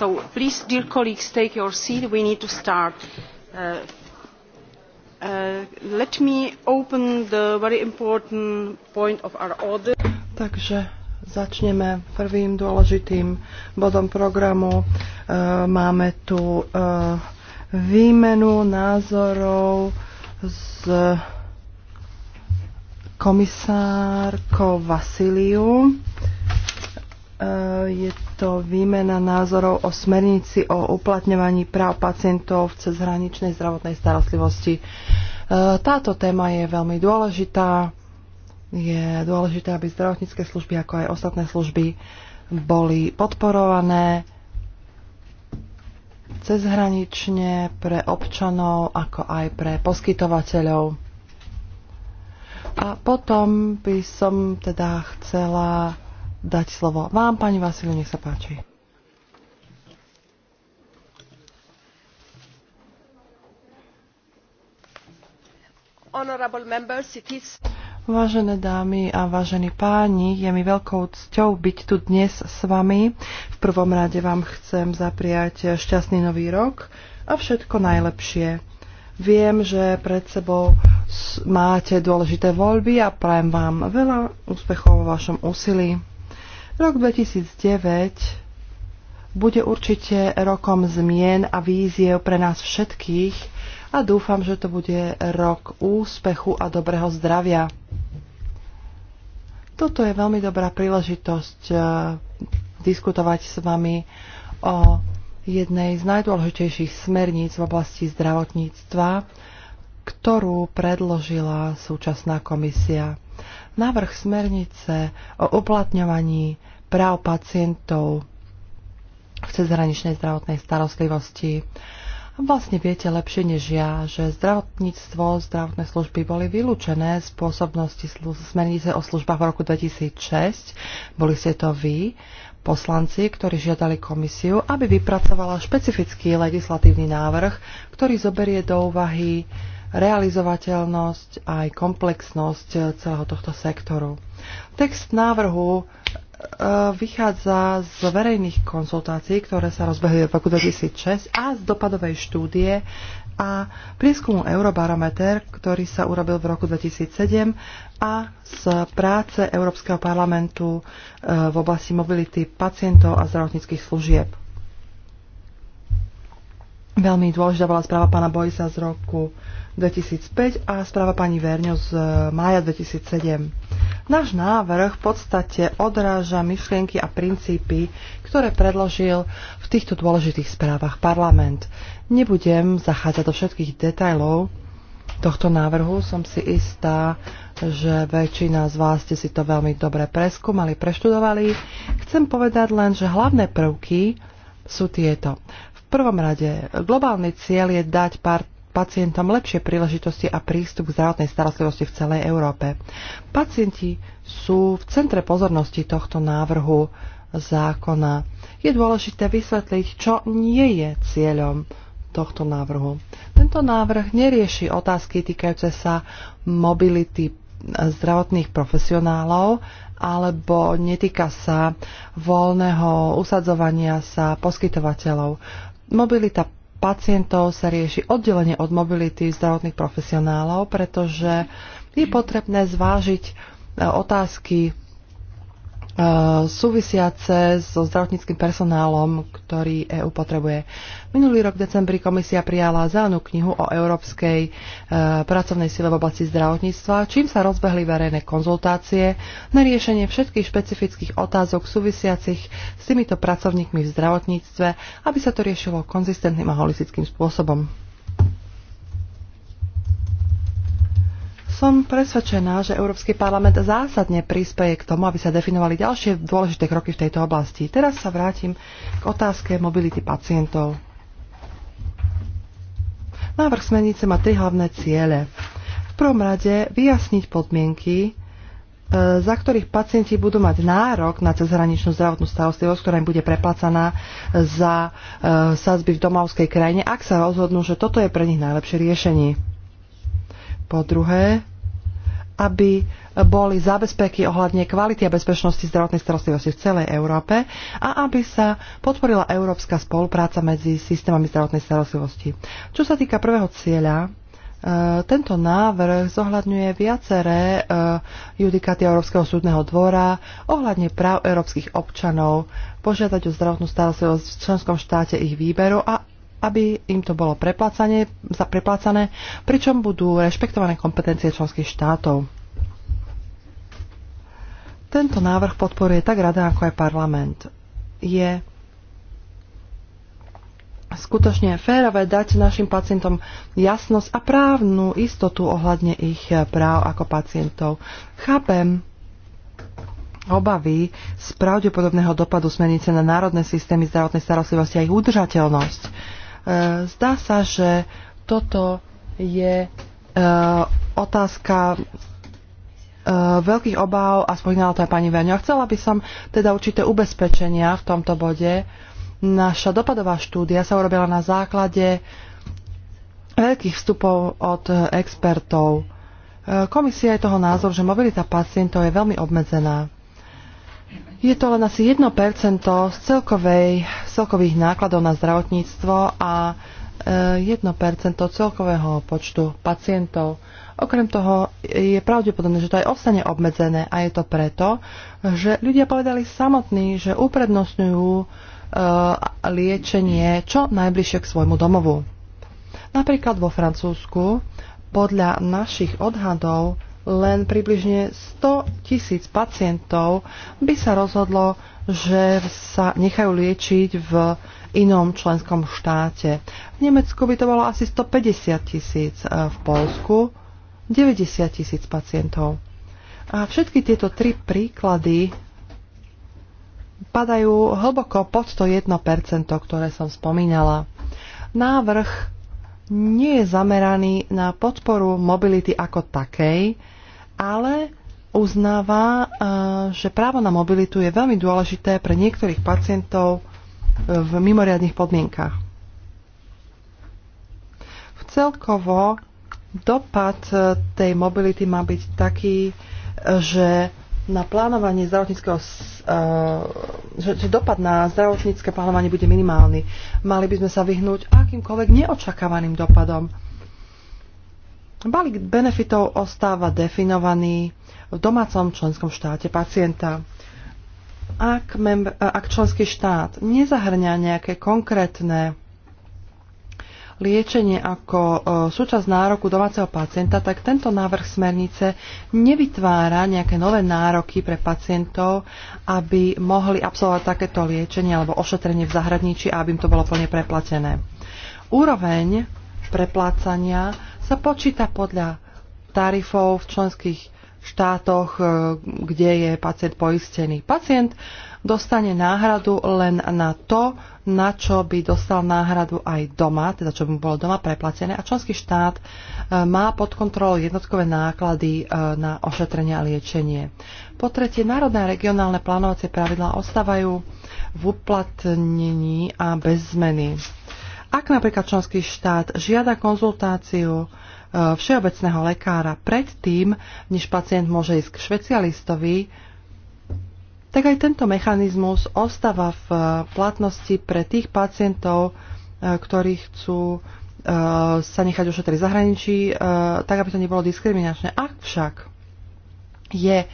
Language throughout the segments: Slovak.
so please dear colleagues take your seat we need to start. Uh, uh, let me open the very important point of our order. Takže začneme prvým dôležitým bodom programu. Uh, máme tu výmenu názorov s komisárkou Vasiliu. je to výmena názorov o smernici o uplatňovaní práv pacientov v cezhraničnej zdravotnej starostlivosti. E, táto téma je veľmi dôležitá. Je dôležité, aby zdravotnícke služby, ako aj ostatné služby, boli podporované cezhranične pre občanov, ako aj pre poskytovateľov. A potom by som teda chcela dať slovo vám, pani Vasiliu, nech sa páči. Vážené dámy a vážení páni, je mi veľkou cťou byť tu dnes s vami. V prvom rade vám chcem zapriať šťastný nový rok a všetko najlepšie. Viem, že pred sebou máte dôležité voľby a prajem vám veľa úspechov vo vašom úsilí. Rok 2009 bude určite rokom zmien a víziev pre nás všetkých a dúfam, že to bude rok úspechu a dobrého zdravia. Toto je veľmi dobrá príležitosť eh, diskutovať s vami o jednej z najdôležitejších smerníc v oblasti zdravotníctva, ktorú predložila súčasná komisia. Návrh smernice o uplatňovaní práv pacientov v cezhraničnej zdravotnej starostlivosti. Vlastne viete lepšie než ja, že zdravotníctvo, zdravotné služby boli vylúčené z pôsobnosti smernice o službách v roku 2006. Boli ste to vy, poslanci, ktorí žiadali komisiu, aby vypracovala špecifický legislatívny návrh, ktorý zoberie do úvahy realizovateľnosť a aj komplexnosť eh, celého tohto sektoru. Text návrhu Eh, vychádza z verejných konzultácií, ktoré sa rozbehli v roku 2006 a z dopadovej štúdie a prieskumu Eurobarometer, ktorý sa urobil v roku 2007 a z práce Európskeho parlamentu eh, v oblasti mobility pacientov a zdravotníckých služieb. Veľmi dôležitá bola správa pána Bojsa z roku 2005 a správa pani Verňo z eh, mája 2007. Náš návrh v podstate odráža myšlienky a princípy, ktoré predložil v týchto dôležitých správach parlament. Nebudem zachádzať do všetkých detajlov tohto návrhu, som si istá, že väčšina z vás ste si to veľmi dobre preskúmali, preštudovali. Chcem povedať len, že hlavné prvky sú tieto prvom rade, globálny cieľ je dať pár pacientom lepšie príležitosti a prístup k zdravotnej starostlivosti v celej Európe. Pacienti sú v centre pozornosti tohto návrhu zákona. Je dôležité vysvetliť, čo nie je cieľom tohto návrhu. Tento návrh nerieši otázky týkajúce sa mobility zdravotných profesionálov alebo netýka sa voľného usadzovania sa poskytovateľov. Mobilita pacientov sa rieši oddelenie od mobility zdravotných profesionálov, pretože je potrebné zvážiť e, otázky E, súvisiace so zdravotníckým personálom, ktorý EU potrebuje. Minulý rok v decembri komisia prijala zelenú knihu o európskej e, pracovnej sile v oblasti zdravotníctva, čím sa rozbehli verejné konzultácie na riešenie všetkých špecifických otázok súvisiacich s týmito pracovníkmi v zdravotníctve, aby sa to riešilo konzistentným a holistickým spôsobom. Som presvedčená, že Európsky parlament zásadne prispieje k tomu, aby sa definovali ďalšie dôležité kroky v tejto oblasti. Teraz sa vrátim k otázke mobility pacientov. Návrh smernice má tri hlavné ciele. V prvom rade vyjasniť podmienky, e, za ktorých pacienti budú mať nárok na cezhraničnú zdravotnú starostlivosť, ktorá im bude preplácaná e, za e, sazby v domovskej krajine, ak sa rozhodnú, že toto je pre nich najlepšie riešenie. Po druhé, aby boli zábezpeky ohľadne kvality a bezpečnosti zdravotnej starostlivosti v celej Európe a aby sa podporila európska spolupráca medzi systémami zdravotnej starostlivosti. Čo sa týka prvého cieľa, e, tento návrh zohľadňuje viaceré e, judikáty Európskeho súdneho dvora ohľadne práv európskych občanov požiadať o zdravotnú starostlivosť v členskom štáte ich výberu a aby im to bolo za preplácané, pričom budú rešpektované kompetencie členských štátov. Tento návrh podporuje tak rada, ako aj parlament. Je skutočne férové dať našim pacientom jasnosť a právnu istotu ohľadne ich práv ako pacientov. Chápem obavy z pravdepodobného dopadu smernice na národné systémy zdravotnej starostlivosti a ich udržateľnosť E, zdá sa, že toto je e, otázka e, veľkých obáv a spomínala to aj pani Veňo. Chcela by som teda určité ubezpečenia v tomto bode. Naša dopadová štúdia sa urobila na základe veľkých vstupov od expertov. Komisia je toho názor, že mobilita pacientov je veľmi obmedzená je to len asi 1% z, celkovej, z celkových nákladov na zdravotníctvo a 1% e, celkového počtu pacientov. Okrem toho je pravdepodobné, že to aj ostane obmedzené a je to preto, že ľudia povedali samotní, že uprednostňujú e, liečenie čo najbližšie k svojmu domovu. Napríklad vo Francúzsku podľa našich odhadov len približne 100 tisíc pacientov by sa rozhodlo, že sa nechajú liečiť v inom členskom štáte. V Nemecku by to bolo asi 150 tisíc, e, v Polsku 90 tisíc pacientov. A všetky tieto tri príklady padajú hlboko pod to 1%, ktoré som spomínala. Návrh nie je zameraný na podporu mobility ako takej, ale uznáva, e, že právo na mobilitu je veľmi dôležité pre niektorých pacientov v mimoriadných podmienkach. V celkovo dopad e, tej mobility má byť taký, e, že na plánovanie zdravotníckého, že, že dopad na zdravotnícke plánovanie bude minimálny. Mali by sme sa vyhnúť akýmkoľvek neočakávaným dopadom. Balík benefitov ostáva definovaný v domácom členskom štáte pacienta. Ak, ak členský štát nezahrňa nejaké konkrétne liečenie ako e, súčasť nároku domáceho pacienta, tak tento návrh smernice nevytvára nejaké nové nároky pre pacientov, aby mohli absolvovať takéto liečenie alebo ošetrenie v zahraničí a aby im to bolo plne preplatené. Úroveň preplácania sa počíta podľa tarifov v členských štátoch, e, kde je pacient poistený. Pacient dostane náhradu len na to, na čo by dostal náhradu aj doma, teda čo by mu bolo doma preplatené a členský štát e, má pod kontrolou jednotkové náklady e, na ošetrenie a liečenie. Po tretie, národné a regionálne plánovacie pravidlá ostávajú v uplatnení a bez zmeny. Ak napríklad členský štát žiada konzultáciu e, všeobecného lekára predtým, než pacient môže ísť k špecialistovi, tak aj tento mechanizmus ostáva v eh, platnosti pre tých pacientov, eh, ktorí chcú eh, sa nechať ošetriť v zahraničí, tak aby to nebolo diskriminačné. Ak však je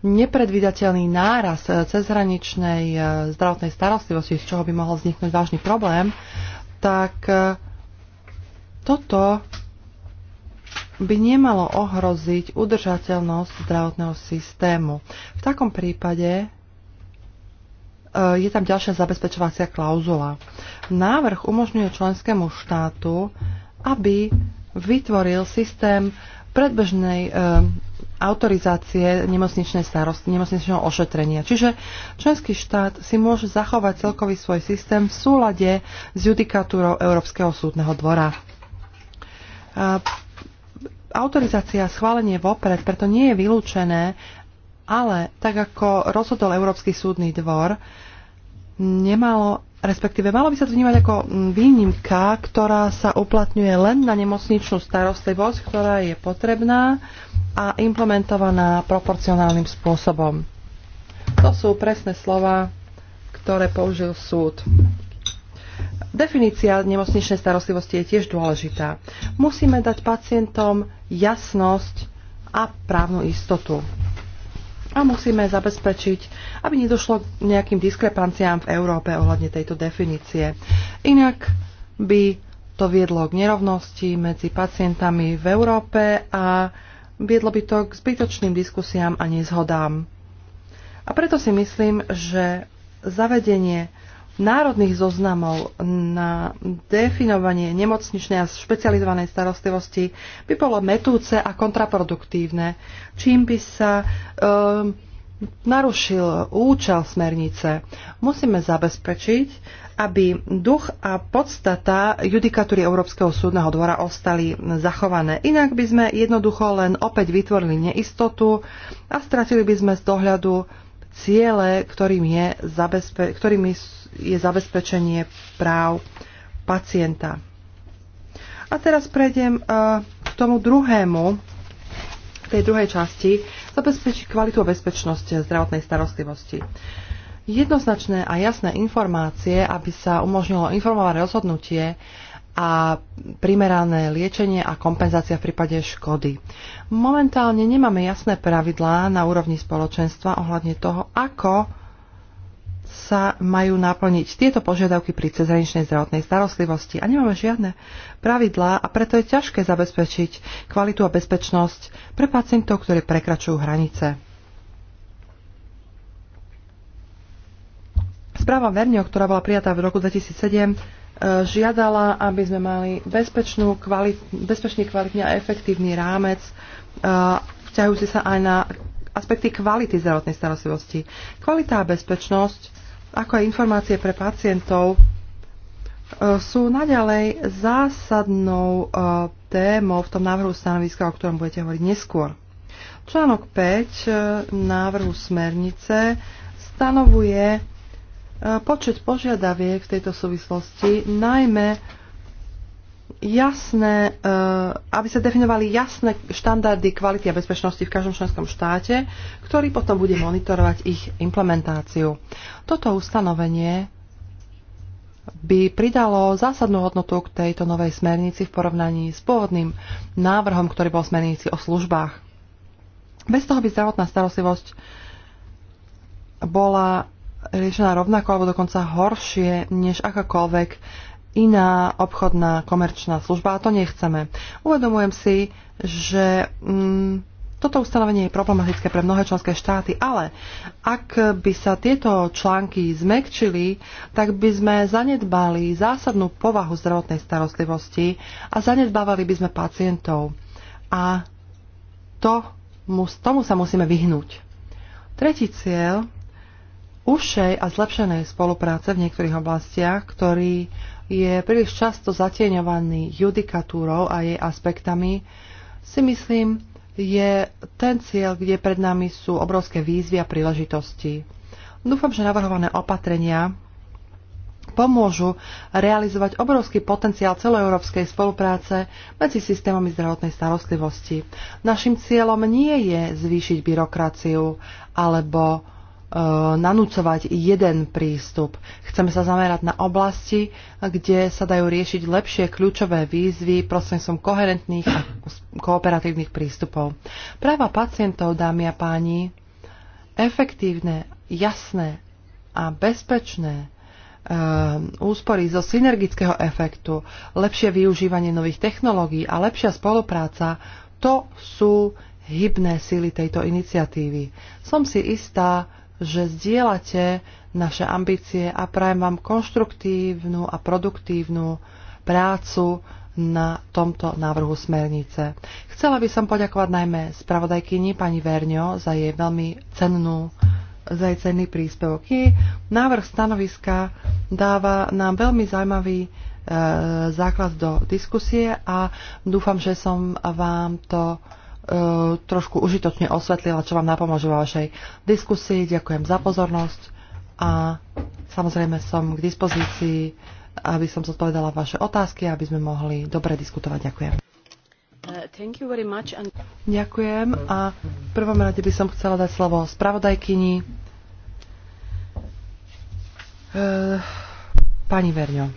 nepredvidateľný náraz cezhraničnej zdravotnej starostlivosti, z čoho by mohol vzniknúť vážny problém, tak toto by nemalo ohroziť udržateľnosť zdravotného systému. V takom prípade je tam ďalšia zabezpečovacia klauzula. Návrh umožňuje členskému štátu, aby vytvoril systém predbežnej e, autorizácie nemocničnej starosti, nemocničného ošetrenia. Čiže členský štát si môže zachovať celkový svoj systém v súlade s judikatúrou Európskeho súdneho dvora. E, autorizácia a schválenie vopred preto nie je vylúčené ale tak ako rozhodol Európsky súdny dvor, nemalo, respektíve malo by sa to vnímať ako mm, výnimka, ktorá sa uplatňuje len na nemocničnú starostlivosť, ktorá je potrebná a implementovaná proporcionálnym spôsobom. To sú presné slova, ktoré použil súd. Definícia nemocničnej starostlivosti je tiež dôležitá. Musíme dať pacientom jasnosť a právnu istotu a musíme zabezpečiť, aby nedošlo k nejakým diskrepanciám v Európe ohľadne tejto definície. Inak by to viedlo k nerovnosti medzi pacientami v Európe a viedlo by to k zbytočným diskusiám a nezhodám. A preto si myslím, že zavedenie národných zoznamov na definovanie nemocničnej a špecializovanej starostlivosti by bolo metúce a kontraproduktívne, čím by sa e, narušil účel smernice. Musíme zabezpečiť, aby duch a podstata judikatúry Európskeho súdneho dvora ostali zachované. Inak by sme jednoducho len opäť vytvorili neistotu a stratili by sme z dohľadu ciele, ktorým je zabezpe- ktorými je zabezpečenie práv pacienta. A teraz prejdem e, k tomu druhému, k tej druhej časti, zabezpečiť kvalitu a bezpečnosť zdravotnej starostlivosti. Jednoznačné a jasné informácie, aby sa umožnilo informované rozhodnutie, a primerané liečenie a kompenzácia v prípade škody. Momentálne nemáme jasné pravidlá na úrovni spoločenstva ohľadne toho, ako sa majú naplniť tieto požiadavky pri cezhraničnej zdravotnej starostlivosti a nemáme žiadne pravidlá a preto je ťažké zabezpečiť kvalitu a bezpečnosť pre pacientov, ktorí prekračujú hranice. Správa Vernio, ktorá bola prijatá v roku 2007, e, žiadala, aby sme mali bezpečnú, kvalit, bezpečný, kvalitný a efektívny rámec, e, Vťahujúci sa aj na aspekty kvality zdravotnej starostlivosti. Kvalita a bezpečnosť ako aj informácie pre pacientov e, sú naďalej zásadnou e, témou v tom návrhu stanoviska, o ktorom budete hovoriť neskôr. Článok 5 e, návrhu smernice stanovuje počet požiadaviek v tejto súvislosti, najmä jasné, eh, aby sa definovali jasné štandardy kvality a bezpečnosti v každom členskom štáte, ktorý potom bude monitorovať ich implementáciu. Toto ustanovenie by pridalo zásadnú hodnotu k tejto novej smernici v porovnaní s pôvodným návrhom, ktorý bol smernici o službách. Bez toho by zdravotná starostlivosť bola riešená rovnako alebo dokonca horšie než akákoľvek iná obchodná komerčná služba a to nechceme. Uvedomujem si, že mm, toto ustanovenie je problematické pre mnohé členské štáty, ale ak by sa tieto články zmekčili, tak by sme zanedbali zásadnú povahu zdravotnej starostlivosti a zanedbávali by sme pacientov. A to, tomu sa musíme vyhnúť. Tretí cieľ ušej a zlepšenej spolupráce v niektorých oblastiach, ktorý je príliš často zatieňovaný judikatúrou a jej aspektami, si myslím, je ten cieľ, kde pred nami sú obrovské výzvy a príležitosti. Dúfam, že navrhované opatrenia pomôžu realizovať obrovský potenciál celoeurópskej spolupráce medzi systémami zdravotnej starostlivosti. Našim cieľom nie je zvýšiť byrokraciu alebo Eh, nanúcovať jeden prístup. Chceme sa zamerať na oblasti, kde sa dajú riešiť lepšie kľúčové výzvy prostredníctvom koherentných a kooperatívnych prístupov. Práva pacientov, dámy a páni, efektívne, jasné a bezpečné eh, úspory zo synergického efektu, lepšie využívanie nových technológií a lepšia spolupráca, to sú hybné síly tejto iniciatívy. Som si istá, že zdieľate naše ambície a prajem vám konštruktívnu a produktívnu prácu na tomto návrhu smernice. Chcela by som poďakovať najmä spravodajkyni pani Verňo za jej veľmi cennú za jej cenný príspevok. Jej návrh stanoviska dáva nám veľmi zaujímavý e, základ do diskusie a dúfam, že som vám to E, trošku užitočne osvetlila, čo vám napomôže vo vašej diskusii. Ďakujem za pozornosť a samozrejme som k dispozícii, aby som zodpovedala vaše otázky, aby sme mohli dobre diskutovať. Ďakujem. Uh, and... Ďakujem a v prvom rade by som chcela dať slovo spravodajkyni. Uh, pani Verňo.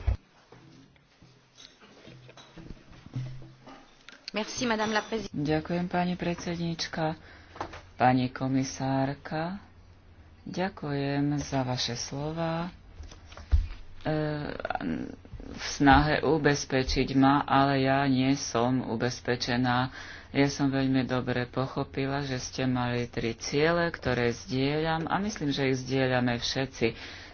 Ďakujem, pani predsednička, pani komisárka. Ďakujem za vaše slova. E, v snahe ubezpečiť ma, ale ja nie som ubezpečená. Ja som veľmi dobre pochopila, že ste mali tri ciele, ktoré zdieľam a myslím, že ich zdieľame všetci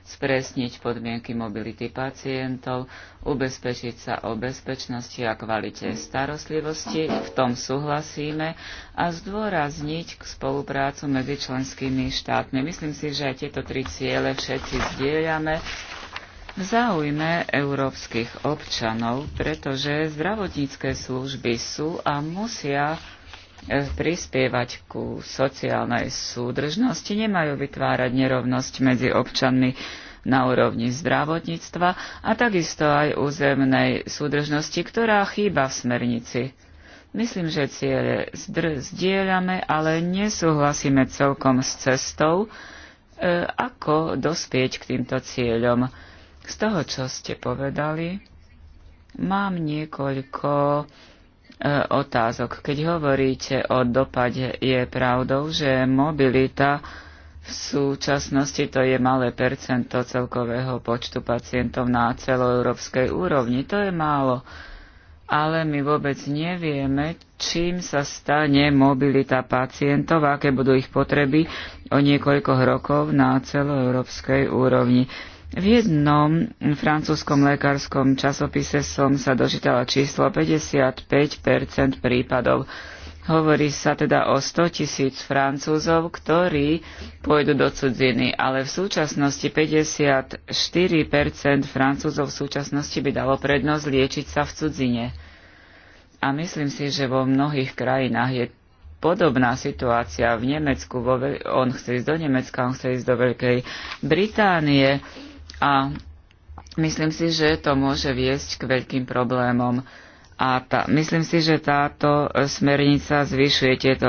spresniť podmienky mobility pacientov, ubezpečiť sa o bezpečnosti a kvalite starostlivosti, v tom súhlasíme, a zdôrazniť k spoluprácu medzi členskými štátmi. Myslím si, že aj tieto tri ciele všetci zdieľame v záujme európskych občanov, pretože zdravotnícke služby sú a musia prispievať ku sociálnej súdržnosti, nemajú vytvárať nerovnosť medzi občanmi na úrovni zdravotníctva a takisto aj územnej súdržnosti, ktorá chýba v smernici. Myslím, že ciele zdieľame, ale nesúhlasíme celkom s cestou, e, ako dospieť k týmto cieľom. Z toho, čo ste povedali, mám niekoľko Eh, otázok. Keď hovoríte o dopade, je pravdou, že mobilita v súčasnosti to je malé percento celkového počtu pacientov na celoeurópskej úrovni. To je málo. Ale my vôbec nevieme, čím sa stane mobilita pacientov, aké budú ich potreby o niekoľko rokov na celoeurópskej úrovni. V jednom francúzskom lekárskom časopise som sa dočítala číslo 55 prípadov. Hovorí sa teda o 100 tisíc Francúzov, ktorí pôjdu do cudziny, ale v súčasnosti 54 Francúzov v súčasnosti by dalo prednosť liečiť sa v cudzine. A myslím si, že vo mnohých krajinách je podobná situácia v Nemecku. Vo, on chce ísť do Nemecka, on chce ísť do Veľkej Británie a myslím si, že to môže viesť k veľkým problémom. A tá, myslím si, že táto smernica zvyšuje tieto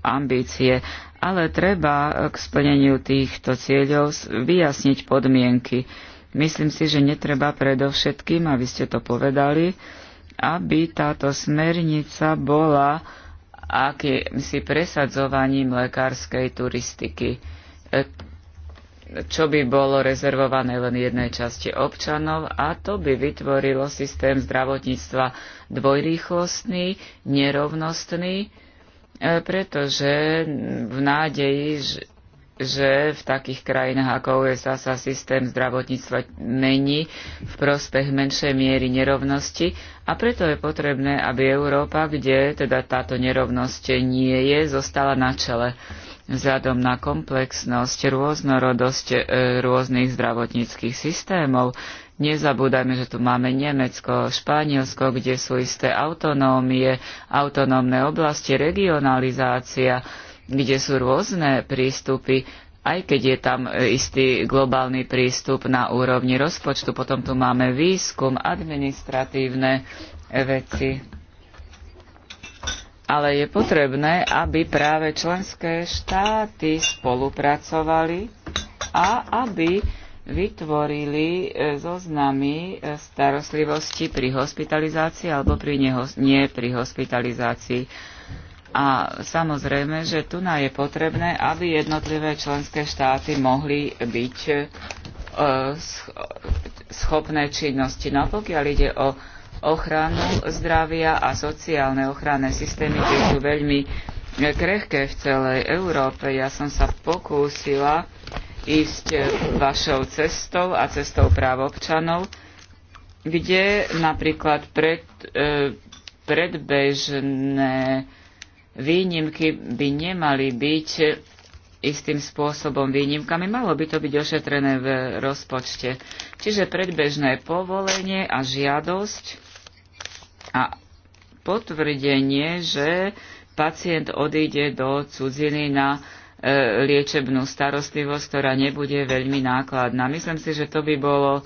ambície, ale treba k splneniu týchto cieľov vyjasniť podmienky. Myslím si, že netreba predovšetkým, aby ste to povedali, aby táto smernica bola akýmsi presadzovaním lekárskej turistiky. E, čo by bolo rezervované len jednej časti občanov a to by vytvorilo systém zdravotníctva dvojrýchlostný, nerovnostný, e, pretože v nádeji, že v takých krajinách ako USA sa systém zdravotníctva mení v prospech menšej miery nerovnosti a preto je potrebné, aby Európa, kde teda táto nerovnosť nie je, zostala na čele vzhľadom na komplexnosť, rôznorodosť e, rôznych zdravotníckých systémov. Nezabúdajme, že tu máme Nemecko, Španielsko, kde sú isté autonómie, autonómne oblasti, regionalizácia, kde sú rôzne prístupy, aj keď je tam e, istý globálny prístup na úrovni rozpočtu. Potom tu máme výskum, administratívne veci ale je potrebné, aby práve členské štáty spolupracovali a aby vytvorili e, zoznamy e, starostlivosti pri hospitalizácii alebo pri neho, nie pri hospitalizácii. A samozrejme, že tu na je potrebné, aby jednotlivé členské štáty mohli byť e, schopné činnosti. No a pokiaľ ide o ochranu zdravia a sociálne ochranné systémy, tie sú veľmi e, krehké v celej Európe. Ja som sa pokúsila ísť e, vašou cestou a cestou práv občanov, kde napríklad pred, e, predbežné výnimky by nemali byť istým spôsobom výnimkami. Malo by to byť ošetrené v rozpočte. Čiže predbežné povolenie a žiadosť a potvrdenie, že pacient odíde do cudziny na e, liečebnú starostlivosť, ktorá nebude veľmi nákladná. Myslím si, že to by bolo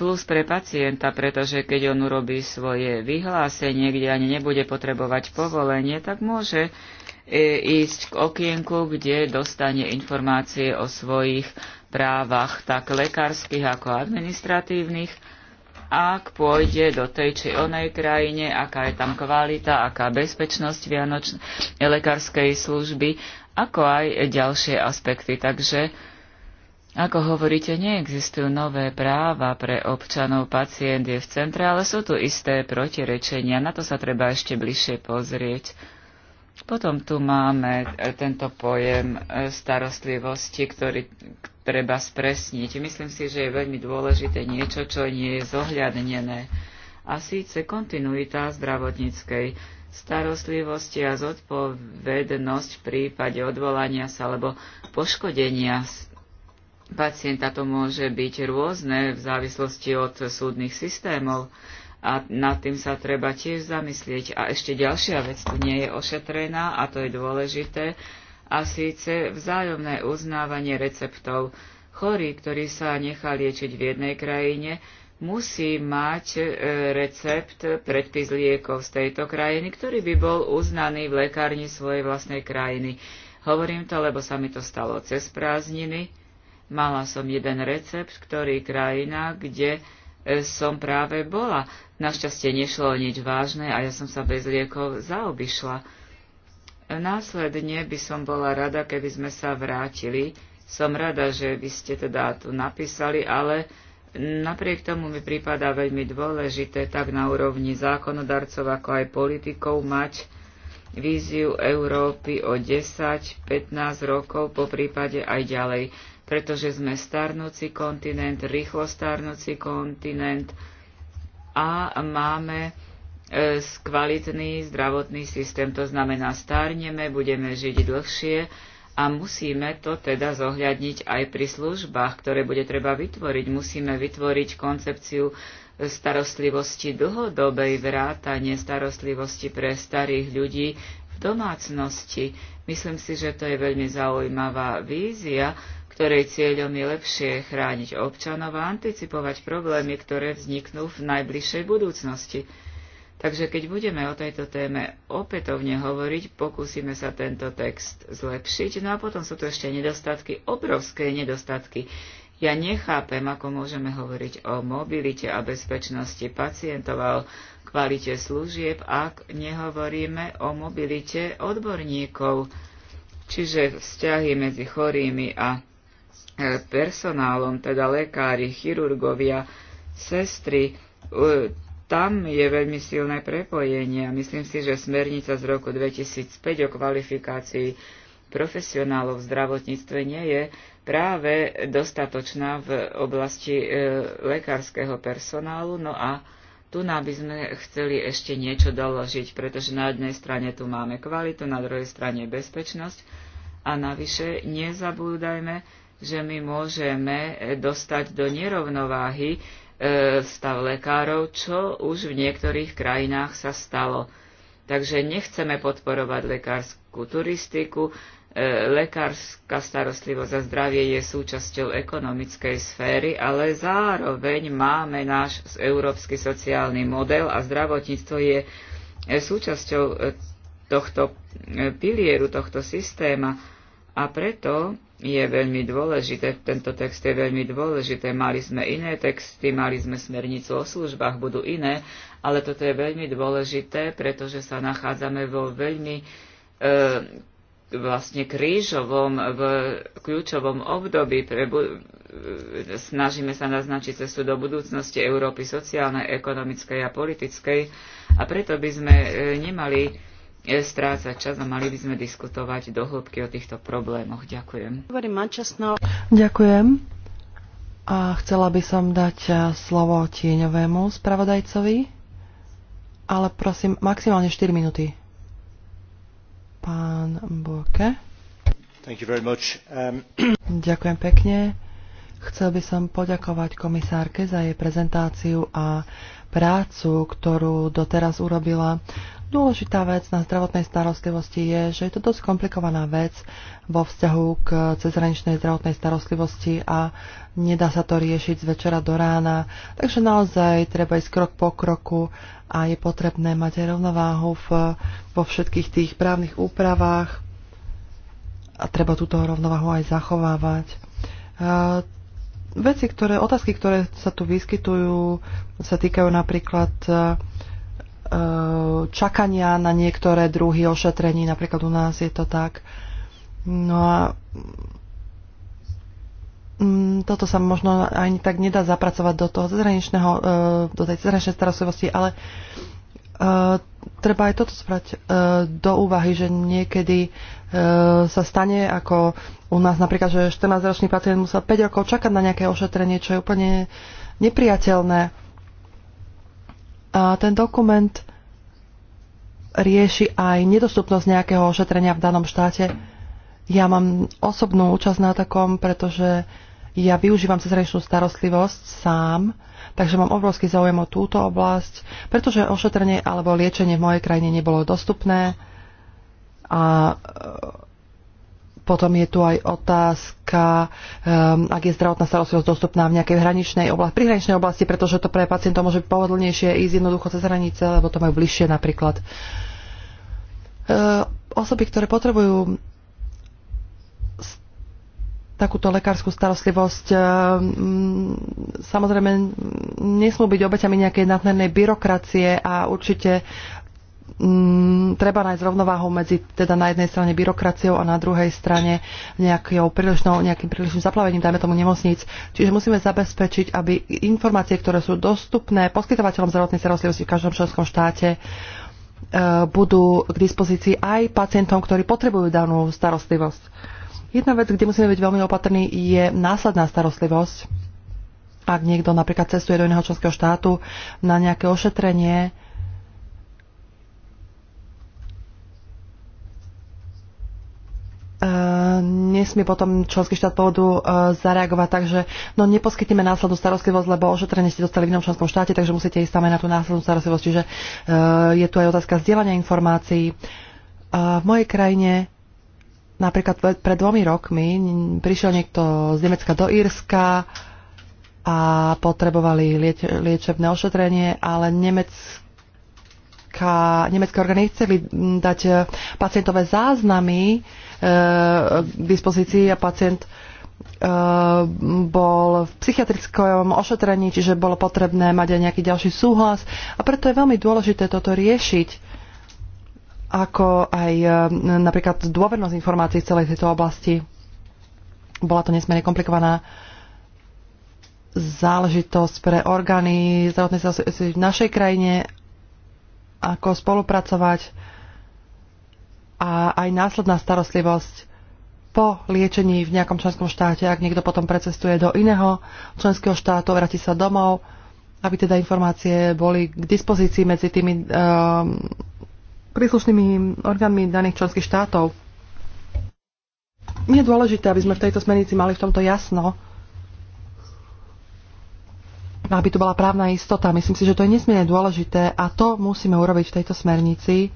plus pre pacienta, pretože keď on urobí svoje vyhlásenie, kde ani nebude potrebovať povolenie, tak môže e, ísť k okienku, kde dostane informácie o svojich právach, tak lekárskych ako administratívnych ak pôjde do tej či onej krajine, aká je tam kvalita, aká bezpečnosť vianočnej lekárskej služby, ako aj ďalšie aspekty. Takže, ako hovoríte, neexistujú nové práva pre občanov pacient je v centre, ale sú tu isté protirečenia. Na to sa treba ešte bližšie pozrieť. Potom tu máme e, tento pojem e, starostlivosti, ktorý treba spresniť. Myslím si, že je veľmi dôležité niečo, čo nie je zohľadnené. A síce kontinuita zdravotníckej starostlivosti a zodpovednosť v prípade odvolania sa alebo poškodenia pacienta to môže byť rôzne v závislosti od súdnych systémov. A nad tým sa treba tiež zamyslieť. A ešte ďalšia vec tu nie je ošetrená, a to je dôležité, a síce vzájomné uznávanie receptov. Chorý, ktorý sa nechá liečiť v jednej krajine, musí mať e, recept, predpis liekov z tejto krajiny, ktorý by bol uznaný v lekárni svojej vlastnej krajiny. Hovorím to, lebo sa mi to stalo cez prázdniny. Mala som jeden recept, ktorý krajina, kde som práve bola. Našťastie nešlo o nič vážne a ja som sa bez liekov zaobišla. Následne by som bola rada, keby sme sa vrátili. Som rada, že by ste teda tu napísali, ale napriek tomu mi prípada veľmi dôležité tak na úrovni zákonodarcov, ako aj politikov mať víziu Európy o 10-15 rokov, po prípade aj ďalej pretože sme starnúci kontinent, rýchlo starnúci kontinent a máme e, kvalitný zdravotný systém. To znamená, starneme, budeme žiť dlhšie a musíme to teda zohľadniť aj pri službách, ktoré bude treba vytvoriť. Musíme vytvoriť koncepciu starostlivosti dlhodobej vrátanie starostlivosti pre starých ľudí v domácnosti. Myslím si, že to je veľmi zaujímavá vízia, ktorej cieľom je lepšie chrániť občanov a anticipovať problémy, ktoré vzniknú v najbližšej budúcnosti. Takže keď budeme o tejto téme opätovne hovoriť, pokúsime sa tento text zlepšiť. No a potom sú tu ešte nedostatky, obrovské nedostatky. Ja nechápem, ako môžeme hovoriť o mobilite a bezpečnosti pacientov a o kvalite služieb, ak nehovoríme o mobilite odborníkov, čiže vzťahy medzi chorými a personálom, teda lekári, chirurgovia, sestry, e, tam je veľmi silné prepojenie a myslím si, že smernica z roku 2005 o kvalifikácii profesionálov v zdravotníctve nie je práve dostatočná v oblasti e, lekárskeho personálu. No a tu nám by sme chceli ešte niečo doložiť, pretože na jednej strane tu máme kvalitu, na druhej strane bezpečnosť a navyše nezabúdajme, že my môžeme eh, dostať do nerovnováhy eh, stav lekárov, čo už v niektorých krajinách sa stalo. Takže nechceme podporovať lekárskú turistiku. Eh, lekárska starostlivosť a zdravie je súčasťou ekonomickej sféry, ale zároveň máme náš európsky sociálny model a zdravotníctvo je súčasťou tohto pilieru, tohto systéma a preto je veľmi dôležité, tento text je veľmi dôležité. Mali sme iné texty, mali sme smernicu o službách, budú iné, ale toto je veľmi dôležité, pretože sa nachádzame vo veľmi e, vlastne krížovom, v kľúčovom období. Pre, bu, e, snažíme sa naznačiť cestu do budúcnosti Európy sociálnej, ekonomickej a politickej a preto by sme e, nemali strácať čas a mali by sme diskutovať do hĺbky o týchto problémoch. Ďakujem. Ďakujem. A chcela by som dať eh, slovo tieňovému spravodajcovi, ale prosím maximálne 4 minúty. Pán Burke. Thank you very much. Um... Ďakujem pekne. Chcel by som poďakovať komisárke za jej prezentáciu a prácu, ktorú doteraz urobila Dôležitá vec na zdravotnej starostlivosti je, že je to dosť komplikovaná vec vo vzťahu k cezhraničnej zdravotnej starostlivosti a nedá sa to riešiť z večera do rána. Takže naozaj treba ísť krok po kroku a je potrebné mať aj rovnováhu v, vo všetkých tých právnych úpravách a treba túto rovnováhu aj zachovávať. Uh, veci, ktoré, otázky, ktoré sa tu vyskytujú, sa týkajú napríklad uh, Eh, čakania na niektoré druhy ošetrení, napríklad u nás je to tak. No a mm, toto sa možno ani tak nedá zapracovať do toho zahraničného, eh, do tej zahraničnej starostlivosti, ale eh, treba aj toto sprať do úvahy, že niekedy sa stane, ako u nás napríklad, že 14-ročný pacient musel 5 rokov čakať na nejaké ošetrenie, čo je úplne nepriateľné a ten dokument rieši aj nedostupnosť nejakého ošetrenia v danom štáte. Ja mám osobnú účasť na takom, pretože ja využívam cezhraničnú starostlivosť sám, takže mám obrovský záujem o túto oblasť, pretože ošetrenie alebo liečenie v mojej krajine nebolo dostupné a potom je tu aj otázka, um, ak je zdravotná starostlivosť dostupná v nejakej hraničnej oblasti, prihraničnej oblasti, pretože to pre pacientov môže byť pohodlnejšie ísť jednoducho cez hranice, lebo to majú bližšie napríklad. Uh, osoby, ktoré potrebujú takúto lekárskú starostlivosť ehm, samozrejme nesmú byť obeťami nejakej nadmernej byrokracie a určite mm, treba nájsť rovnováhu medzi teda na jednej strane byrokraciou a na druhej strane nejakou prílišnou, nejakým prílišným zaplavením, dajme tomu nemocníc. Čiže musíme zabezpečiť, aby informácie, ktoré sú dostupné poskytovateľom zdravotnej starostlivosti v každom členskom štáte, e, budú k dispozícii aj pacientom, ktorí potrebujú danú starostlivosť. Jedna vec, kde musíme byť veľmi opatrní, je následná starostlivosť. Ak niekto napríklad cestuje do iného členského štátu na nejaké ošetrenie, E, nesmie potom členský štát pôvodu e, zareagovať tak, že no neposkytneme následnú starostlivosť, lebo ošetrenie ste dostali v inom členskom štáte, takže musíte ísť samé na tú následnú starostlivosť. Čiže e, je tu aj otázka zdieľania informácií. V mojej krajine napríklad pred dvomi rokmi prišiel niekto z Nemecka do Írska a potrebovali lieč- liečebné ošetrenie, ale nemecký Nemecké orgány chceli dať pacientové záznamy k dispozícii a pacient e, bol v psychiatrickom ošetrení, čiže bolo potrebné mať aj nejaký ďalší súhlas a preto je veľmi dôležité toto riešiť ako aj e, napríklad dôvernosť informácií v celej tejto oblasti. Bola to nesmierne komplikovaná záležitosť pre orgány zdravotnej v našej krajine, ako spolupracovať a aj následná starostlivosť po liečení v nejakom členskom štáte, ak niekto potom precestuje do iného členského štátu, vráti sa domov, aby teda informácie boli k dispozícii medzi tými um, príslušnými orgánmi daných členských štátov. Je dôležité, aby sme v tejto smernici mali v tomto jasno, aby tu bola právna istota. Myslím si, že to je nesmierne dôležité a to musíme urobiť v tejto smernici,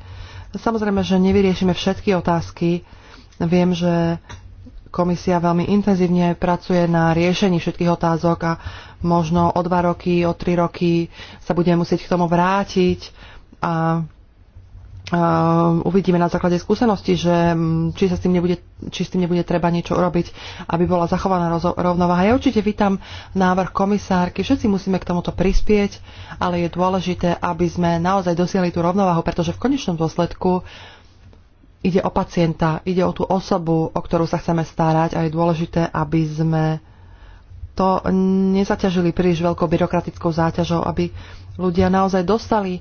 Samozrejme, že nevyriešime všetky otázky. Viem, že komisia veľmi intenzívne pracuje na riešení všetkých otázok a možno o dva roky, o tri roky sa budeme musieť k tomu vrátiť a Ehm, uvidíme na základe skúsenosti, že mm, či, sa s tým nebude, či s tým nebude treba niečo urobiť, aby bola zachovaná rovnováha. Ja určite vítam návrh komisárky, všetci musíme k tomuto prispieť, ale je dôležité, aby sme naozaj dosiahli tú rovnováhu, pretože v konečnom dôsledku ide o pacienta, ide o tú osobu, o ktorú sa chceme starať a je dôležité, aby sme to nezaťažili príliš veľkou byrokratickou záťažou, aby ľudia naozaj dostali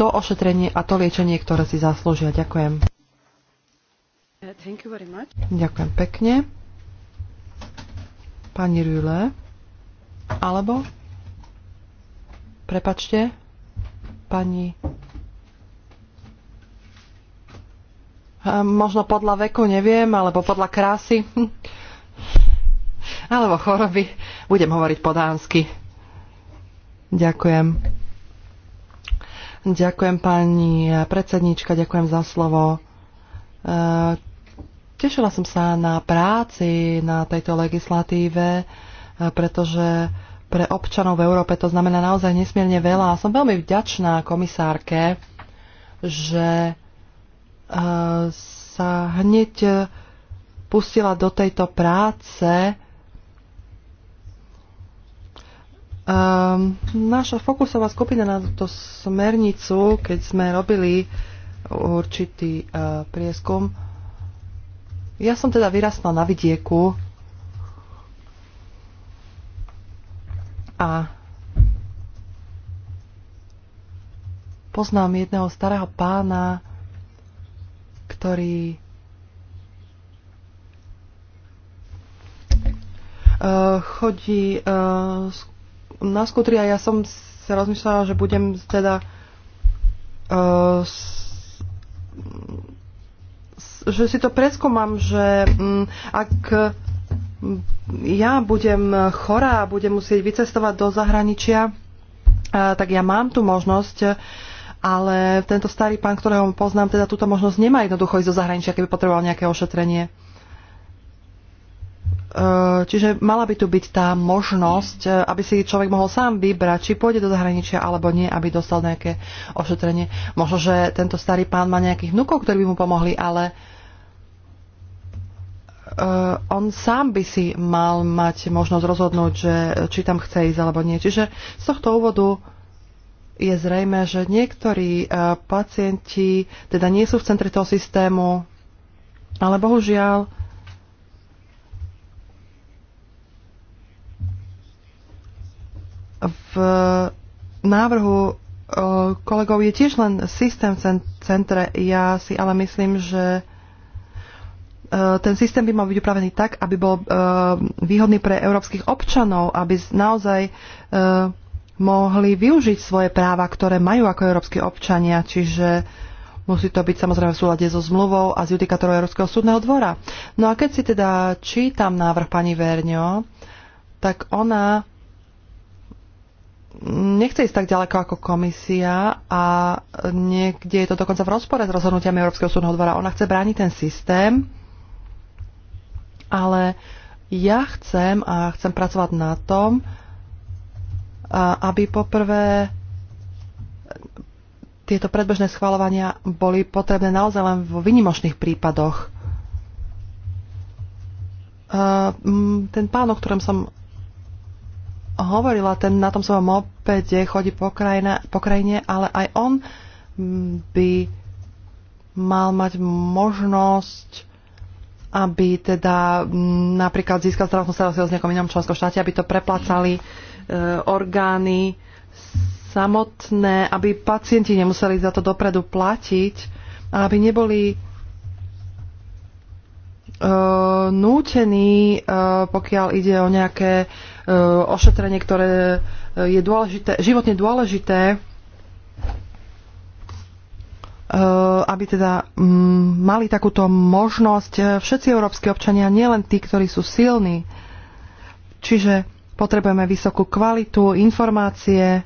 to ošetrenie a to liečenie, ktoré si zaslúžia. Ďakujem. Ďakujem pekne. Pani Rüle. Alebo? Prepačte. Pani možno podľa veku, neviem, alebo podľa krásy, alebo choroby. Budem hovoriť po dánsky. Ďakujem. Ďakujem pani predsednička, ďakujem za slovo. E, tešila som sa na práci na tejto legislatíve, e, pretože pre občanov v Európe to znamená naozaj nesmierne veľa. A som veľmi vďačná komisárke, že e, sa hneď pustila do tejto práce, Um, naša fokusová skupina na túto smernicu, keď sme robili určitý uh, prieskum, ja som teda vyrastla na vidieku a poznám jedného starého pána, ktorý e, chodí uh, na skutri a ja som sa rozmýšľala, že budem teda uh, s, že si to preskúmam, že um, ak ja budem chorá a budem musieť vycestovať do zahraničia, e, tak ja mám tu možnosť, ale tento starý pán, ktorého poznám, teda túto možnosť nemá jednoducho ísť do zahraničia, keby potreboval nejaké ošetrenie. Eh, čiže mala by tu byť tá možnosť, eh, aby si človek mohol sám vybrať, či pôjde do zahraničia alebo nie, aby dostal nejaké ošetrenie. Možno, že tento starý pán má nejakých vnúkov, ktorí by mu pomohli, ale uh, on sám by si mal mať možnosť rozhodnúť, že, či tam chce ísť alebo nie. Čiže z tohto úvodu je zrejme, že niektorí uh, pacienti teda nie sú v centre toho systému, ale bohužiaľ v návrhu e, kolegov je tiež len systém centre. Ja si ale myslím, že e, ten systém by mal byť upravený tak, aby bol e, výhodný pre európskych občanov, aby naozaj mohli využiť svoje práva, ktoré majú ako európsky občania, čiže musí to byť samozrejme v súlade so zmluvou a z judikátorou Európskeho súdneho dvora. No a keď si teda čítam návrh pani Verňo, tak ona nechce ísť tak ďaleko ako komisia a niekde je to dokonca v rozpore s rozhodnutiami Európskeho súdneho dvora. Ona chce brániť ten systém, ale ja chcem a chcem pracovať na tom, aby poprvé tieto predbežné schvalovania boli potrebné naozaj len vo vynimočných prípadoch. Ten pán, o ktorom som hovorila, ten na tom svojom opäde chodí po, krajina, po krajine, ale aj on mm, by mal mať možnosť aby teda mm, napríklad získal zdravotnú starostlivosť v nejakom inom členskom štáte, aby to preplácali e, orgány samotné, aby pacienti nemuseli za to dopredu platiť a aby neboli e, nútení, e, pokiaľ ide o nejaké Eh, ošetrenie, ktoré eh, je dôležité, životne dôležité, eh, aby teda mm, mali takúto možnosť všetci európsky občania, nielen tí, ktorí sú silní. Čiže potrebujeme vysokú kvalitu, informácie,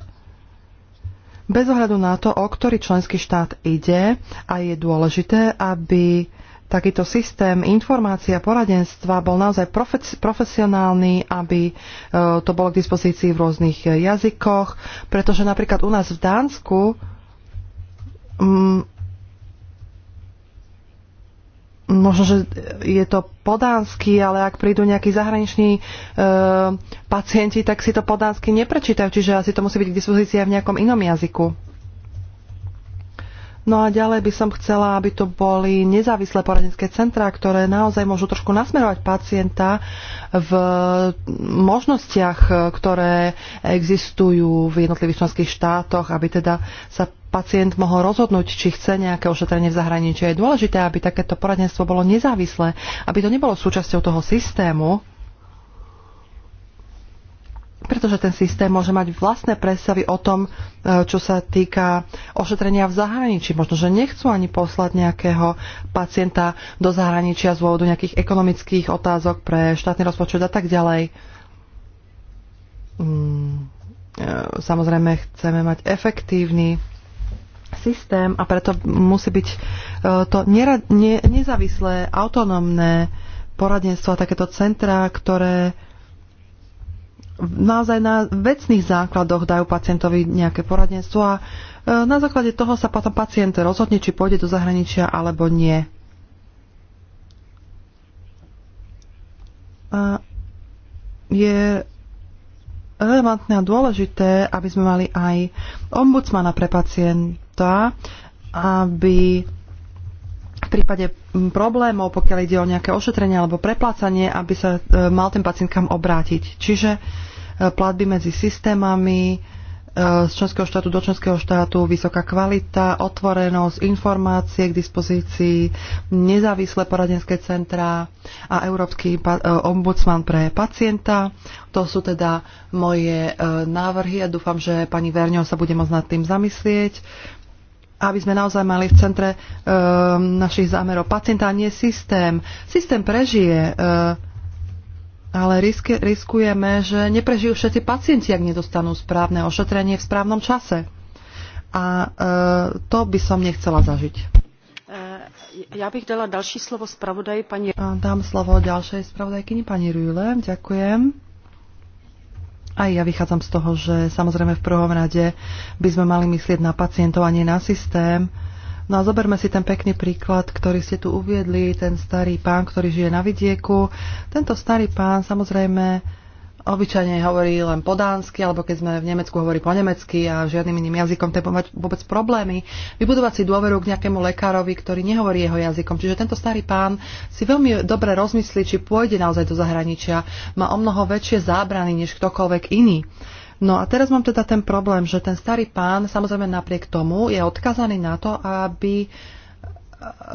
bez ohľadu na to, o ktorý členský štát ide a je dôležité, aby takýto systém informácia poradenstva bol naozaj profesionálny, aby e, to bolo k dispozícii v rôznych jazykoch, pretože napríklad u nás v Dánsku mm, možno, že je to podánsky, ale ak prídu nejakí zahraniční e, pacienti, tak si to podánsky neprečítajú, čiže asi to musí byť k dispozícii aj v nejakom inom jazyku. No a ďalej by som chcela, aby to boli nezávislé poradenské centrá, ktoré naozaj môžu trošku nasmerovať pacienta v možnostiach, ktoré existujú v jednotlivých členských štátoch, aby teda sa pacient mohol rozhodnúť, či chce nejaké ošetrenie v zahraničí. Je dôležité, aby takéto poradenstvo bolo nezávislé, aby to nebolo súčasťou toho systému, pretože ten systém môže mať vlastné predstavy o tom, e, čo sa týka ošetrenia v zahraničí. Možno, že nechcú ani poslať nejakého pacienta do zahraničia z dôvodu nejakých ekonomických otázok pre štátny rozpočet a tak ďalej. Mm, e, samozrejme, chceme mať efektívny systém a preto musí byť e, to nezávislé, autonómne poradenstvo a takéto centra, ktoré naozaj na vecných základoch dajú pacientovi nejaké poradenstvo a e, na základe toho sa potom pacient rozhodne, či pôjde do zahraničia alebo nie. A je relevantné a dôležité, aby sme mali aj ombudsmana pre pacienta, aby prípade mm, problémov, pokiaľ ide o nejaké ošetrenie alebo preplácanie, aby sa e, mal ten pacient kam obrátiť. Čiže e, platby medzi systémami, e, z členského štátu do členského štátu, vysoká kvalita, otvorenosť, informácie k dispozícii, nezávislé poradenské centrá a Európsky ombudsman pre pacienta. To sú teda moje návrhy a dúfam, že pani Verňo sa bude môcť nad tým zamyslieť aby sme naozaj mali v centre e, našich zámerov pacienta, nie systém. Systém prežije, e, ale risk, riskujeme, že neprežijú všetci pacienti, ak nedostanú správne ošetrenie v správnom čase. A e, to by som nechcela zažiť. Ja bych dala další slovo spravodaj pani... Dám slovo ďalšej spravodajkyni pani Rüle. Ďakujem. Aj ja vychádzam z toho, že samozrejme v prvom rade by sme mali myslieť na pacientov a nie na systém. No a zoberme si ten pekný príklad, ktorý ste tu uviedli, ten starý pán, ktorý žije na vidieku. Tento starý pán samozrejme obyčajne hovorí len po dánsky, alebo keď sme v Nemecku, hovorí po nemecky a žiadnym iným jazykom, to je vôbec problémy. Vybudovať si dôveru k nejakému lekárovi, ktorý nehovorí jeho jazykom. Čiže tento starý pán si veľmi dobre rozmyslí, či pôjde naozaj do zahraničia. Má o mnoho väčšie zábrany než ktokoľvek iný. No a teraz mám teda ten problém, že ten starý pán, samozrejme napriek tomu, je odkazaný na to, aby uh,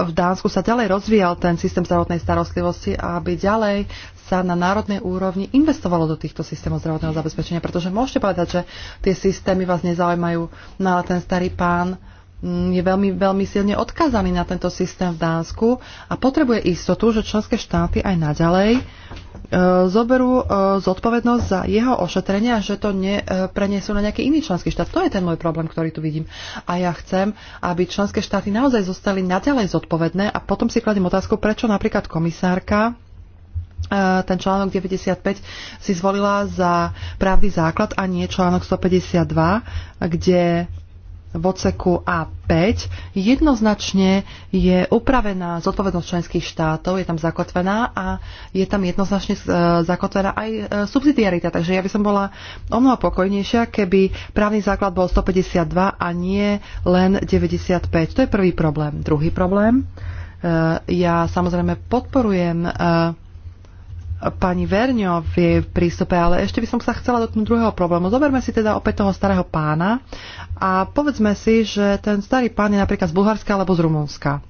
v Dánsku sa ďalej rozvíjal ten systém zdravotnej starostlivosti a aby ďalej sa na národnej úrovni investovalo do týchto systémov zdravotného zabezpečenia. Pretože môžete povedať, že tie systémy vás nezaujímajú, no ale ten starý pán Mm, je veľmi, veľmi silne odkázaný na tento systém v Dánsku a potrebuje istotu, že členské štáty aj naďalej e, zoberú e, zodpovednosť za jeho ošetrenie a že to neprenesú e, na nejaký iný členský štát. To je ten môj problém, ktorý tu vidím. A ja chcem, aby členské štáty naozaj zostali naďalej zodpovedné a potom si kladím otázku, prečo napríklad komisárka ten článok 95 si zvolila za právny základ a nie článok 152, kde v odseku A5 jednoznačne je upravená zodpovednosť členských štátov, je tam zakotvená a je tam jednoznačne e, zakotvená aj e, subsidiarita. Takže ja by som bola o mnoho pokojnejšia, keby právny základ bol 152 a nie len 95. To je prvý problém. Druhý problém. E, ja samozrejme podporujem pani Verňo v jej prístupe, ale ešte by som sa chcela dotknúť druhého problému. Zoberme si teda opäť toho starého pána a povedzme si, že ten starý pán je napríklad z Bulharska alebo z Rumunska.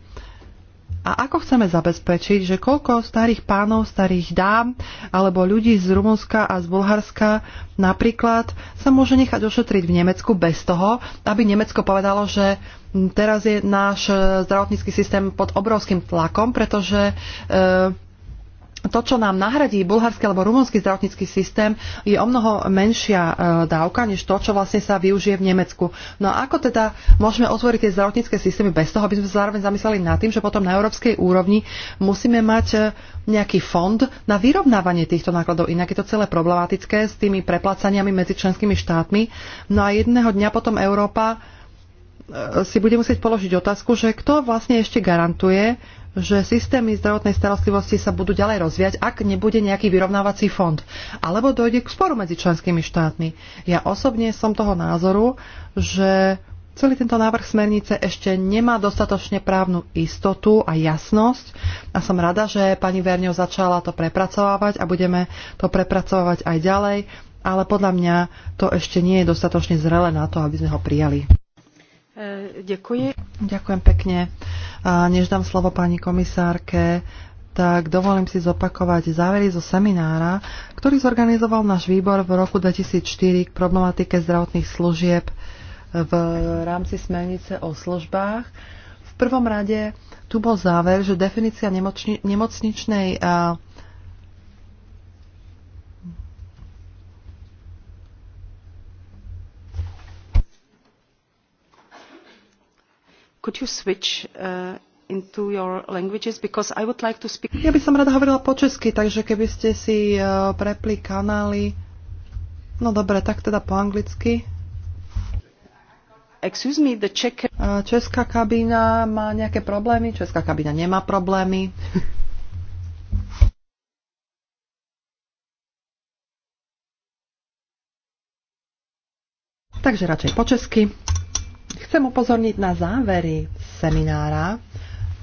A ako chceme zabezpečiť, že koľko starých pánov, starých dám alebo ľudí z Rumunska a z Bulharska napríklad sa môže nechať ošetriť v Nemecku bez toho, aby Nemecko povedalo, že teraz je náš zdravotnícky systém pod obrovským tlakom, pretože e, to, čo nám nahradí bulharský alebo rumunský zdravotnícky systém, je o mnoho menšia e, dávka, než to, čo vlastne sa využije v Nemecku. No a ako teda môžeme otvoriť tie zdravotnícke systémy bez toho, aby sme sa zároveň zamysleli nad tým, že potom na európskej úrovni musíme mať e, nejaký fond na vyrovnávanie týchto nákladov. Inak je to celé problematické s tými preplácaniami medzi členskými štátmi. No a jedného dňa potom Európa e, si bude musieť položiť otázku, že kto vlastne ešte garantuje, že systémy zdravotnej starostlivosti sa budú ďalej rozvíjať, ak nebude nejaký vyrovnávací fond. Alebo dojde k sporu medzi členskými štátmi. Ja osobne som toho názoru, že celý tento návrh smernice ešte nemá dostatočne právnu istotu a jasnosť a som rada, že pani Verňo začala to prepracovávať a budeme to prepracovať aj ďalej, ale podľa mňa to ešte nie je dostatočne zrele na to, aby sme ho prijali. E, ďakujem. pekne. A než dám slovo pani komisárke, tak dovolím si zopakovať závery zo seminára, ktorý zorganizoval náš výbor v roku 2004 k problematike zdravotných služieb v rámci smernice o službách. V prvom rade tu bol záver, že definícia nemocničnej a could you switch uh, into your languages because I would like to speak Ja by som rada hovorila po česky, takže keby ste si uh, prepli kanály. No dobre, tak teda po anglicky. Excuse me, the Czech... Uh, česká kabína má nejaké problémy, česká kabína nemá problémy. takže radšej po česky. Chcem upozorniť na závery seminára,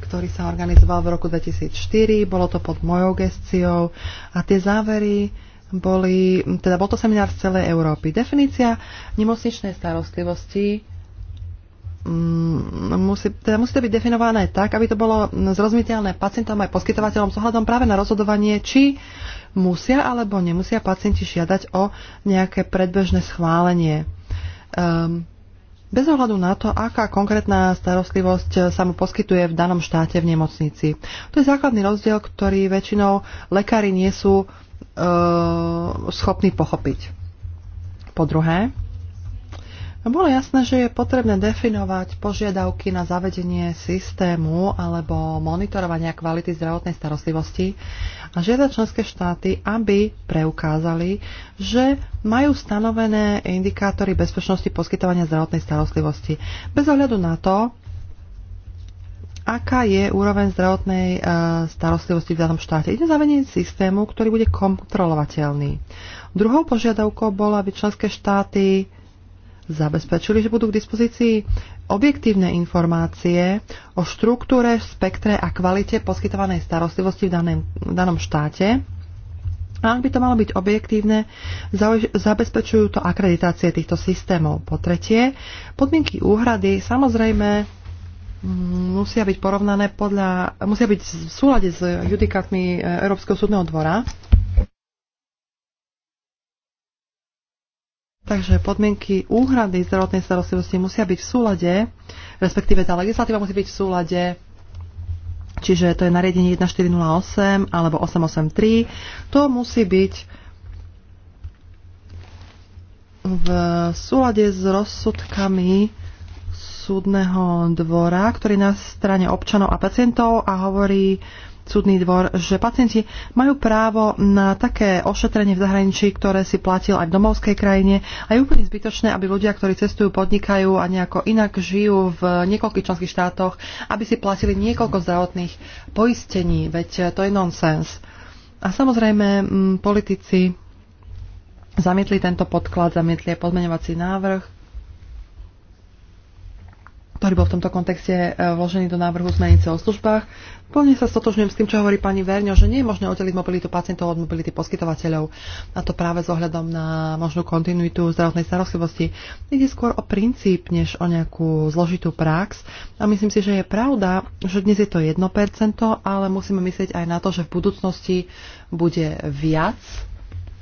ktorý sa organizoval v roku 2004, bolo to pod mojou gestiou a tie závery boli, teda bol to seminár z celej Európy. Definícia nemocničnej starostlivosti mm, musí, teda musí to byť definované tak, aby to bolo zrozumiteľné pacientom aj poskytovateľom s ohľadom práve na rozhodovanie, či musia alebo nemusia pacienti žiadať o nejaké predbežné schválenie. Um, bez ohľadu na to, aká konkrétna starostlivosť sa mu poskytuje v danom štáte v nemocnici. To je základný rozdiel, ktorý väčšinou lekári nie sú e, schopní pochopiť. Po druhé, bolo jasné, že je potrebné definovať požiadavky na zavedenie systému alebo monitorovania kvality zdravotnej starostlivosti a žiada členské štáty, aby preukázali, že majú stanovené indikátory bezpečnosti poskytovania zdravotnej starostlivosti. Bez ohľadu na to, aká je úroveň zdravotnej e, starostlivosti v danom štáte. Ide zavedenie systému, ktorý bude kontrolovateľný. Druhou požiadavkou bolo, aby členské štáty zabezpečili, že budú k dispozícii objektívne informácie o štruktúre, spektre a kvalite poskytovanej starostlivosti v, danej, v danom štáte. A ak by to malo byť objektívne, zabezpečujú to akreditácie týchto systémov. Po tretie, podmienky úhrady samozrejme mm, musia byť porovnané podľa, musia byť v súlade s judikátmi e, Európskeho súdneho dvora Takže podmienky úhrady zdravotnej starostlivosti musia byť v súlade, respektíve tá legislatíva musí byť v súlade, čiže to je nariadenie 1408 alebo 883. To musí byť v súlade s rozsudkami súdneho dvora, ktorý na strane občanov a pacientov a hovorí súdny dvor, že pacienti majú právo na také ošetrenie v zahraničí, ktoré si platil aj v domovskej krajine a je úplne zbytočné, aby ľudia, ktorí cestujú, podnikajú a nejako inak žijú v niekoľkých členských štátoch, aby si platili niekoľko zdravotných poistení, veď to je nonsens. A samozrejme, politici zamietli tento podklad, zamietli aj podmenovací návrh ktorý bol v tomto kontexte e, vložený do návrhu zmenice o službách. Plne sa stotožňujem s tým, čo hovorí pani Verňo, že nie je možné oddeliť mobilitu pacientov od mobility poskytovateľov, a to práve s ohľadom na možnú kontinuitu zdravotnej starostlivosti. Ide skôr o princíp, než o nejakú zložitú prax a myslím si, že je pravda, že dnes je to 1%, ale musíme myslieť aj na to, že v budúcnosti bude viac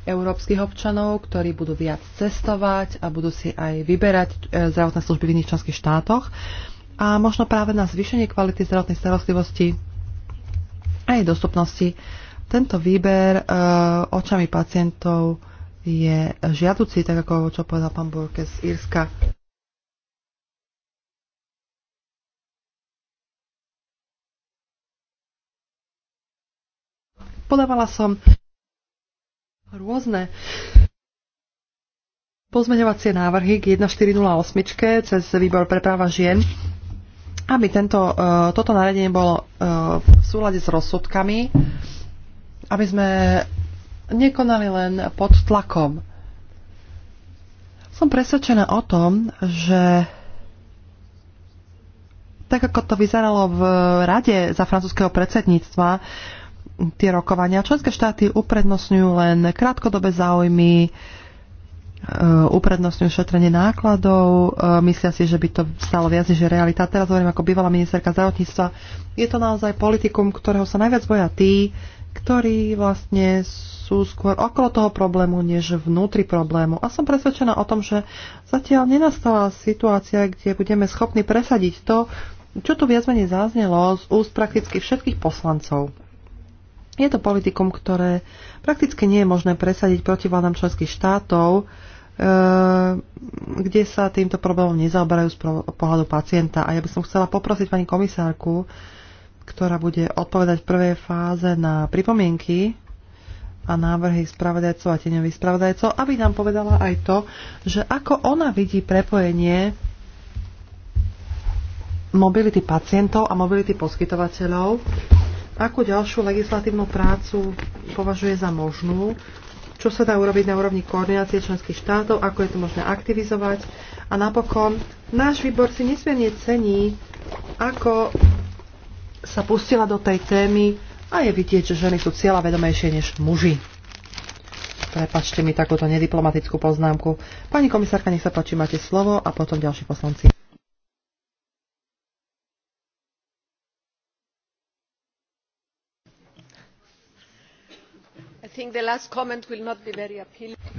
európskych občanov, ktorí budú viac cestovať a budú si aj vyberať e, zdravotné služby v iných členských štátoch. A možno práve na zvýšenie kvality zdravotnej starostlivosti a jej dostupnosti tento výber e, očami pacientov je žiaduci, tak ako čo povedal pán Burke z Írska. Podávala som rôzne pozmeňovacie návrhy k 1408 cez výbor pre práva žien, aby tento, e, toto nariadenie bolo e, v súlade s rozsudkami, aby sme nekonali len pod tlakom. Som presvedčená o tom, že tak ako to vyzeralo v rade za francúzského predsedníctva, tie rokovania. Členské štáty uprednostňujú len krátkodobé záujmy, e, uprednostňujú šetrenie nákladov, e, myslia si, že by to stalo viac než realita. Teraz hovorím ako bývalá ministerka zdravotníctva, je to naozaj politikum, ktorého sa najviac boja tí, ktorí vlastne sú skôr okolo toho problému, než vnútri problému. A som presvedčená o tom, že zatiaľ nenastala situácia, kde budeme schopní presadiť to, čo tu viac menej zaznelo z úst prakticky všetkých poslancov. Je to politikum, ktoré prakticky nie je možné presadiť proti vládam členských štátov, e, kde sa týmto problémom nezaoberajú z pohľadu pacienta. A ja by som chcela poprosiť pani komisárku, ktorá bude odpovedať v prvej fáze na pripomienky a návrhy spravodajcov a teňových spravodajcov, aby nám povedala aj to, že ako ona vidí prepojenie mobility pacientov a mobility poskytovateľov Akú ďalšiu legislatívnu prácu považuje za možnú? Čo sa dá urobiť na úrovni koordinácie členských štátov? Ako je to možné aktivizovať? A napokon, náš výbor si nesmierne cení, ako sa pustila do tej témy a je vidieť, že ženy sú cieľa vedomejšie než muži. Prepačte mi takúto nediplomatickú poznámku. Pani komisárka, nech sa páči, máte slovo a potom ďalší poslanci.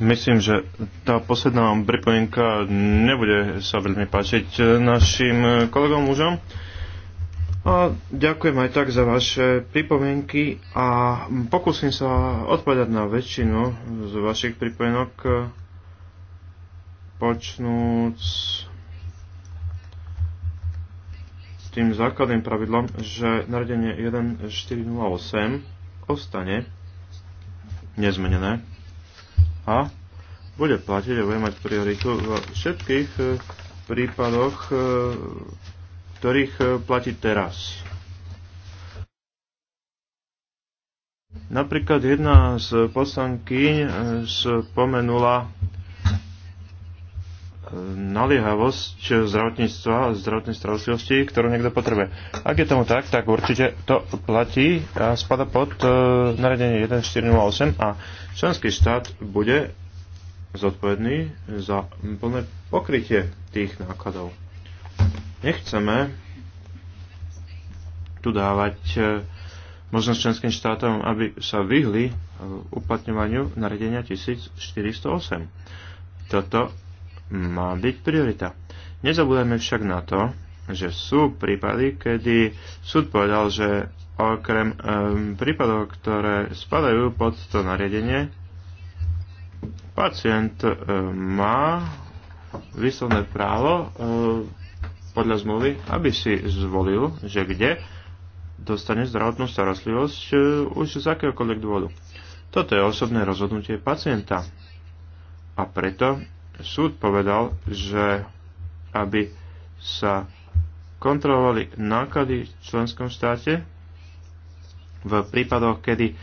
Myslím, že tá posledná pripomienka nebude sa veľmi páčiť našim kolegom mužom. A ďakujem aj tak za vaše pripomienky a pokúsim sa odpovedať na väčšinu z vašich pripomienok počnúc tým základným pravidlom, že naredenie 1408 ostane nezmenené a bude platiť a bude mať prioritu vo všetkých e, prípadoch, e, ktorých e, platí teraz. Napríklad jedna z poslankyň spomenula naliehavosť zdravotníctva, a zdravotnej starostlivosti, ktorú niekto potrebuje. Ak je tomu tak, tak určite to platí a spada pod uh, naredenie 1408 a členský štát bude zodpovedný za plné pokrytie tých nákladov. Nechceme tu dávať uh, možnosť členským štátom, aby sa vyhli uplatňovaniu naredenia 1408. Toto má byť priorita. Nezabudajme však na to, že sú prípady, kedy súd povedal, že okrem um, prípadov, ktoré spadajú pod to nariadenie, pacient um, má vyslovné právo um, podľa zmluvy, aby si zvolil, že kde dostane zdravotnú starostlivosť um, už z akéhokoľvek dôvodu. Toto je osobné rozhodnutie pacienta. A preto súd povedal, že aby sa kontrolovali náklady v členskom štáte v prípadoch, kedy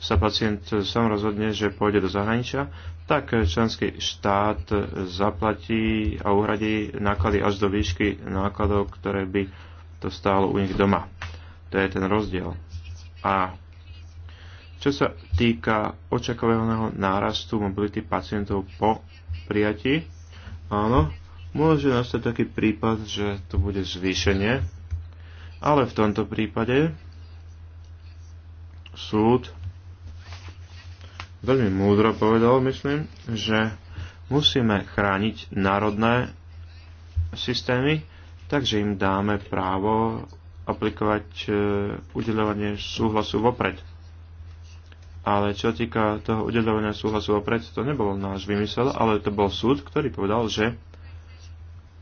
sa pacient sám rozhodne, že pôjde do zahraničia, tak členský štát zaplatí a uhradí náklady až do výšky nákladov, ktoré by to stálo u nich doma. To je ten rozdiel. A čo sa týka očakávaného nárastu mobility pacientov po prijatí. Áno, môže nastať taký prípad, že to bude zvýšenie, ale v tomto prípade súd veľmi múdro povedal, myslím, že musíme chrániť národné systémy, takže im dáme právo aplikovať e, udeľovanie súhlasu vopred. Ale čo týka toho udelovania súhlasu opred, to nebol náš vymysel, ale to bol súd, ktorý povedal, že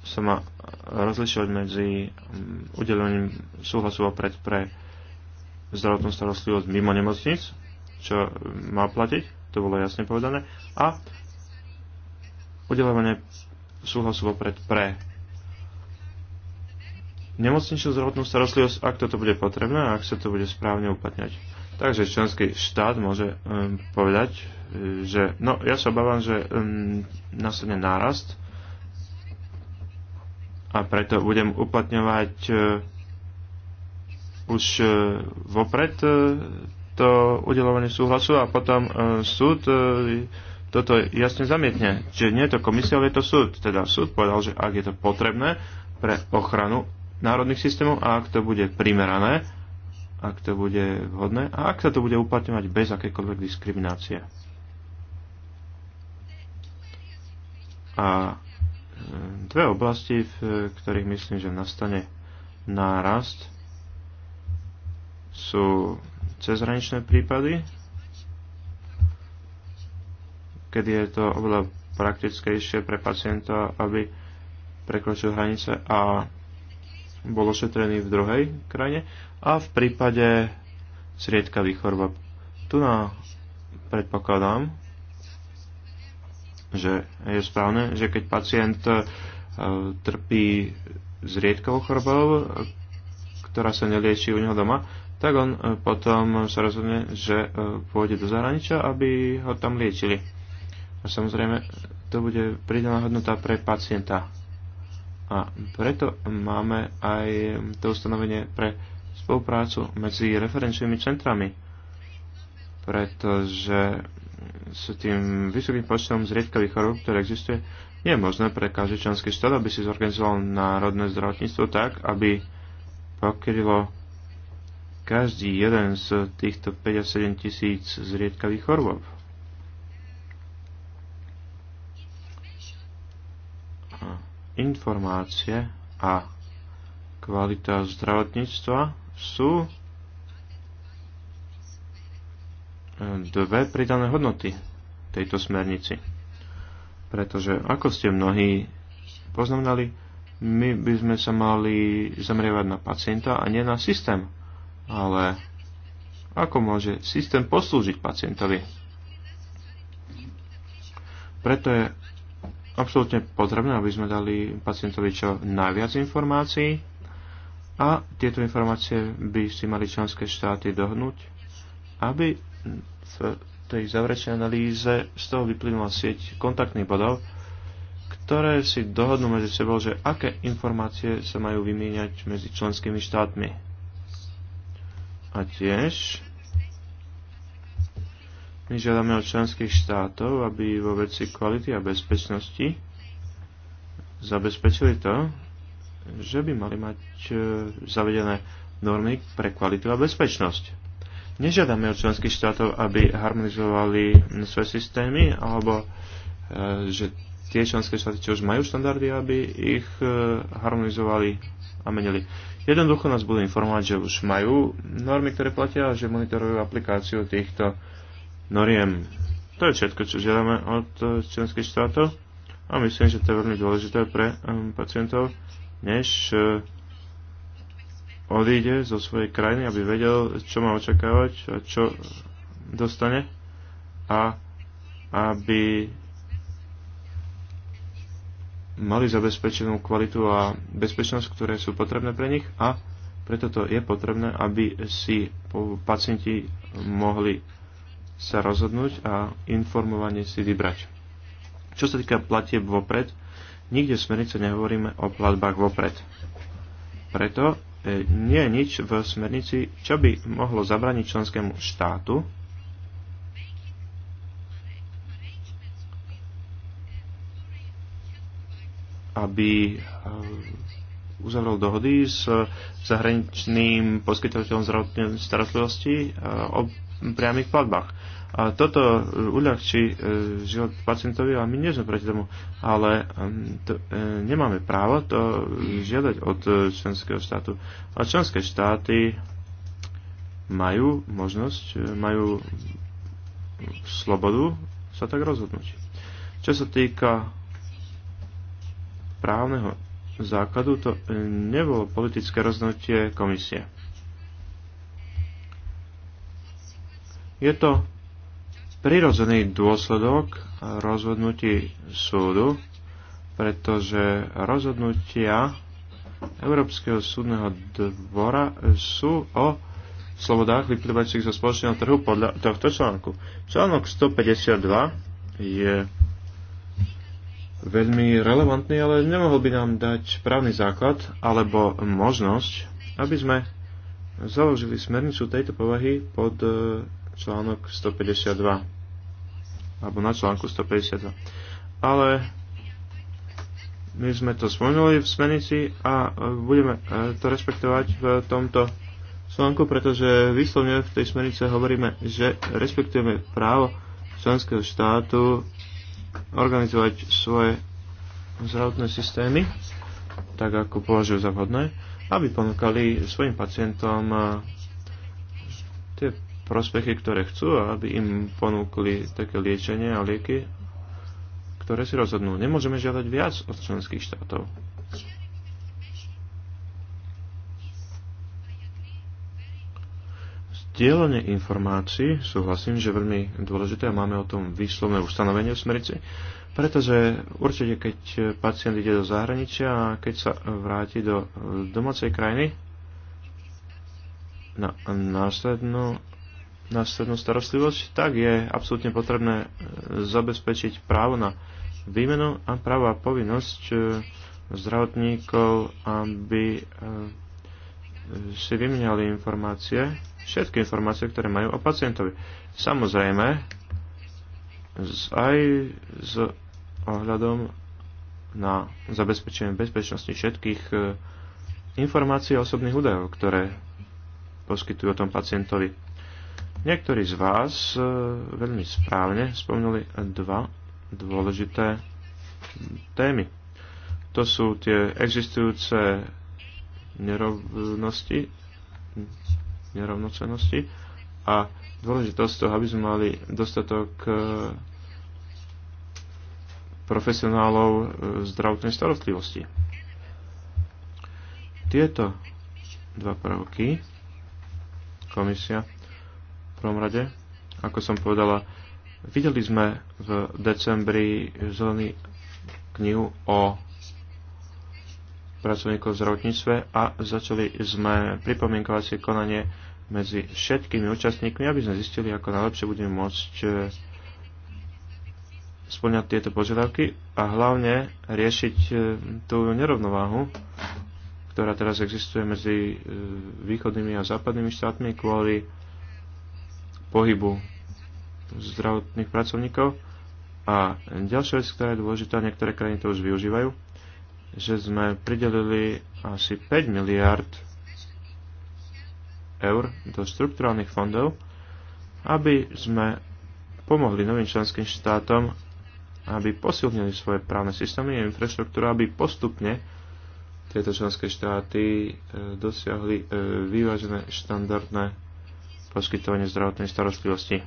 sa má rozlišovať medzi mm, udelením súhlasu opred pre zdravotnú starostlivosť mimo nemocnic, čo mm, má platiť, to bolo jasne povedané, a udelovanie súhlasu opred pre nemocničnú zdravotnú starostlivosť, ak toto bude potrebné a ak sa to bude správne uplatňať. Takže členský štát môže um, povedať, e, že no, ja sa obávam, že um, následne nárast a preto budem uplatňovať uh, už uh, vopred uh, to udelovanie súhlasu a potom uh, súd uh, toto jasne zamietne. Čiže nie je to komisia, ale je to súd. Teda súd povedal, že ak je to potrebné pre ochranu národných systémov a ak to bude primerané, ak to bude vhodné a ak sa to bude uplatňovať bez akékoľvek diskriminácie. A e, dve oblasti, v ktorých myslím, že nastane nárast, sú cezhraničné prípady, kedy je to oveľa praktickejšie pre pacienta, aby prekročil hranice a bol ošetrený v druhej krajine a v prípade sriedkavých chorob. Tu na predpokladám, že je správne, že keď pacient e, trpí zriedkavou chorobou, ktorá sa nelieči u neho doma, tak on e, potom sa rozhodne, že e, pôjde do zahraničia, aby ho tam liečili. A samozrejme, to bude pridaná hodnota pre pacienta. A preto máme aj to ustanovenie pre spoluprácu medzi referenčnými centrami, pretože s tým vysokým počtom zriedkavých chorôb, ktoré existuje, nie je možné pre každý členský štát, aby si zorganizoval národné zdravotníctvo tak, aby pokrylo každý jeden z týchto 57 tisíc zriedkavých chorôb. informácie a kvalita zdravotníctva sú dve pridané hodnoty tejto smernici. Pretože, ako ste mnohí poznamenali, my by sme sa mali zamrievať na pacienta a nie na systém. Ale ako môže systém poslúžiť pacientovi? Preto je absolútne potrebné, aby sme dali pacientovi čo najviac informácií a tieto informácie by si mali členské štáty dohnúť, aby v tej záverečnej analýze z toho vyplynula sieť kontaktných bodov, ktoré si dohodnú medzi sebou, že aké informácie sa majú vymieňať medzi členskými štátmi. A tiež my žiadame od členských štátov, aby vo veci kvality a bezpečnosti zabezpečili to, že by mali mať e, zavedené normy pre kvalitu a bezpečnosť. Nežiadame od členských štátov, aby harmonizovali svoje systémy, alebo e, že tie členské štáty, čo už majú štandardy, aby ich e, harmonizovali a menili. Jednoducho nás budú informovať, že už majú normy, ktoré platia a že monitorujú aplikáciu týchto noriem. To je všetko, čo žiadame od eh, členských štátov a myslím, že to je veľmi dôležité pre pacientov, než eh, odíde zo svojej krajiny, aby vedel, čo má očakávať a čo dostane a aby mali zabezpečenú kvalitu a bezpečnosť, ktoré sú potrebné pre nich a preto to je potrebné, aby si pacienti mohli sa rozhodnúť a informovanie si vybrať. Čo sa týka platieb vopred, nikde v smernice nehovoríme o platbách vopred. Preto e, nie je nič v smernici, čo by mohlo zabraniť členskému štátu aby e, uzavrel dohody s zahraničným poskytovateľom zdravotnej starostlivosti e, o priamých platbách. A toto e, uľahčí e, život pacientovi a my nie sme proti tomu, ale to, e, nemáme právo to žiadať od členského štátu. A členské štáty majú možnosť, majú slobodu sa tak rozhodnúť. Čo sa týka právneho základu, to nebolo politické rozhodnutie komisie. Je to prirodzený dôsledok rozhodnutí súdu, pretože rozhodnutia Európskeho súdneho dvora sú o slobodách vyplývajúcich zo spoločného trhu podľa tohto článku. Článok 152 je veľmi relevantný, ale nemohol by nám dať právny základ alebo možnosť, aby sme založili smernicu tejto povahy pod eh, článok 152. Alebo na článku 152. Ale my sme to spomenuli v smernici a e, budeme e, to respektovať v tomto článku, pretože výslovne v tej smernice hovoríme, že respektujeme právo členského štátu organizovať svoje zdravotné systémy, tak ako považujú za vhodné, aby ponúkali svojim pacientom e, prospechy, ktoré chcú aby im ponúkli také liečenie a lieky, ktoré si rozhodnú. Nemôžeme žiadať viac od členských štátov. Zdieľanie informácií, súhlasím, že veľmi dôležité a máme o tom výslovné ustanovenie v smerici, pretože určite, keď pacient ide do zahraničia a keď sa vráti do domácej krajiny, na následnú následnú starostlivosť, tak je absolútne potrebné e, zabezpečiť právo na výmenu a právo a povinnosť e, zdravotníkov, aby e, si vymenali informácie, všetky informácie, ktoré majú o pacientovi. Samozrejme, aj s ohľadom na zabezpečenie bezpečnosti všetkých informácií a osobných údajov, ktoré poskytujú o tom pacientovi. Niektorí z vás e, veľmi správne spomenuli dva dôležité témy. To sú tie existujúce nerovnosti, nerovnocenosti a dôležitosť toho, aby sme mali dostatok e, profesionálov e, zdravotnej starostlivosti. Tieto dva prvky komisia prvom rade, ako som povedala, videli sme v decembri zelený knihu o pracovníkov v zdravotníctve a začali sme si konanie medzi všetkými účastníkmi, aby sme zistili, ako najlepšie budeme môcť e, splňať tieto požiadavky a hlavne riešiť e, tú nerovnováhu, ktorá teraz existuje medzi e, východnými a západnými štátmi kvôli pohybu zdravotných pracovníkov. A ďalšia vec, ktorá je dôležitá, niektoré krajiny to už využívajú, že sme pridelili asi 5 miliard eur do štrukturálnych fondov, aby sme pomohli novým členským štátom, aby posilnili svoje právne systémy a infraštruktúru, aby postupne tieto členské štáty e, dosiahli e, vyvážené štandardné poskytovanie zdravotnej starostlivosti.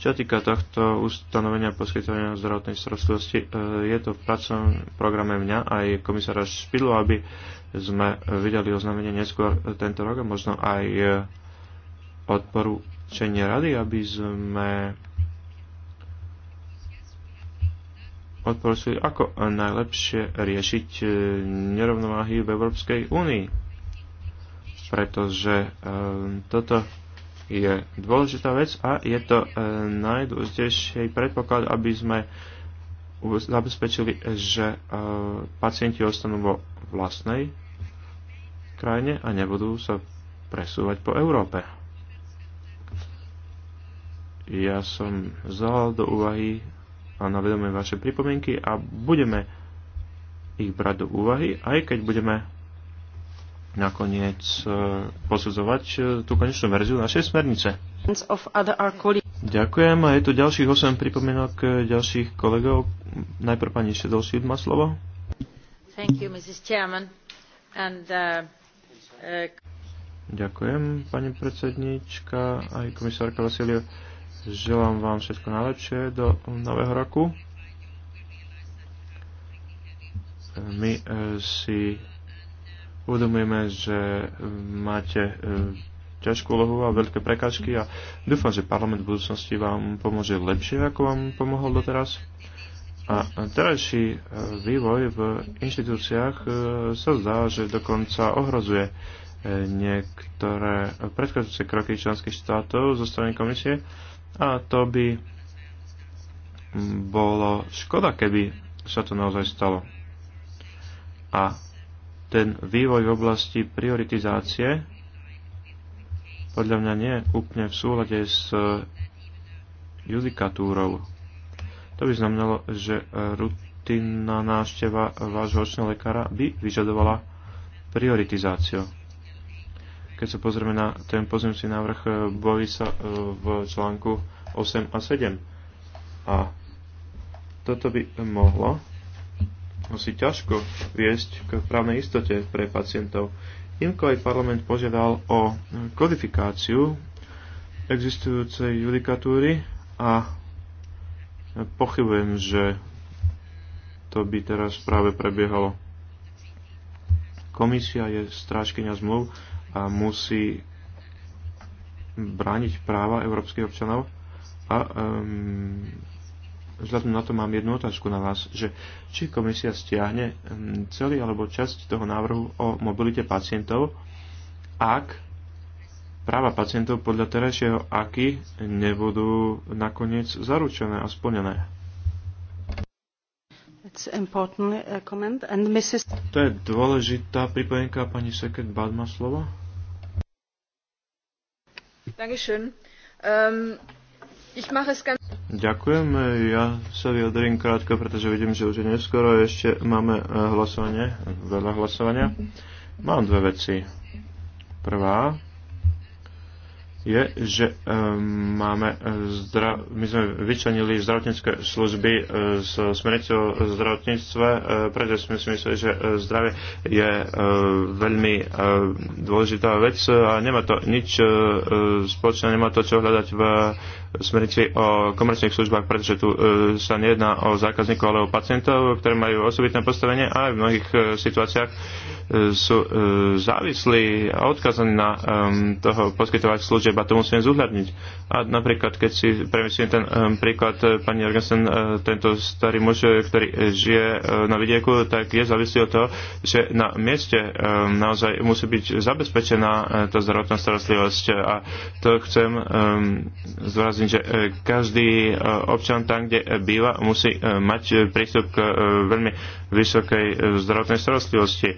Čo týka tohto ustanovenia poskytovania zdravotnej starostlivosti, e, je to v pracovnom programe mňa aj komisára Špidlo, aby sme vydali oznámenie neskôr tento rok a možno aj e, odporúčenie rady, aby sme odporúčili, ako najlepšie riešiť e, nerovnováhy v Európskej únii pretože ehm, toto je dôležitá vec a je to ehm, najdôležitejší predpoklad, aby sme zabezpečili, že ehm, pacienti ostanú vo vlastnej krajine a nebudú sa presúvať po Európe. Ja som vzal do úvahy a na vedomie vaše pripomienky a budeme ich brať do úvahy, aj keď budeme nakoniec e, posudzovať e, tú konečnú verziu našej smernice. Ďakujem a je tu ďalších 8 pripomienok e, ďalších kolegov. Najprv pani Šedolšíd má slovo. Thank you, Mrs. Chairman. And, uh, uh... Ďakujem, pani predsednička, aj komisárka Vasilio. Želám vám všetko najlepšie do nového roku. My e, si uvedomujeme, že e, máte e, ťažkú lohu a veľké prekážky a dúfam, že parlament v budúcnosti vám pomôže lepšie, ako vám pomohol doteraz. A terajší e, vývoj v inštitúciách sa zdá, že dokonca ohrozuje niektoré predchádzajúce kroky členských štátov zo strany komisie a to by bolo škoda, keby sa to naozaj stalo. A ten vývoj v oblasti prioritizácie podľa mňa nie je úplne v súlade s e, judikatúrou. To by znamenalo, že rutinná návšteva vášho očného lekára by vyžadovala prioritizáciu. Keď sa pozrieme na ten pozemci návrh, e, baví sa e, v článku 8 a 7. A toto by mohlo si ťažko viesť k právnej istote pre pacientov. Imko aj parlament požiadal o kodifikáciu existujúcej judikatúry a pochybujem, že to by teraz práve prebiehalo. Komisia je strážkynia zmluv a musí brániť práva európskych občanov a um, vzhľadom na to mám jednu otázku na vás, že či komisia stiahne hm, celý alebo časť toho návrhu o mobilite pacientov, ak práva pacientov podľa terajšieho aky nebudú nakoniec zaručené a splnené. Uh, to je dôležitá pripojenka. Pani Seket Badma slovo. Dankeschön. Um, ich mache es ganz Ďakujem. Ja sa vyjadrím krátko, pretože vidím, že už je neskoro. Ešte máme eh, hlasovanie, veľa hlasovania. Mám dve veci. Prvá, je, že um, máme e, zdra- my sme vyčlenili zdravotnícke služby z e, smernice o zdravotníctve, preto sme si mysleli, že e, zdravie je veľmi dôležitá vec a nemá to nič spoločné, nemá to čo hľadať v smernici o komerčných službách, pretože tu sa nejedná o zákazníkov, ale o pacientov, ktorí majú osobitné postavenie a aj v mnohých situáciách sú závislí a odkazaní na toho poskytovať služieb iba to musíme zúhľadniť. A napríklad, keď si premyslím ten um, príklad eh, pani Jorgensen, eh, tento starý muž, eh, ktorý žije na vidieku, tak je závislý od toho, že na mieste naozaj musí byť zabezpečená tá zdravotná starostlivosť. A to chcem zvrazniť, že každý občan tam, kde býva, musí mať prístup k veľmi vysokej zdravotnej starostlivosti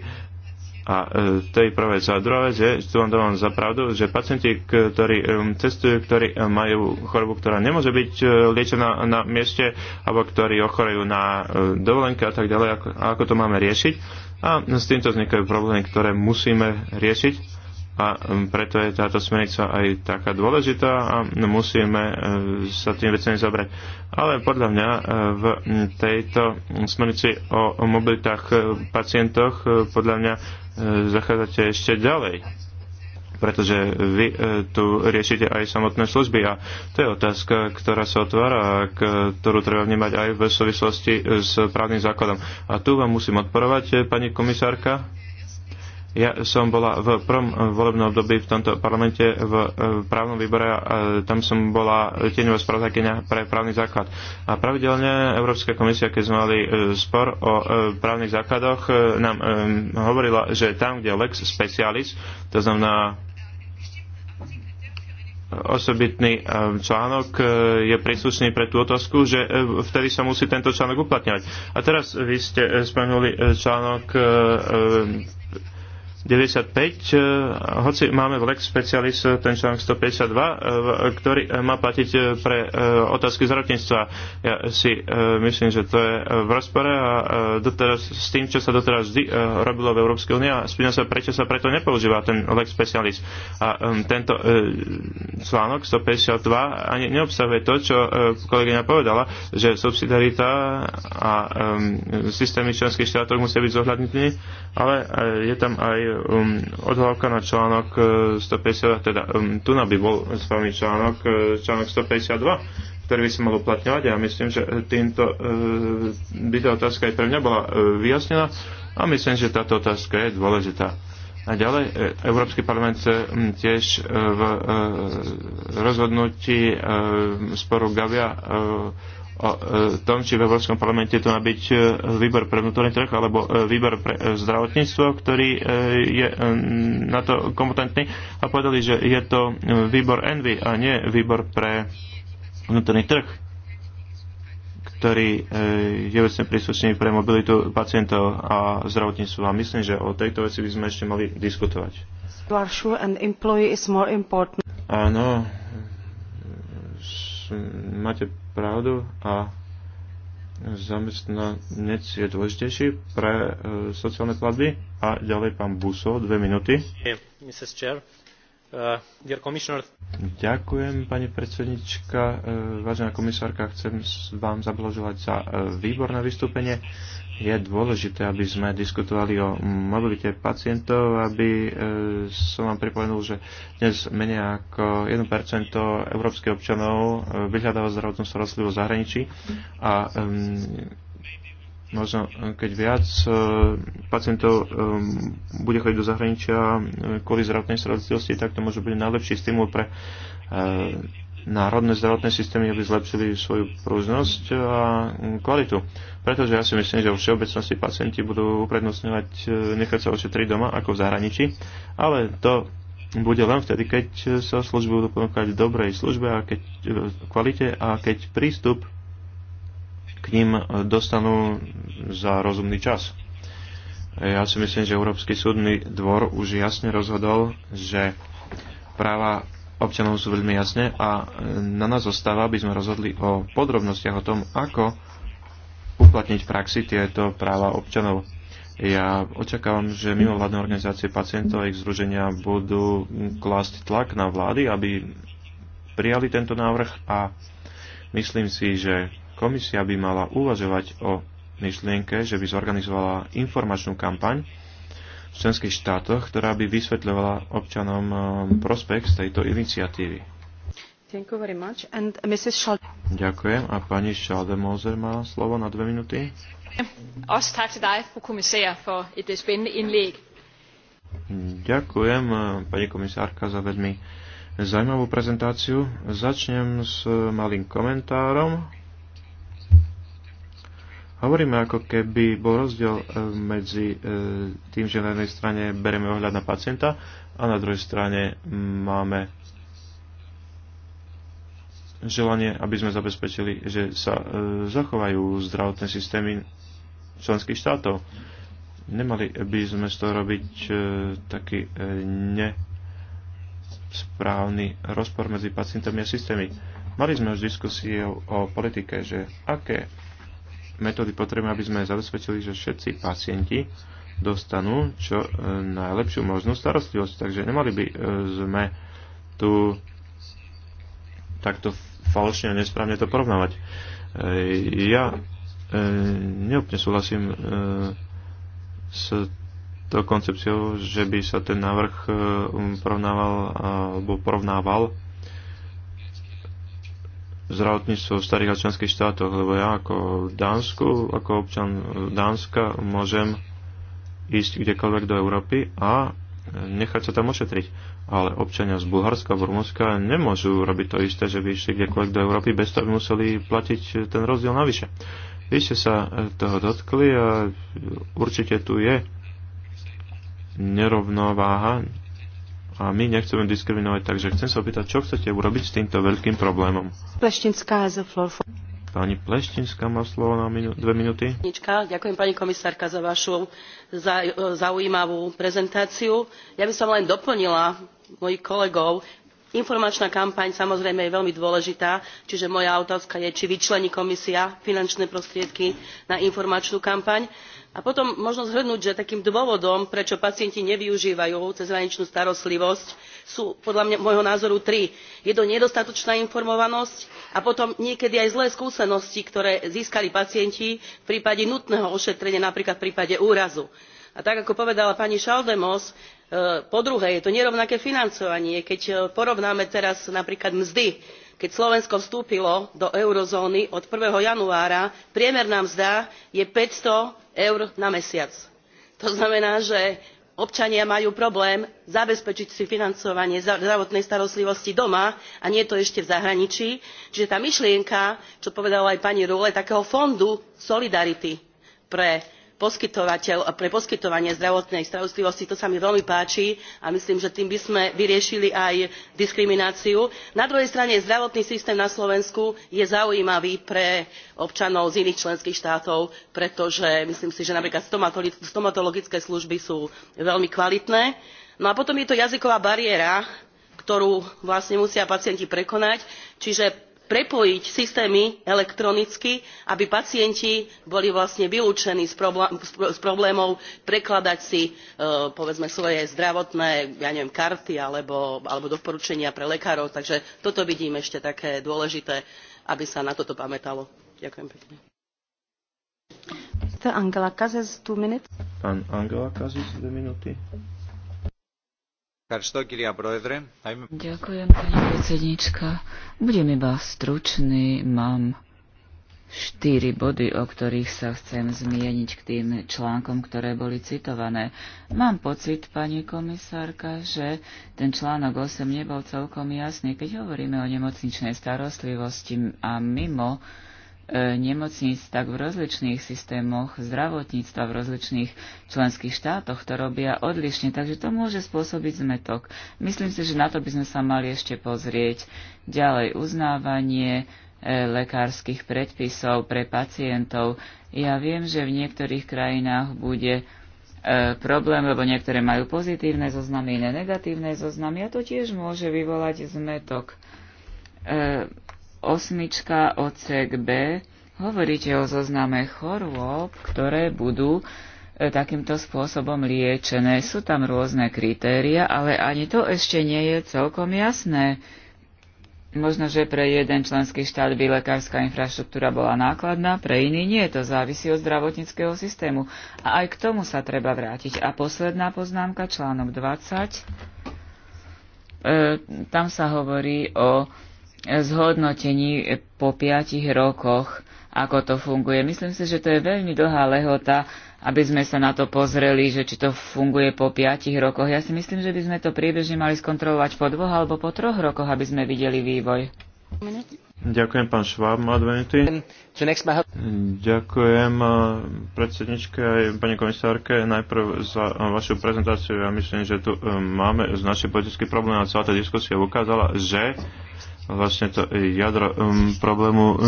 a e, to je prvá vec. A druhá vec je, tu vám dávam za pravdu, že pacienti, ktorí e, cestujú, ktorí e, majú chorobu, ktorá nemôže byť e, liečená na mieste, alebo ktorí ochorejú na dovolenke a tak ďalej, ako, ako to máme riešiť. A s týmto vznikajú problémy, ktoré musíme riešiť. A preto je táto smernica aj taká dôležitá a musíme sa tým vecami zabrať. Ale podľa mňa v tejto smernici o mobilitách pacientoch podľa mňa zachádzate ešte ďalej pretože vy e, tu riešite aj samotné služby a to je otázka, ktorá sa otvára a ktorú treba vnímať aj v súvislosti s právnym základom. A tu vám musím odporovať, pani komisárka, ja som bola v prvom eh, volebnom období v tomto parlamente v eh, právnom výbore a eh, tam som bola tieňová spravodajkynia pre právny základ. A pravidelne Európska komisia, keď sme mali spor o právnych základoch, nám hovorila, že tam, kde lex specialis, to znamená osobitný článok je príslušný pre tú otázku, že vtedy sa musí tento článok uplatňovať. A teraz vy ste spomenuli článok 95, e, hoci máme v Lex Specialis e, ten článok 152, e, ktorý má platiť pre otázky zdravotníctva. Ja si myslím, že to je v rozpore a doteraz, s tým, čo sa doteraz vždy robilo v Európskej únii a spýtam sa, prečo sa preto nepoužíva ten Lex Specialis. A tento článok 152 ani neobsahuje to, čo kolegyňa povedala, že subsidiarita a systémy členských štátov musia byť zohľadnutí, ale je tam aj um, odhľavka na článok 150, uh, teda um, tu by bol s vami článok, uh, článok 152, ktorý by sa mal uplatňovať a ja myslím, že týmto uh, by tá otázka aj pre mňa bola uh, vyjasnená a myslím, že táto otázka je dôležitá. A ďalej, uh, Európsky parlament sa um, tiež v rozhodnutí sporu Gavia o e, tom, či v Európskom parlamente to má byť e, výbor pre vnútorný trh alebo e, výbor pre zdravotníctvo, ktorý je na to kompetentný a povedali, že je to výbor Envy a nie výbor pre vnútorný trh ktorý je vlastne príslušný pre mobilitu pacientov a zdravotníctvo. A myslím, že o tejto veci by sme ešte mali diskutovať. Áno, máte pravdu a zamestnanec je dôležitejší pre e, sociálne platby. A ďalej pán Buso, dve minúty. Uh, Ďakujem, pani predsednička. E, vážená komisárka, chcem vám zablažovať za e, výborné vystúpenie je dôležité, aby sme diskutovali o mobilite pacientov, aby e, som vám pripomenul, že dnes menej ako 1% európskych občanov e, vyhľadáva zdravotnú starostlivosť v zahraničí a možno keď viac e, pacientov bude chodiť do zahraničia kvôli zdravotnej starostlivosti, tak to môže byť najlepší stimul pre národné zdravotné systémy, aby zlepšili svoju prúžnosť a kvalitu. Pretože ja si myslím, že vo všeobecnosti pacienti budú uprednostňovať e, nechať sa ošetriť doma ako v zahraničí, ale to bude len vtedy, keď sa služby budú ponúkať v dobrej službe a keď, e, kvalite a keď prístup k ním dostanú za rozumný čas. Ja si myslím, že Európsky súdny dvor už jasne rozhodol, že práva občanov sú veľmi jasné a e, na nás zostáva, aby sme rozhodli o podrobnostiach o tom, ako uplatniť v praxi tieto práva občanov. Ja očakávam, že mimovládne organizácie pacientov a ich združenia budú klásť tlak na vlády, aby prijali tento návrh a myslím si, že komisia by mala uvažovať o myšlienke, že by zorganizovala informačnú kampaň, v členských štátoch, ktorá by vysvetľovala občanom um, prospekt z tejto iniciatívy. Thank you very much. And uh, Mrs. Schal- Ďakujem. A pani Schaldemoser má slovo na dve minúty. Også tak til dig, fru for et øh, spændende indlæg. Ďakujem, uh, pani komisárka, za veľmi zaujímavú prezentáciu. Začnem s uh, malým komentárom Hovoríme ako keby bol rozdiel e, medzi e, tým, že na jednej strane bereme ohľad na pacienta a na druhej strane máme želanie, aby sme zabezpečili, že sa e, zachovajú zdravotné systémy členských štátov. Nemali by sme z toho robiť taký nesprávny rozpor medzi pacientami a systémy. Mali sme už diskusie o politike, že aké metódy potrebujeme, aby sme zabezpečili, že všetci pacienti dostanú čo e, najlepšiu možnú starostlivosť. Takže nemali by e, sme tu takto falošne a nesprávne to porovnávať. E, ja neúplne súhlasím s tou koncepciou, že by sa ten návrh porovnával alebo porovnával zdravotníctvo v starých a členských štátoch, lebo ja ako v Dánsku, ako občan Dánska môžem ísť kdekoľvek do Európy a nechať sa tam ošetriť. Ale občania z Bulharska Rumunska nemôžu robiť to isté, že by išli kdekoľvek do Európy bez toho, aby museli platiť ten rozdiel navyše. Vy ste sa toho dotkli a určite tu je nerovnováha a my nechceme diskriminovať, takže chcem sa opýtať, čo chcete urobiť s týmto veľkým problémom? Pleštinská has Pani Pleštinská má slovo na minu- dve minúty. Ďakujem pani komisárka za vašu zaujímavú prezentáciu. Ja by som len doplnila mojich kolegov, informačná kampaň samozrejme je veľmi dôležitá čiže moja otázka je či vyčlení komisia finančné prostriedky na informačnú kampaň a potom možno zhrnúť že takým dôvodom prečo pacienti nevyužívajú cezhraničnú starostlivosť sú podľa mňa, môjho názoru tri je to nedostatočná informovanosť a potom niekedy aj zlé skúsenosti ktoré získali pacienti v prípade nutného ošetrenia napríklad v prípade úrazu. a tak ako povedala pani Šaldemos, e, po druhé je to nerovnaké financovanie keď e, porovnáme teraz napríklad mzdy keď slovensko vstúpilo do eurozóny od. 1. januára priemerná mzda je 500 eur na mesiac. to znamená že občania majú problém zabezpečiť si financovanie zdravotnej starostlivosti doma a nie to ešte v zahraničí čiže tá myšlienka čo povedala aj pani rhleová takého fondu solidarity pre poskytovateľ, pre poskytovanie zdravotnej starostlivosti. To sa mi veľmi páči a myslím, že tým by sme vyriešili aj diskrimináciu. Na druhej strane zdravotný systém na Slovensku je zaujímavý pre občanov z iných členských štátov, pretože myslím si, že napríklad stomatologické služby sú veľmi kvalitné. No a potom je to jazyková bariéra, ktorú vlastne musia pacienti prekonať. Čiže prepojiť systémy elektronicky aby pacienti boli vlastne vylúčení z problémov prekladať si e, povedzme svoje zdravotné ja neviem karty alebo, alebo doporučenia pre lekárov takže toto vidím ešte také dôležité aby sa na toto pamätalo. ďakujem pekne. Pán Angela Kazes, dve minúty. Ďakujem, pani predsednička. Budem iba stručný, mám štyri body, o ktorých sa chcem zmieniť k tým článkom, ktoré boli citované. Mám pocit, pani komisárka, že ten článok 8 nebol celkom jasný, keď hovoríme o nemocničnej starostlivosti a mimo E, nemocníc, tak v rozličných systémoch zdravotníctva v rozličných členských štátoch to robia odlišne, takže to môže spôsobiť zmetok. Myslím si, že na to by sme sa mali ešte pozrieť. Ďalej uznávanie e, lekárskych predpisov pre pacientov. Ja viem, že v niektorých krajinách bude e, problém, lebo niektoré majú pozitívne zoznamy, iné negatívne zoznamy a to tiež môže vyvolať zmetok. E, osmička odsek B hovoríte o zozname chorôb, ktoré budú e, takýmto spôsobom liečené. Sú tam rôzne kritéria, ale ani to ešte nie je celkom jasné. Možno, že pre jeden členský štát by lekárska infraštruktúra bola nákladná, pre iný nie, to závisí od zdravotníckého systému. A aj k tomu sa treba vrátiť. A posledná poznámka, článok 20. E, tam sa hovorí o zhodnotení po piatich rokoch, ako to funguje. Myslím si, že to je veľmi dlhá lehota, aby sme sa na to pozreli, že či to funguje po piatich rokoch. Ja si myslím, že by sme to priebežne mali skontrolovať po dvoch alebo po troch rokoch, aby sme videli vývoj. Ďakujem, pán Šváb, má dve minuty. Ďakujem eh, predsedničke aj pani komisárke najprv za eh, vašu prezentáciu. Ja myslím, že tu eh, máme značný politický problém a celá tá diskusia ukázala, že vlastne to jadro um, problému um,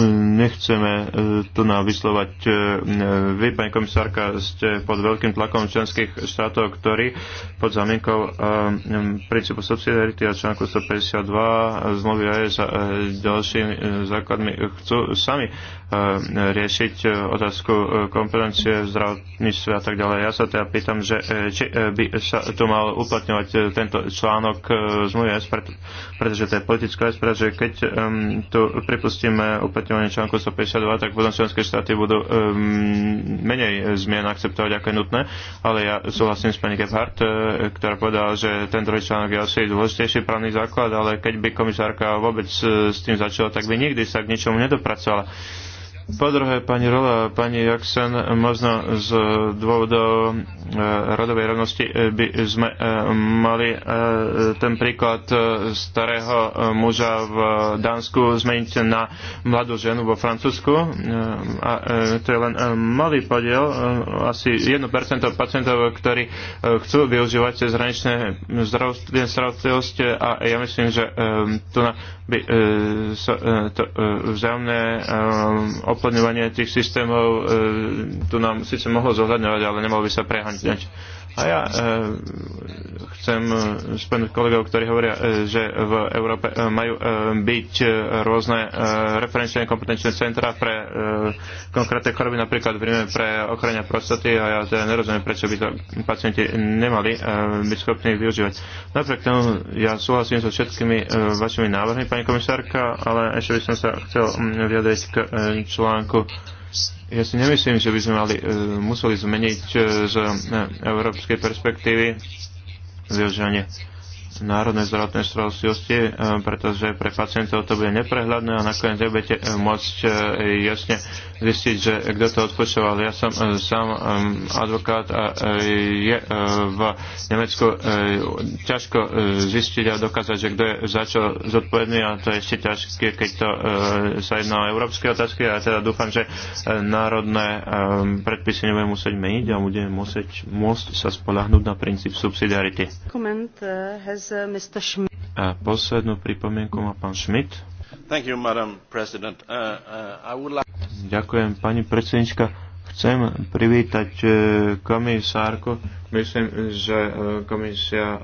nechceme uh, tu na vyslovať. Uh, um, vy, pani komisárka, ste pod veľkým tlakom členských štátov, ktorí pod zamienkou um, um princípu subsidiarity a článku 152 zmluvy AES a uh, ďalšími uh, základmi chcú sami uh, riešiť uh, otázku uh, kompetencie zdravotníctva a tak ďalej. Ja sa teda pýtam, že uh, či uh, by sa tu mal uplatňovať uh, tento článok uh, zmluvy AES, pretože to je politická vec, pretože keď um, tu pripustíme opätovanie článku 152, tak potom členské štáty budú um, menej zmien akceptovať, ako je nutné. Ale ja súhlasím s pani Gebhardt, e, ktorá povedala, že ten druhý článok je asi dôležitejší právny základ, ale keď by komisárka vôbec e, s tým začala, tak by nikdy sa k ničomu nedopracovala po druhé, pani Rola pani Jaksen, možno z dôvodov e, radovej rovnosti e, by sme e, mali ten príklad starého muža v Dánsku zmeniť na mladú ženu vo Francúzsku. A to je len malý podiel, asi 1% pacientov, ktorí chcú využívať zhraničné zdravotnosť a ja myslím, že tu by sa to vzájomné doplňovanie tých systémov e, tu nám síce mohlo zohľadňovať, ale nemalo by sa preháňať. A ja e, chcem spomenúť kolegov, ktorí hovoria, e, že v Európe e, majú e, byť e, rôzne e, referenčné kompetenčné centra pre e, konkrétne choroby, napríklad v Ríme pre ochrania prostaty a ja teda nerozumiem, prečo by to pacienti nemali e, byť schopní využívať. Napriek tomu ja súhlasím so všetkými e, vašimi návrhmi, pani komisárka, ale ešte by som sa chcel mm, vyjadriť k e, článku ja si nemyslím, že by sme mali, e, museli zmeniť e, z e, európskej perspektívy uh, národnej národné zdravotné starostlivosti, e, pretože pre pacientov to bude neprehľadné a nakoniec nebudete e, môcť e, jasne zistiť, že kto to odpočoval. Ja som sám advokát a je v Nemecku ťažko zistiť a dokázať, že kto je za čo zodpovedný a to je ešte ťažké, keď to sa jedná o európske otázky a ja teda dúfam, že národné predpisy nebude musieť meniť a bude musieť môcť sa spolahnúť na princíp subsidiarity. Has... A poslednú pripomienku má pán Schmidt. You, uh, uh, like... Ďakujem, pani predsednička. Chcem privítať uh, komisárku. Myslím, že uh, komisia um,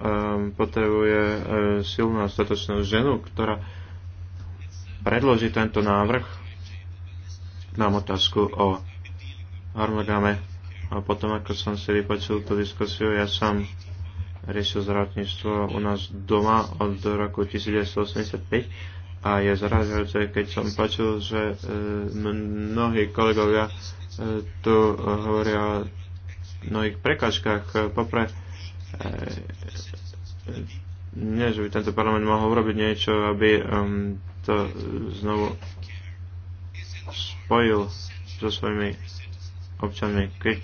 potrebuje uh, silnú a statočnú ženu, ktorá predloží tento návrh. Mám otázku o harmonograme. A potom, ako som si vypočul tú diskusiu, ja som riešil zdravotníctvo u nás doma od roku 1985 a je zražajúce, keď som počul, že e, mnohí kolegovia e, tu hovoria o mnohých prekažkách. Poprvé, e, nie, že by tento parlament mohol urobiť niečo, aby to znovu spojil so svojimi občanmi. Keď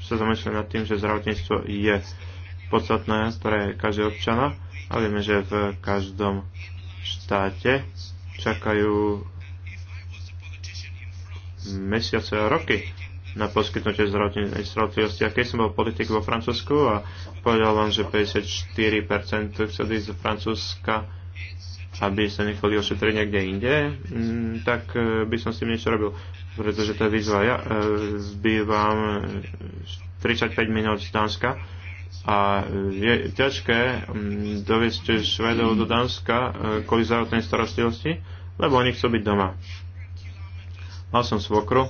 sa zamýšľam nad tým, že zdravotníctvo je uh, podstatné pre každého občana a vieme, že v každom štáte čakajú mesiace a roky na poskytnutie zdravotnej starostlivosti. A keď som bol politik vo Francúzsku a povedal vám, že 54% chce ísť z Francúzska, aby sa nechali ošetriť niekde inde, mm, tak e, by som s tým niečo robil. Pretože to je výzva. Ja e, zbývam 35 e, minút z Dánska, a je ťažké mm, doviesť Švedov do Dánska e, kvôli zdravotnej starostlivosti, lebo oni chcú byť doma. Mal som svokru,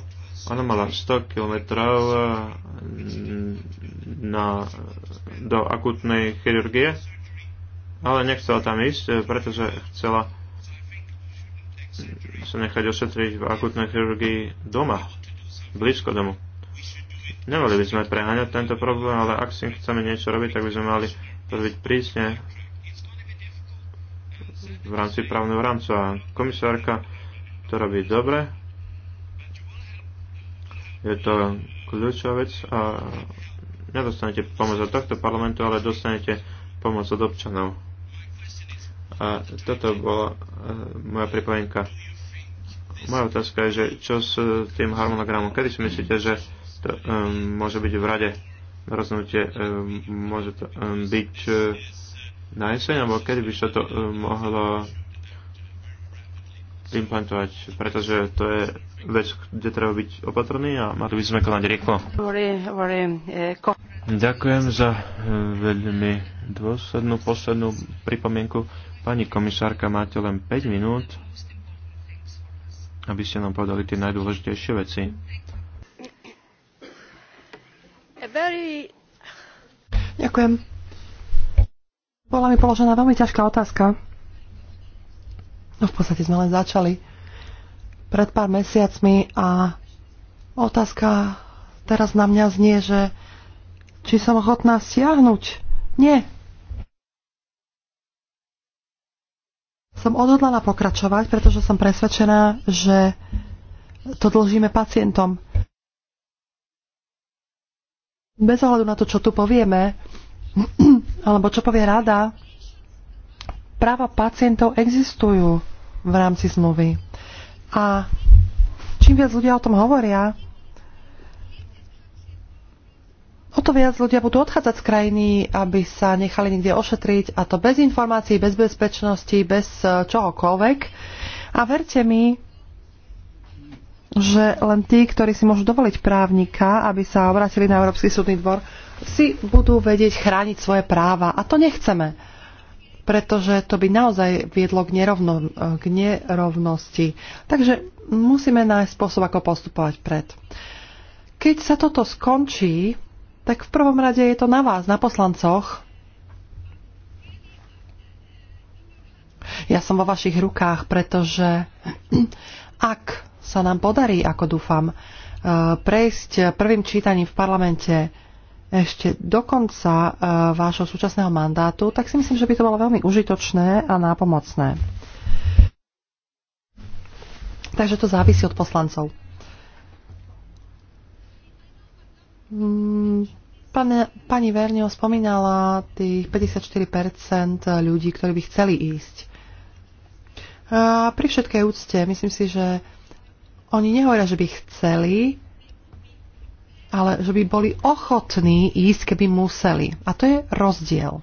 ona mala 100 km e, na, do akutnej chirurgie, ale nechcela tam ísť, e, pretože chcela sa nechať ošetriť v akutnej chirurgii doma, blízko domu. Nemali by sme preháňať tento problém, ale ak si chceme niečo robiť, tak by sme mali to robiť prísne v rámci právneho rámcu. A komisárka to robí dobre. Je to kľúčová vec a nedostanete pomoc od tohto parlamentu, ale dostanete pomoc od občanov. A toto bola e, moja pripojenka. Moja otázka je, že čo s tým harmonogramom? Kedy si myslíte, že to um, môže byť v rade rozhodnutie, um, môže to um, byť uh, na jeseň, alebo kedy by sa to um, mohlo implantovať, pretože to je vec, kde treba byť opatrný a mali by sme konať rýchlo. Eh, Ďakujem za eh, veľmi dôslednú poslednú pripomienku. Pani komisárka, máte len 5 minút, aby ste nám povedali tie najdôležitejšie veci. Ďakujem. Bola mi položená veľmi ťažká otázka. No v podstate sme len začali pred pár mesiacmi a otázka teraz na mňa znie, že či som ochotná stiahnuť. Nie. Som odhodlaná pokračovať, pretože som presvedčená, že to dlžíme pacientom bez ohľadu na to, čo tu povieme, alebo čo povie rada, práva pacientov existujú v rámci zmluvy. A čím viac ľudia o tom hovoria, o to viac ľudia budú odchádzať z krajiny, aby sa nechali niekde ošetriť a to bez informácií, bez bezpečnosti, bez eh, čohokoľvek. A verte mi, že len tí, ktorí si môžu dovoliť právnika, aby sa obratili na Európsky súdny dvor, si budú vedieť chrániť svoje práva. A to nechceme, pretože to by naozaj viedlo k, nerovno, k nerovnosti. Takže musíme nájsť spôsob, ako postupovať pred. Keď sa toto skončí, tak v prvom rade je to na vás, na poslancoch. Ja som vo vašich rukách, pretože ak sa nám podarí, ako dúfam, e, prejsť prvým čítaním v parlamente ešte do konca e, vášho súčasného mandátu, tak si myslím, že by to bolo veľmi užitočné a nápomocné. Takže to závisí od poslancov. Mm, pane, pani Vernio spomínala tých 54% ľudí, ktorí by chceli ísť. A pri všetkej úcte, myslím si, že oni nehovoria, že by chceli, ale že by boli ochotní ísť, keby museli. A to je rozdiel.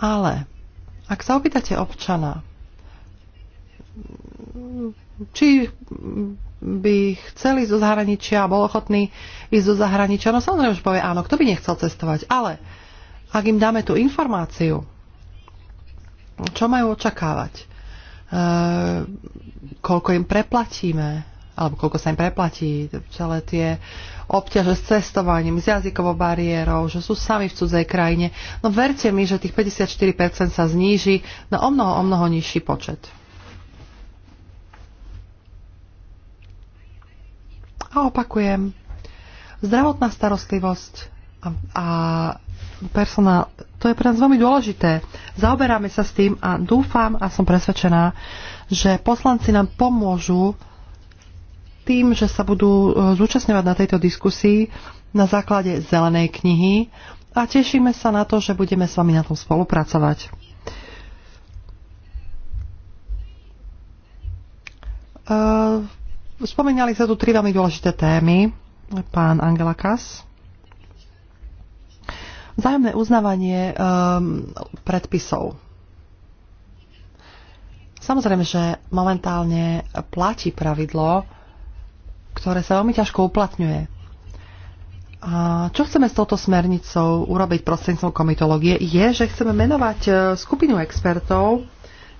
Ale ak sa opýtate občana, či by chceli zo zahraničia a bol ochotný ísť do zahraničia, no samozrejme, že povie áno, kto by nechcel cestovať, ale ak im dáme tú informáciu, čo majú očakávať, Eh, koľko im preplatíme, alebo koľko sa im preplatí, celé tie obťaže s cestovaním, s jazykovou bariérou, že sú sami v cudzej krajine. No verte mi, že tých 54% sa zníži na o mnoho, o mnoho nižší počet. A opakujem, zdravotná starostlivosť a, a personál to je pre nás veľmi dôležité. Zaoberáme sa s tým a dúfam a som presvedčená, že poslanci nám pomôžu tým, že sa budú e, zúčastňovať na tejto diskusii na základe zelenej knihy a tešíme sa na to, že budeme s vami na tom spolupracovať. Uh, spomínali sa tu tri veľmi dôležité témy. Pán Angela Kass Vzájomné uznávanie um, predpisov. Samozrejme, že momentálne platí pravidlo, ktoré sa veľmi ťažko uplatňuje. A čo chceme s touto smernicou urobiť prostredníctvom komitológie, je, že chceme menovať e, skupinu expertov,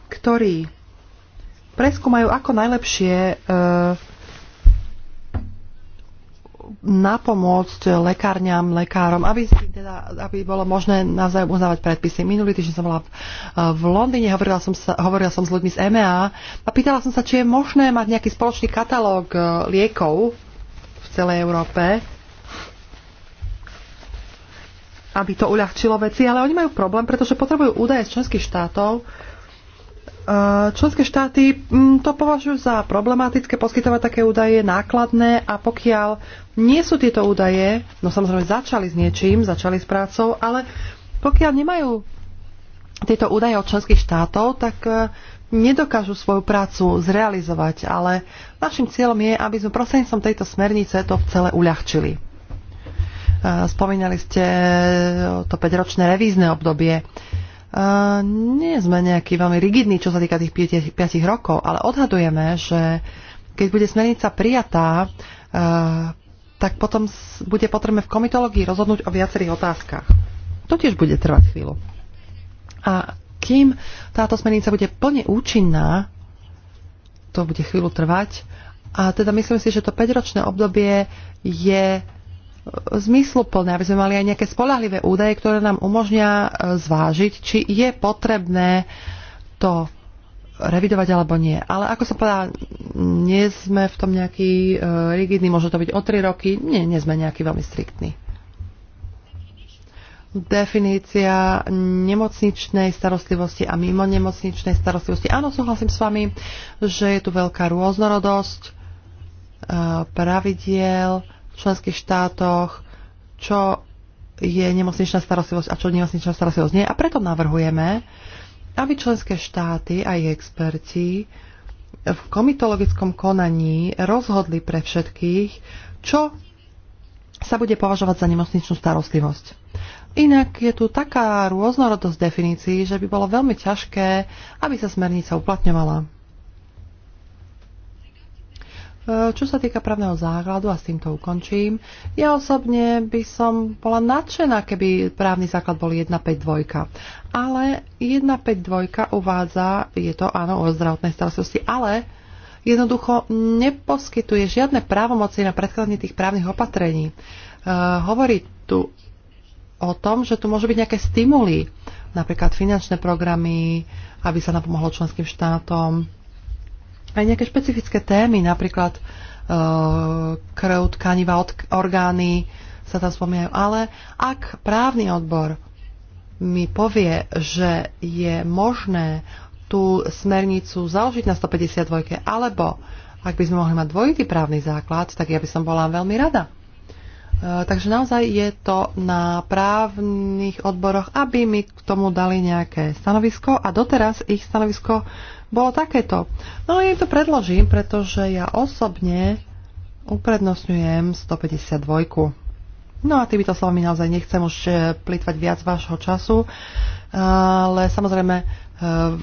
ktorí preskúmajú, ako najlepšie e, napomôcť lekárňam, lekárom, aby, si teda, aby bolo možné navzájom uznávať predpisy. Minulý týždeň som bola eh, v Londýne, hovorila som, sa, hovorila som s ľuďmi z EMEA a pýtala som sa, či je možné mať nejaký spoločný katalóg eh, liekov v celej Európe, aby to uľahčilo veci, ale oni majú problém, pretože potrebujú údaje z členských štátov, Eh, členské štáty mm, to považujú za problematické poskytovať také údaje nákladné a pokiaľ nie sú tieto údaje, no samozrejme začali s niečím, začali s prácou, ale pokiaľ nemajú tieto údaje od členských štátov, tak eh, nedokážu svoju prácu zrealizovať, ale našim cieľom je, aby sme prostredníctvom tejto smernice to v celé uľahčili. Eh, spomínali ste to 5-ročné revízne obdobie nie sme nejaký veľmi rigidní, čo sa týka tých 5, 5 rokov, ale odhadujeme, že keď bude smernica prijatá, uh, tak potom bude potrebné v komitológii rozhodnúť o viacerých otázkach. To tiež bude trvať chvíľu. A kým táto smernica bude plne účinná, to bude chvíľu trvať, a teda myslím si, že to 5-ročné obdobie je zmysluplné, aby sme mali aj nejaké spolahlivé údaje, ktoré nám umožnia e, zvážiť, či je potrebné to revidovať alebo nie. Ale ako som povedala, nie sme v tom nejaký e, rigidný, môže to byť o 3 roky, nie, nie sme nejaký veľmi striktný. Definícia nemocničnej starostlivosti a mimo nemocničnej starostlivosti. Áno, súhlasím s vami, že je tu veľká rôznorodosť e, pravidiel, členských štátoch, čo je nemocničná starostlivosť a čo nemocničná starostlivosť nie. A preto navrhujeme, aby členské štáty a ich experti v komitologickom konaní rozhodli pre všetkých, čo sa bude považovať za nemocničnú starostlivosť. Inak je tu taká rôznorodosť definícií, že by bolo veľmi ťažké, aby sa smernica uplatňovala. Čo sa týka právneho základu, a s týmto ukončím, ja osobne by som bola nadšená, keby právny základ bol 152. Ale 152 uvádza, je to áno o zdravotnej starostlivosti, ale jednoducho neposkytuje žiadne právomoci na predkladanie tých právnych opatrení. Uh, hovorí tu o tom, že tu môžu byť nejaké stimuly, napríklad finančné programy, aby sa napomohlo členským štátom, aj nejaké špecifické témy, napríklad e, krv, tkaniva, orgány sa tam spomínajú. Ale ak právny odbor mi povie, že je možné tú smernicu založiť na 152, alebo ak by sme mohli mať dvojitý právny základ, tak ja by som bola veľmi rada. E, takže naozaj je to na právnych odboroch, aby mi k tomu dali nejaké stanovisko a doteraz ich stanovisko bolo takéto. No ja im to predložím, pretože ja osobne uprednostňujem 152. No a týmito slovami naozaj nechcem už e, plýtvať viac vášho času, e, ale samozrejme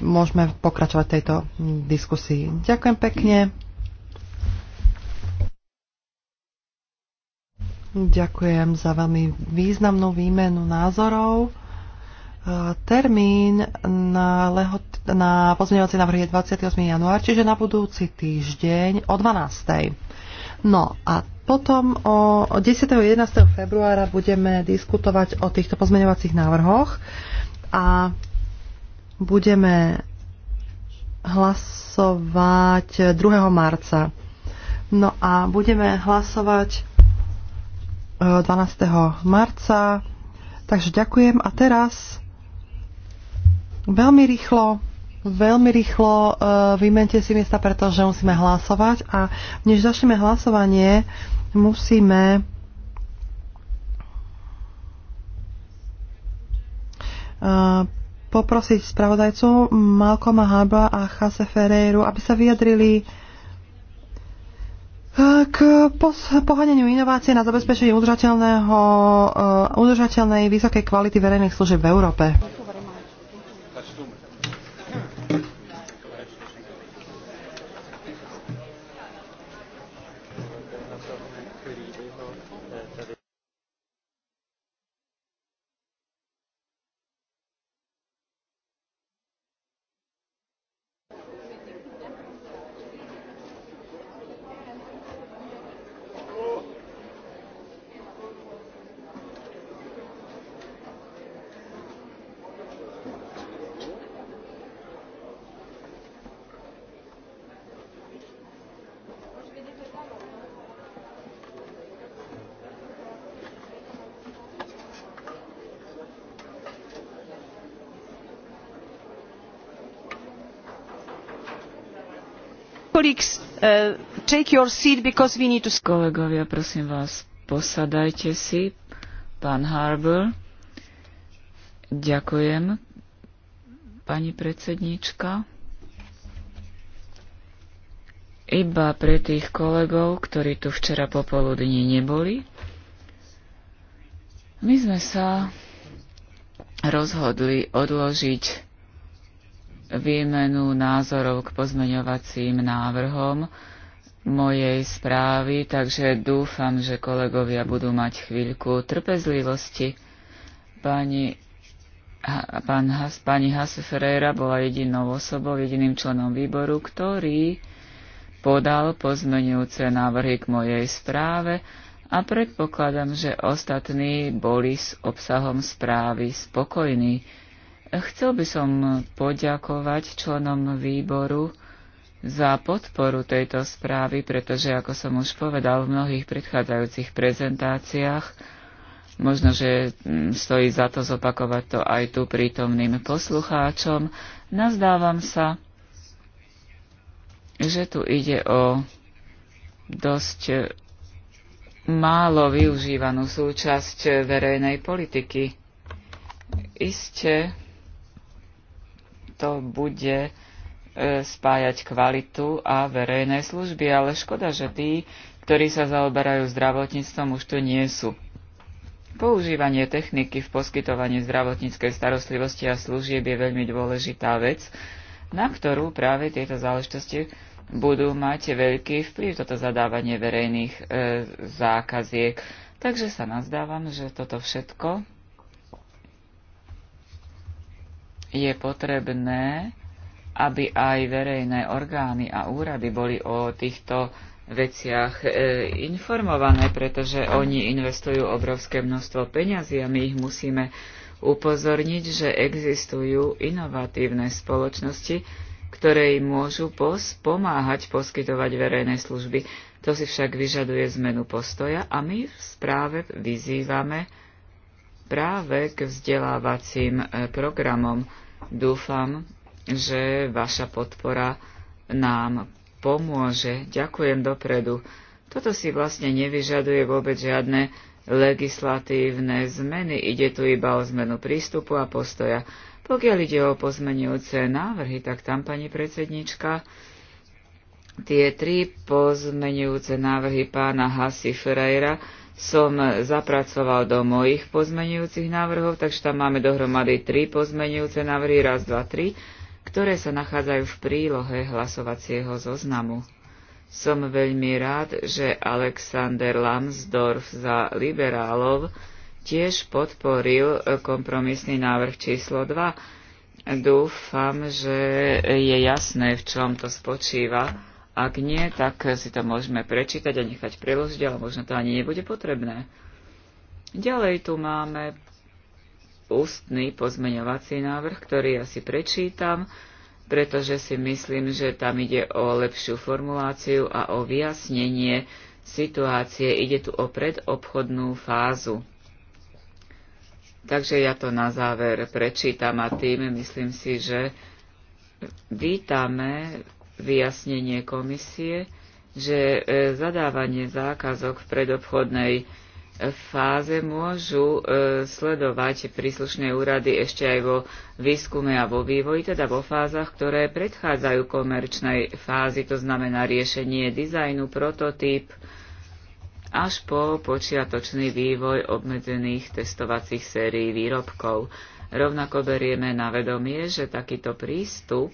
môžeme pokračovať tejto diskusii. Ďakujem pekne. Ďakujem za veľmi významnú výmenu názorov. E, termín na, lehot, na pozmeňovací návrh je 28. január, čiže na budúci týždeň o 12. No a potom o 10. 11. februára budeme diskutovať o týchto pozmeňovacích návrhoch a budeme hlasovať 2. marca. No a budeme hlasovať 12. marca. Takže ďakujem a teraz veľmi rýchlo Veľmi rýchlo uh, vymente si miesta, pretože musíme hlasovať a než začneme hlasovanie, musíme uh, poprosiť spravodajcu Malcoma Haba a Chase Ferreiru, aby sa vyjadrili k pohaneniu inovácie na zabezpečenie e, udržateľnej vysokej kvality verejných služieb v Európe. Uh, Kolegovia, prosím vás, posadajte si. Pán Harbour. Ďakujem, pani predsedníčka. Iba pre tých kolegov, ktorí tu včera popoludní neboli, my sme sa rozhodli odložiť výmenu názorov k pozmeňovacím návrhom mojej správy, takže dúfam, že kolegovia budú mať chvíľku trpezlivosti. Pani, pán, Has, pani Hasu Ferreira bola jedinou osobou, jediným členom výboru, ktorý podal pozmenujúce návrhy k mojej správe a predpokladám, že ostatní boli s obsahom správy spokojní. Chcel by som poďakovať členom výboru za podporu tejto správy, pretože, ako som už povedal v mnohých predchádzajúcich prezentáciách, možno, že mm, stojí za to zopakovať to aj tu prítomným poslucháčom, nazdávam sa, že tu ide o dosť málo využívanú súčasť verejnej politiky. Iste to bude e, spájať kvalitu a verejné služby, ale škoda, že tí, ktorí sa zaoberajú zdravotníctvom, už tu nie sú. Používanie techniky v poskytovaní zdravotníckej starostlivosti a služieb je veľmi dôležitá vec, na ktorú práve tieto záležitosti budú mať veľký vplyv toto zadávanie verejných e, zákaziek. Takže sa nazdávam, že toto všetko je potrebné, aby aj verejné orgány a úrady boli o týchto veciach e, informované, pretože oni investujú obrovské množstvo peňazí a my ich musíme upozorniť, že existujú inovatívne spoločnosti, ktoré im môžu pos- pomáhať poskytovať verejné služby. To si však vyžaduje zmenu postoja a my v správe vyzývame práve k vzdelávacím e, programom. Dúfam, že vaša podpora nám pomôže. Ďakujem dopredu. Toto si vlastne nevyžaduje vôbec žiadne legislatívne zmeny. Ide tu iba o zmenu prístupu a postoja. Pokiaľ ide o pozmenujúce návrhy, tak tam, pani predsednička, tie tri pozmenujúce návrhy pána Hasi Ferreira som zapracoval do mojich pozmenujúcich návrhov, takže tam máme dohromady tri pozmenujúce návrhy, raz, dva, tri, ktoré sa nachádzajú v prílohe hlasovacieho zoznamu. Som veľmi rád, že Alexander Lambsdorff za liberálov tiež podporil kompromisný návrh číslo 2. Dúfam, že je jasné, v čom to spočíva ak nie, tak si to môžeme prečítať a nechať preložiť, ale možno to ani nebude potrebné. Ďalej tu máme ústny pozmeňovací návrh, ktorý ja si prečítam, pretože si myslím, že tam ide o lepšiu formuláciu a o vyjasnenie situácie. Ide tu o predobchodnú fázu. Takže ja to na záver prečítam a tým myslím si, že vítame vyjasnenie komisie, že e, zadávanie zákazok v predobchodnej e, fáze môžu e, sledovať príslušné úrady ešte aj vo výskume a vo vývoji, teda vo fázach, ktoré predchádzajú komerčnej fázi, to znamená riešenie dizajnu, prototyp, až po počiatočný vývoj obmedzených testovacích sérií výrobkov. Rovnako berieme na vedomie, že takýto prístup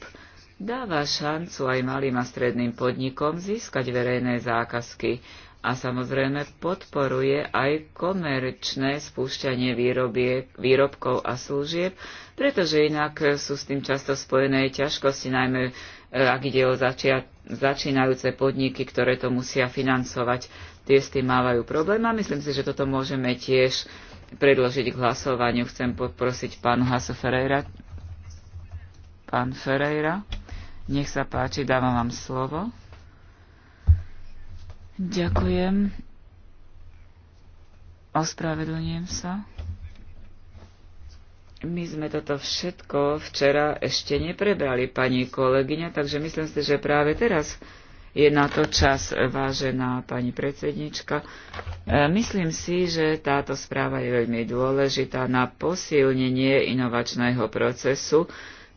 dáva šancu aj malým a stredným podnikom získať verejné zákazky a samozrejme podporuje aj komerčné spúšťanie výrobie, výrobkov a služieb, pretože inak sú s tým často spojené ťažkosti, najmä e, ak ide o začia, začínajúce podniky, ktoré to musia financovať. Tie s tým mávajú problém a myslím si, že toto môžeme tiež predložiť k hlasovaniu. Chcem poprosiť pán Haso Ferreira. Pán Ferreira. Nech sa páči, dávam vám slovo. Ďakujem. Ospravedlňujem sa. My sme toto všetko včera ešte neprebrali, pani kolegyňa, takže myslím si, že práve teraz je na to čas, vážená pani predsednička. E, myslím si, že táto správa je veľmi dôležitá na posilnenie inovačného procesu,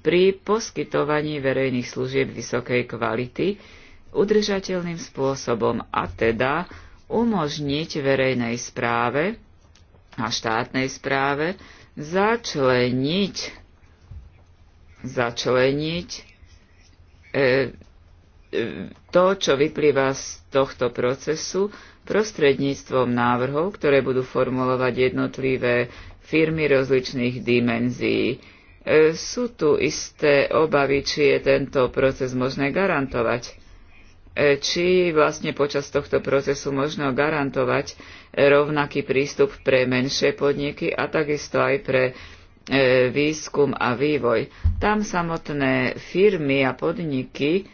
pri poskytovaní verejných služieb vysokej kvality udržateľným spôsobom a teda umožniť verejnej správe a štátnej správe začleniť, začleniť e, e to, čo vyplýva z tohto procesu prostredníctvom návrhov, ktoré budú formulovať jednotlivé firmy rozličných dimenzií. E, sú tu isté obavy, či je tento proces možné garantovať. E, či vlastne počas tohto procesu možno garantovať rovnaký prístup pre menšie podniky a takisto aj pre e, výskum a vývoj. Tam samotné firmy a podniky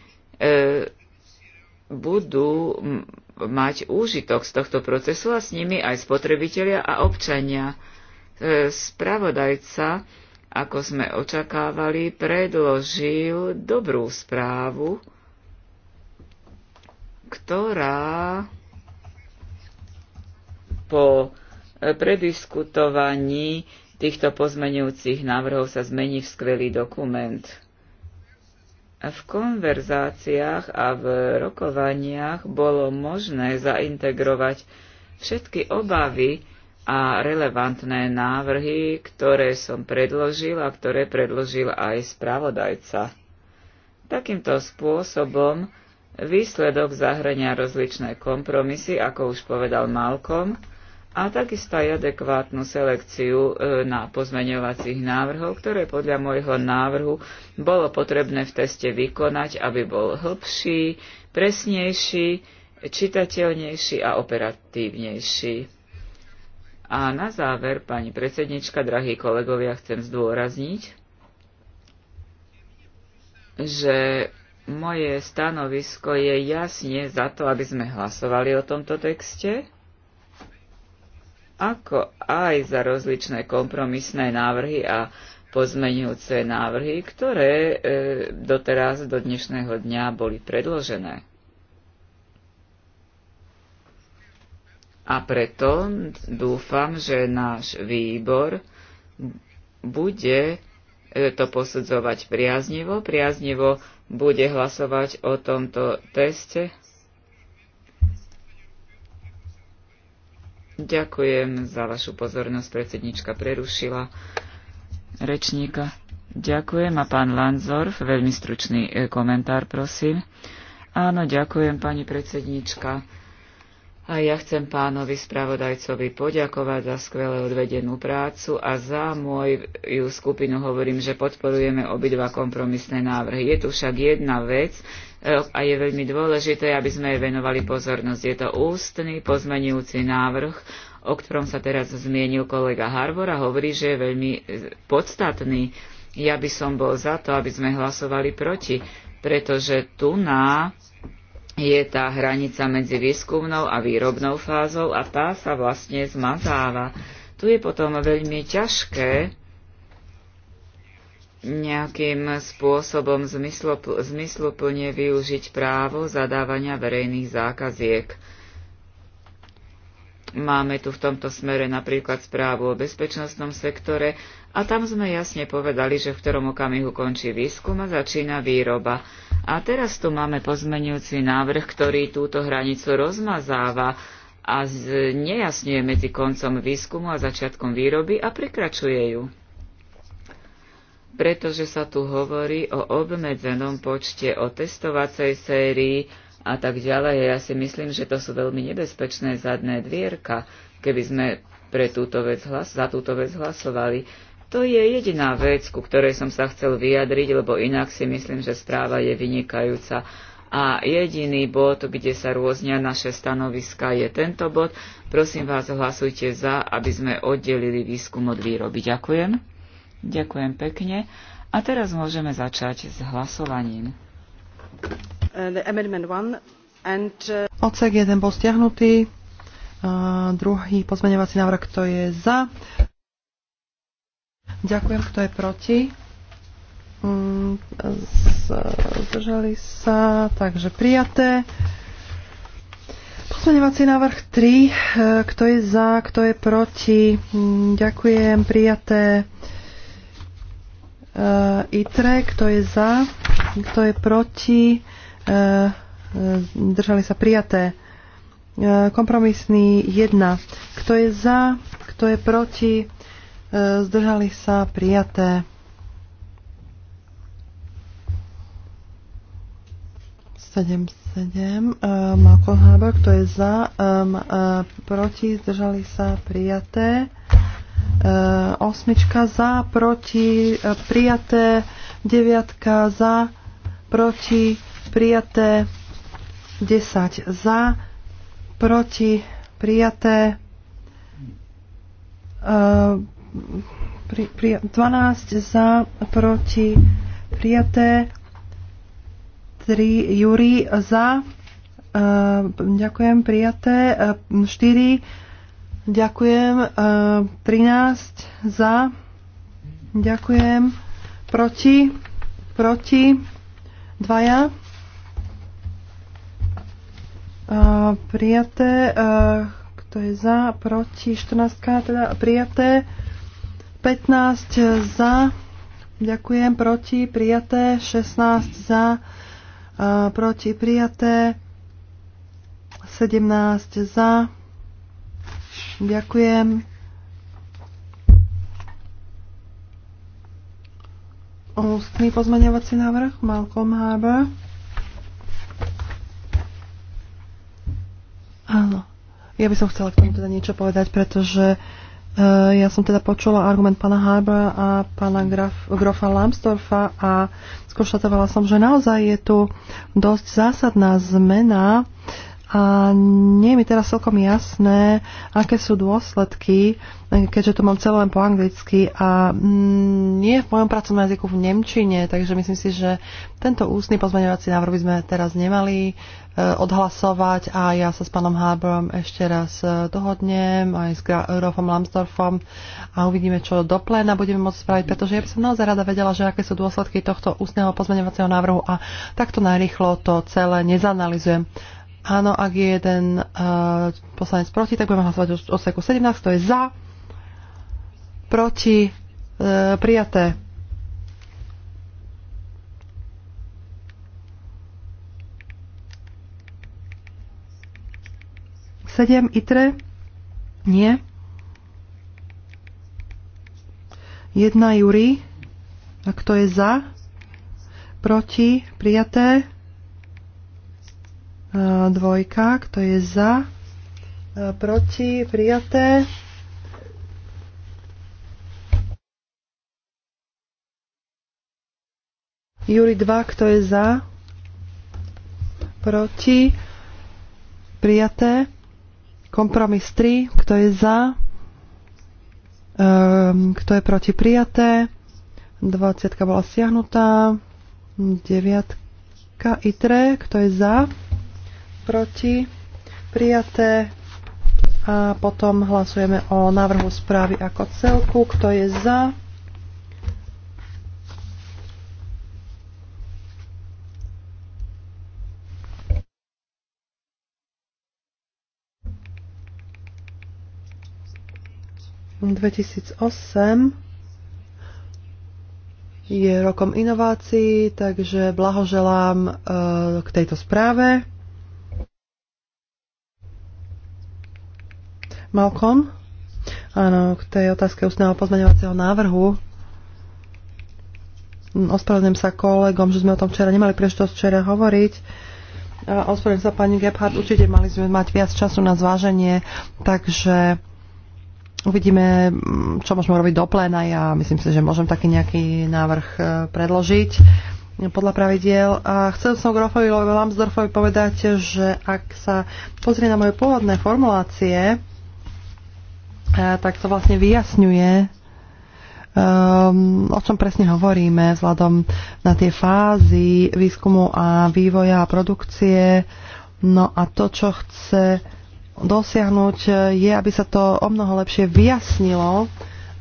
budú mať úžitok z tohto procesu a s nimi aj spotrebitelia a občania. Spravodajca ako sme očakávali, predložil dobrú správu, ktorá po e, prediskutovaní týchto pozmenujúcich návrhov sa zmení v skvelý dokument. V konverzáciách a v rokovaniach bolo možné zaintegrovať všetky obavy, a relevantné návrhy, ktoré som predložil a ktoré predložil aj spravodajca. Takýmto spôsobom výsledok zahrania rozličné kompromisy, ako už povedal Malcolm, a takisto aj adekvátnu selekciu e, na pozmeňovacích návrhov, ktoré podľa môjho návrhu bolo potrebné v teste vykonať, aby bol hlbší, presnejší, čitateľnejší a operatívnejší. A na záver, pani predsednička, drahí kolegovia, chcem zdôrazniť, že moje stanovisko je jasne za to, aby sme hlasovali o tomto texte, ako aj za rozličné kompromisné návrhy a pozmenujúce návrhy, ktoré e, doteraz do dnešného dňa boli predložené. A preto dúfam, že náš výbor bude e, to posudzovať priaznivo. Priaznivo bude hlasovať o tomto teste. Ďakujem za vašu pozornosť. Predsednička prerušila rečníka. Ďakujem a pán Lanzorf, veľmi stručný e, komentár, prosím. Áno, ďakujem, pani predsednička. A ja chcem pánovi spravodajcovi poďakovať za skvele odvedenú prácu a za moju skupinu hovorím, že podporujeme obidva kompromisné návrhy. Je tu však jedna vec e, a je veľmi dôležité, aby sme jej venovali pozornosť. Je to ústny pozmenujúci návrh, o ktorom sa teraz zmienil kolega Harbor a hovorí, že je veľmi e, podstatný. Ja by som bol za to, aby sme hlasovali proti, pretože tu na je tá hranica medzi výskumnou a výrobnou fázou a tá sa vlastne zmazáva. Tu je potom veľmi ťažké nejakým spôsobom zmysluplne využiť právo zadávania verejných zákaziek. Máme tu v tomto smere napríklad správu o bezpečnostnom sektore a tam sme jasne povedali, že v ktorom okamihu končí výskum a začína výroba. A teraz tu máme pozmenujúci návrh, ktorý túto hranicu rozmazáva a nejasňuje medzi koncom výskumu a začiatkom výroby a prekračuje ju. Pretože sa tu hovorí o obmedzenom počte o testovacej sérii a tak ďalej. Ja si myslím, že to sú veľmi nebezpečné zadné dvierka, keby sme pre túto vec hlas, za túto vec hlasovali. To je jediná vec, ku ktorej som sa chcel vyjadriť, lebo inak si myslím, že správa je vynikajúca. A jediný bod, kde sa rôznia naše stanoviska, je tento bod. Prosím vás, hlasujte za, aby sme oddelili výskum od výroby. Ďakujem. Ďakujem pekne. A teraz môžeme začať s hlasovaním. Uh, uh, Odsek 1 bol stiahnutý. Uh, druhý pozmeňovací návrh, kto je za. Ďakujem, kto je proti. Mm, zdržali sa, takže prijaté. Pozmeňovací návrh 3, kto je za, kto je proti. Mm, ďakujem, prijaté. ITRE, kto je za, kto je proti. E, e, držali sa prijaté. E, kompromisný 1. Kto je za? Kto je proti? Zdržali sa prijaté. Sedem, sedem. Malcolm Haber, kto je za? proti? Zdržali sa prijaté. osmička za, proti, prijaté. Deviatka za, proti, prijaté, 10 za, proti, prijaté, e, pri, pri, 12 za, proti, prijaté, 3 Júri za, e, ďakujem, prijaté, 4, e, ďakujem, 13 za, ďakujem, proti, proti, dvaja, Eh, prijaté. Eh, kto je za? Proti 14. Teda prijaté. 15 za. Ďakujem. Proti prijaté. 16 za. Eh, proti prijaté. 17 za. Ďakujem. Ústný pozmeňovací návrh Malcolm Harbour. Áno. Ja by som chcela k tomu teda niečo povedať, pretože e, ja som teda počula argument pána Harbera a pána Graf, Grofa Lambsdorfa a skonštatovala som, že naozaj je tu dosť zásadná zmena a nie je mi teraz celkom jasné, aké sú dôsledky, keďže to mám celé len po anglicky a mm, nie v mojom pracovnom jazyku v Nemčine, takže myslím si, že tento ústny pozmeňovací návrh by sme teraz nemali e, odhlasovať a ja sa s pánom Harborom ešte raz e, dohodnem aj s Rolfom Lambsdorfom a uvidíme, čo do pléna budeme môcť spraviť, pretože ja by som naozaj rada vedela, že aké sú dôsledky tohto ústneho pozmeňovacieho návrhu a takto najrychlo to celé nezanalizujem. Áno, ak je jeden uh, poslanec proti, tak budeme hlasovať o odseku 17, to je za, proti, uh, prijaté. Sedem, ITRE, nie. Jedna, jury, a kto je za, proti, prijaté dvojka, kto je za, e, proti, prijaté. Júri 2, kto je za, proti, prijaté. Kompromis 3, kto je za, ehm, kto je proti, prijaté. 20 bola stiahnutá. 9 ITRE, kto je za, proti, prijaté. A potom hlasujeme o návrhu správy ako celku. Kto je za? 2008 je rokom inovácií, takže blahoželám e, k tejto správe. Malcolm? Áno, k tej otázke ústneho pozmeňovacieho návrhu. Ospravedlňujem sa kolegom, že sme o tom včera nemali príležitosť včera hovoriť. Ospravedlňujem sa pani Gebhardt, určite mali sme mať viac času na zváženie, takže uvidíme, čo môžeme robiť do pléna. Ja myslím si, že môžem taký nejaký návrh e, predložiť podľa pravidiel. A chcel som Grofovi Lambsdorfovi povedať, že ak sa pozrie na moje pôvodné formulácie, tak to vlastne vyjasňuje, um, o čom presne hovoríme vzhľadom na tie fázy výskumu a vývoja a produkcie. No a to, čo chce dosiahnuť, je, aby sa to o mnoho lepšie vyjasnilo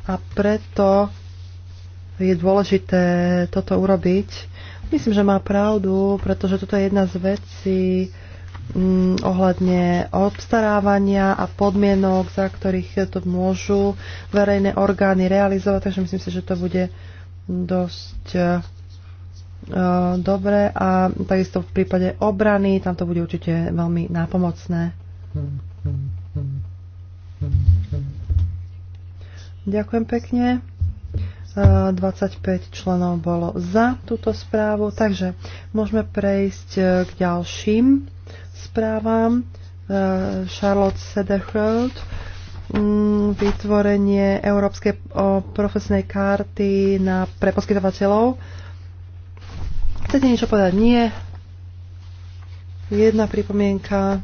a preto je dôležité toto urobiť. Myslím, že má pravdu, pretože toto je jedna z vecí, Mm, ohľadne obstarávania a podmienok, za ktorých to môžu verejné orgány realizovať, takže myslím si, že to bude dosť eh, dobre a takisto v prípade obrany, tam to bude určite veľmi nápomocné. Ďakujem pekne. 25 eh, členov bolo za túto správu, takže môžeme prejsť eh, k ďalším rozprávam. E, Charlotte Sederfeld, mm, vytvorenie Európskej profesnej karty na, preposkytovateľov. Chcete niečo povedať? Nie. Jedna pripomienka.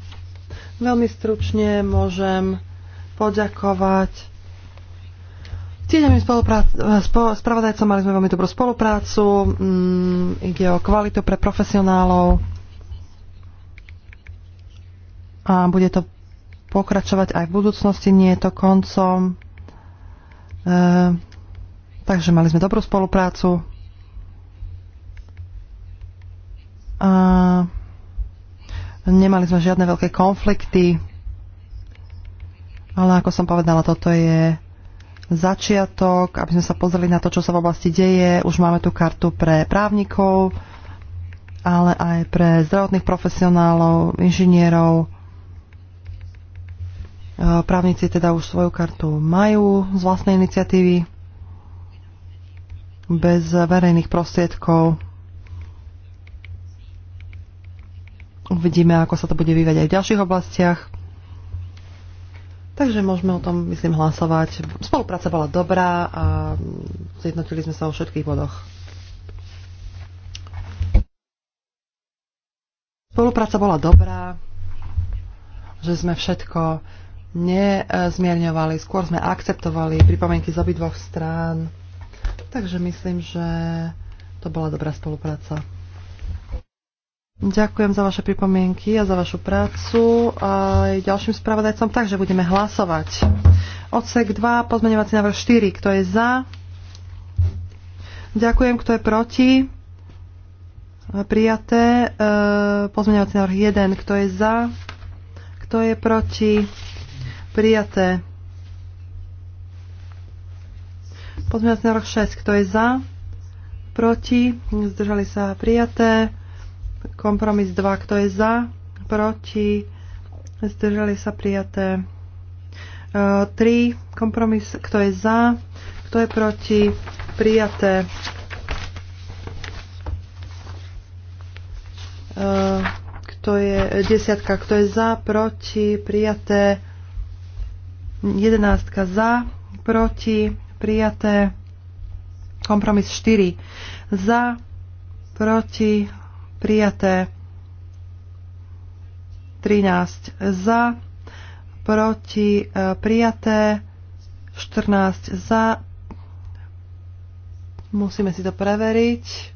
Veľmi stručne môžem poďakovať Cieľami spravodajcom mali sme veľmi dobrú spoluprácu. Mm, ide o kvalitu pre profesionálov a bude to pokračovať aj v budúcnosti, nie je to koncom. E, takže mali sme dobrú spoluprácu. A nemali sme žiadne veľké konflikty, ale ako som povedala, toto je začiatok, aby sme sa pozreli na to, čo sa v oblasti deje. Už máme tú kartu pre právnikov, ale aj pre zdravotných profesionálov, inžinierov, E, právnici teda už svoju kartu majú z vlastnej iniciatívy bez verejných prostriedkov. Uvidíme, ako sa to bude vyvať aj v ďalších oblastiach. Takže môžeme o tom, myslím, hlasovať. Spolupráca bola dobrá a zjednotili sme sa o všetkých bodoch. Spolupráca bola dobrá, že sme všetko nezmierňovali, skôr sme akceptovali pripomienky z obidvoch strán. Takže myslím, že to bola dobrá spolupráca. Ďakujem za vaše pripomienky a za vašu prácu a ďalším spravodajcom, takže budeme hlasovať. Odsek 2, pozmeňovací návrh 4. Kto je za? Ďakujem, kto je proti? Prijaté. E, pozmeňovací návrh 1. Kto je za? Kto je proti? Prijaté. Pozmeňovací návrh 6. Kto je za? Proti? Zdržali sa prijaté. Kompromis 2. Kto je za? Proti? Zdržali sa prijaté. 3. E, Kompromis. Kto je za? Kto je proti? Prijaté. E, kto je e, desiatka? Kto je za? Proti? Prijaté. 11 za, proti, prijaté. Kompromis 4. Za, proti, prijaté. 13. Za, proti, e, prijaté. 14. Za. Musíme si to preveriť.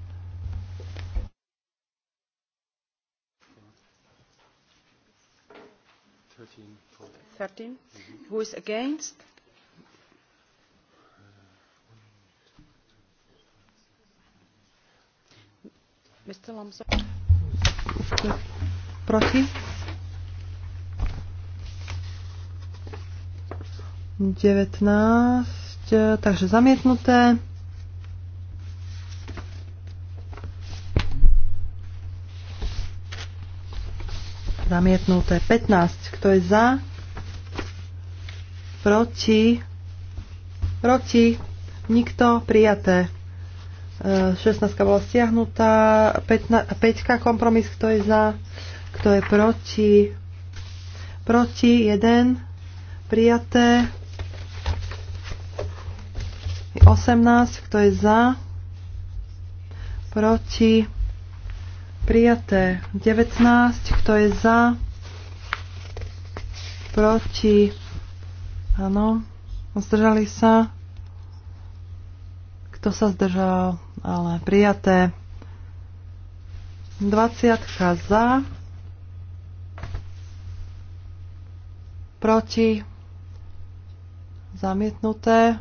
Thirteen who is against Mr. Lamzo. Proti? Devetnáct, e, takže zamietnuté. Zamietnuté 15. Kto je za? proti, proti, nikto, prijaté. 16 e, bola stiahnutá, 5 kompromis, kto je za, kto je proti, proti, 1, prijaté, 18, kto je za, proti, prijaté, 19, kto je za, proti, Áno. Zdržali sa. Kto sa zdržal? Ale prijaté. 20 za. Proti. Zamietnuté.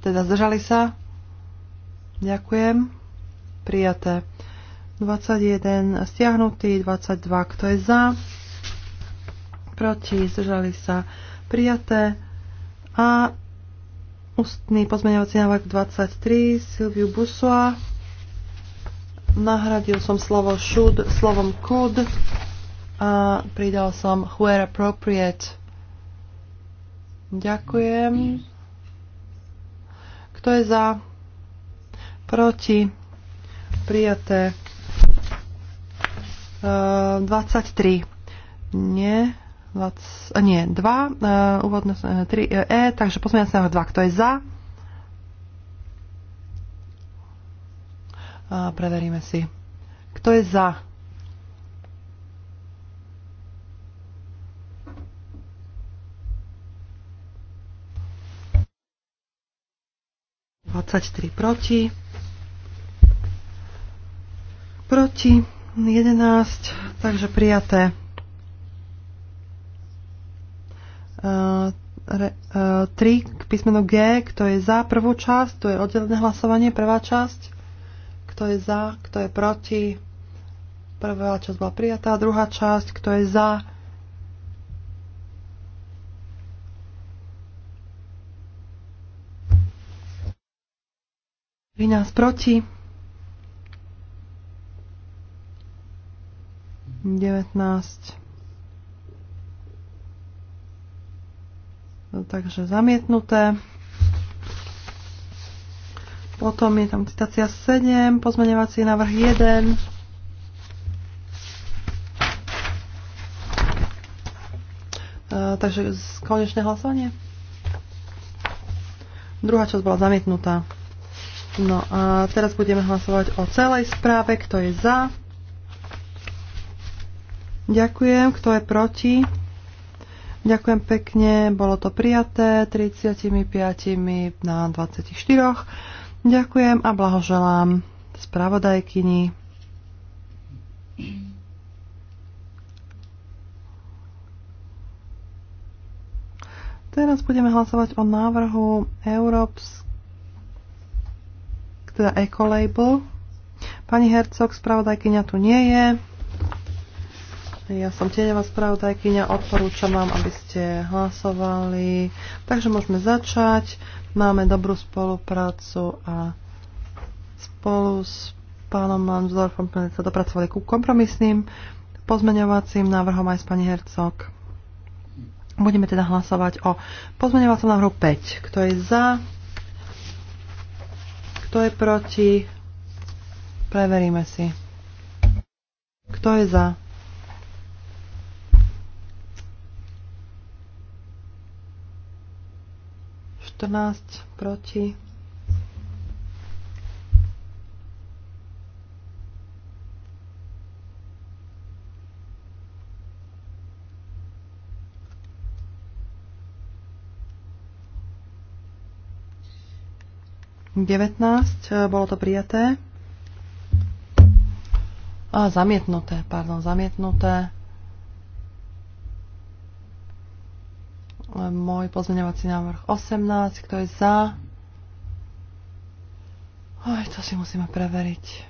Teda zdržali sa. Ďakujem. Prijaté. 21 stiahnutý, 22 kto je za proti, zdržali sa prijaté. A ústny pozmeňovací návrh 23 Silviu Busua. Nahradil som slovo should slovom could a pridal som where appropriate. Ďakujem. Kto je za? Proti? Prijaté. Uh, e, 23. Nie. 20, nie, 2, uh, e, úvodné 3 e, e, e, takže pozmeňovací návrh 2, kto je za? Uh, preveríme si. Kto je za? Dvadsaťtri proti. Proti 11, takže prijaté. 3 k e, písmenu G, kto je za prvú časť, tu je oddelené hlasovanie, prvá časť, kto je za, kto je proti, prvá časť bola prijatá, druhá časť, kto je za, Vy nás proti. 19. Takže zamietnuté. Potom je tam citácia 7, pozmeňovací návrh 1. E, takže konečné hlasovanie. Druhá časť bola zamietnutá. No a teraz budeme hlasovať o celej správe, kto je za. Ďakujem, kto je proti. Ďakujem pekne, bolo to prijaté 35 na 24. Ďakujem a blahoželám spravodajkyni. Teraz budeme hlasovať o návrhu Európs, teda Ecolabel. Pani Hercog, spravodajkyňa tu nie je. Ja som tieňová spravodajkyňa, odporúčam vám, aby ste hlasovali. Takže môžeme začať. Máme dobrú spoluprácu a spolu s pánom Lansdorfom sme sa dopracovali ku kompromisným pozmeňovacím návrhom aj s pani Hercog. Budeme teda hlasovať o pozmeňovacom návrhu 5. Kto je za? Kto je proti? Preveríme si. Kto je za? 14 proti. Devätnásť, e, bolo to prijaté. A zamietnuté, pardon, zamietnuté. môj pozmeňovací návrh 18. Kto je za? Aj to si musíme preveriť.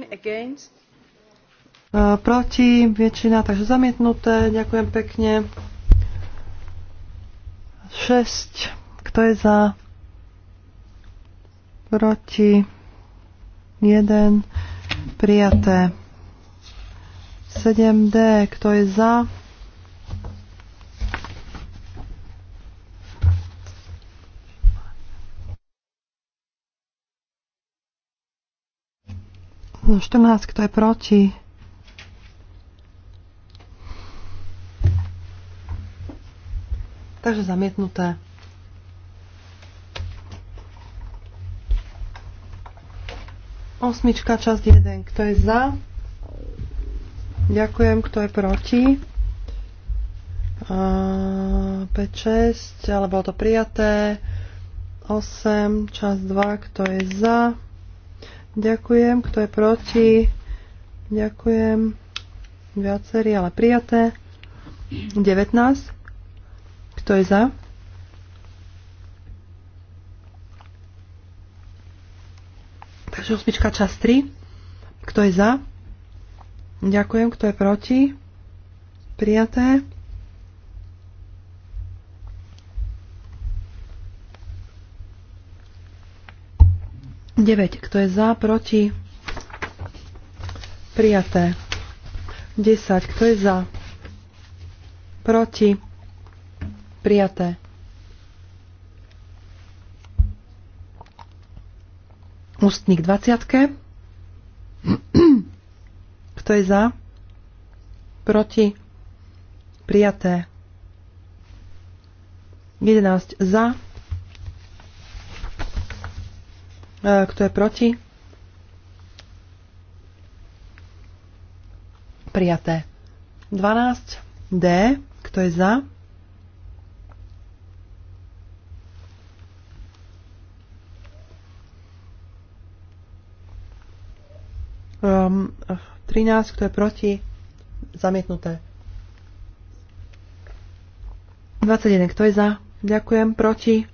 E, proti väčšina, takže zamietnuté. Ďakujem pekne. 6. Kto je za? Proti. 1 prijaté. 7D, kto je za? No 14, kto je proti? Takže zamietnuté. Osmička, časť 1. Kto je za? Ďakujem. Kto je proti? Uh, 5, 6, ale bolo to prijaté. 8, čas 2, kto je za. Ďakujem, kto je proti. Ďakujem. Viacerí, ale prijaté. 19. Kto je za? 68 čas 3. Kto je za? Ďakujem. Kto je proti? Prijaté. Deveť. Kto je za? Proti? Prijaté. 10. Kto je za? Proti? Prijaté. ústnik 20. Kto je za? Proti? Prijaté. 11 za. E, kto je proti? Prijaté. 12 D. Kto je za? um, 13, eh, kto je proti, zamietnuté. 21, kto je za, ďakujem, proti,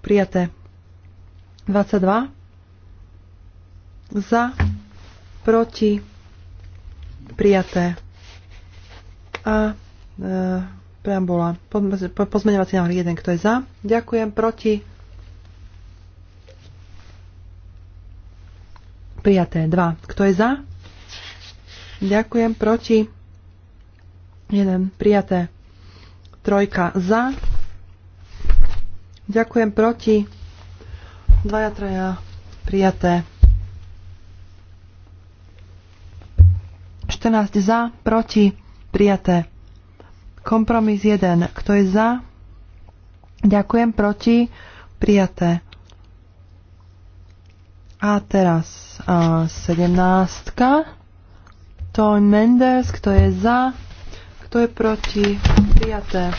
prijaté. 22, za, proti, prijaté. A e, preambula. pozmeňovací návrh 1, kto je za, ďakujem, proti, Prijaté 2. Kto je za? Ďakujem. Proti? 1. Prijaté. Trojka za. Ďakujem. Proti? Dvaja, traja. Prijaté. 14 za, proti, prijaté. Kompromis 1. Kto je za? Ďakujem, proti, prijaté. A teraz 17. To je Mendes, kto je za, kto je proti, prijaté.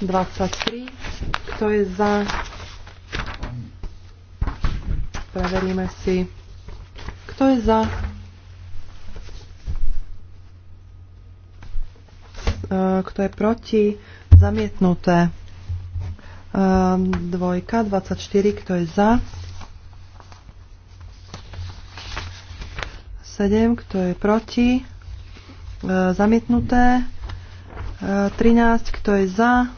23, kto je za, preveríme si, kto je za, e, kto je proti, zamietnuté. E, dvojka, 24, kto je za, 7, kto je proti, e, zamietnuté. 13, e, kto je za,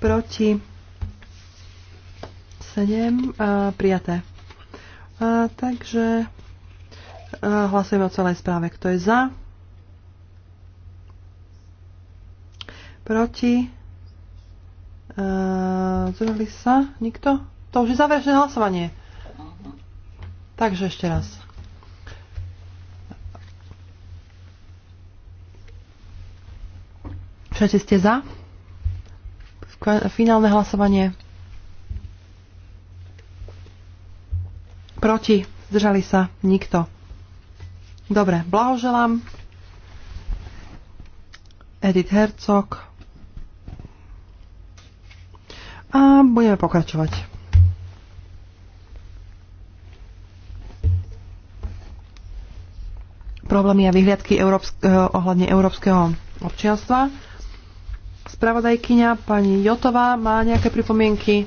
proti, 7, e, prijaté. E, takže hlasujeme o celej správe. Kto je za? Proti? Uh, zdržali sa? Nikto? To už je záverečné hlasovanie. Takže ešte raz. Všetci ste za? Finálne hlasovanie. Proti. Zdržali sa. Nikto. Dobre, blahoželám. Edith Hercog. A budeme pokračovať. problémy a vyhliadky európsk- eh, ohľadne európskeho občianstva. Spravodajkyňa pani Jotová má nejaké pripomienky?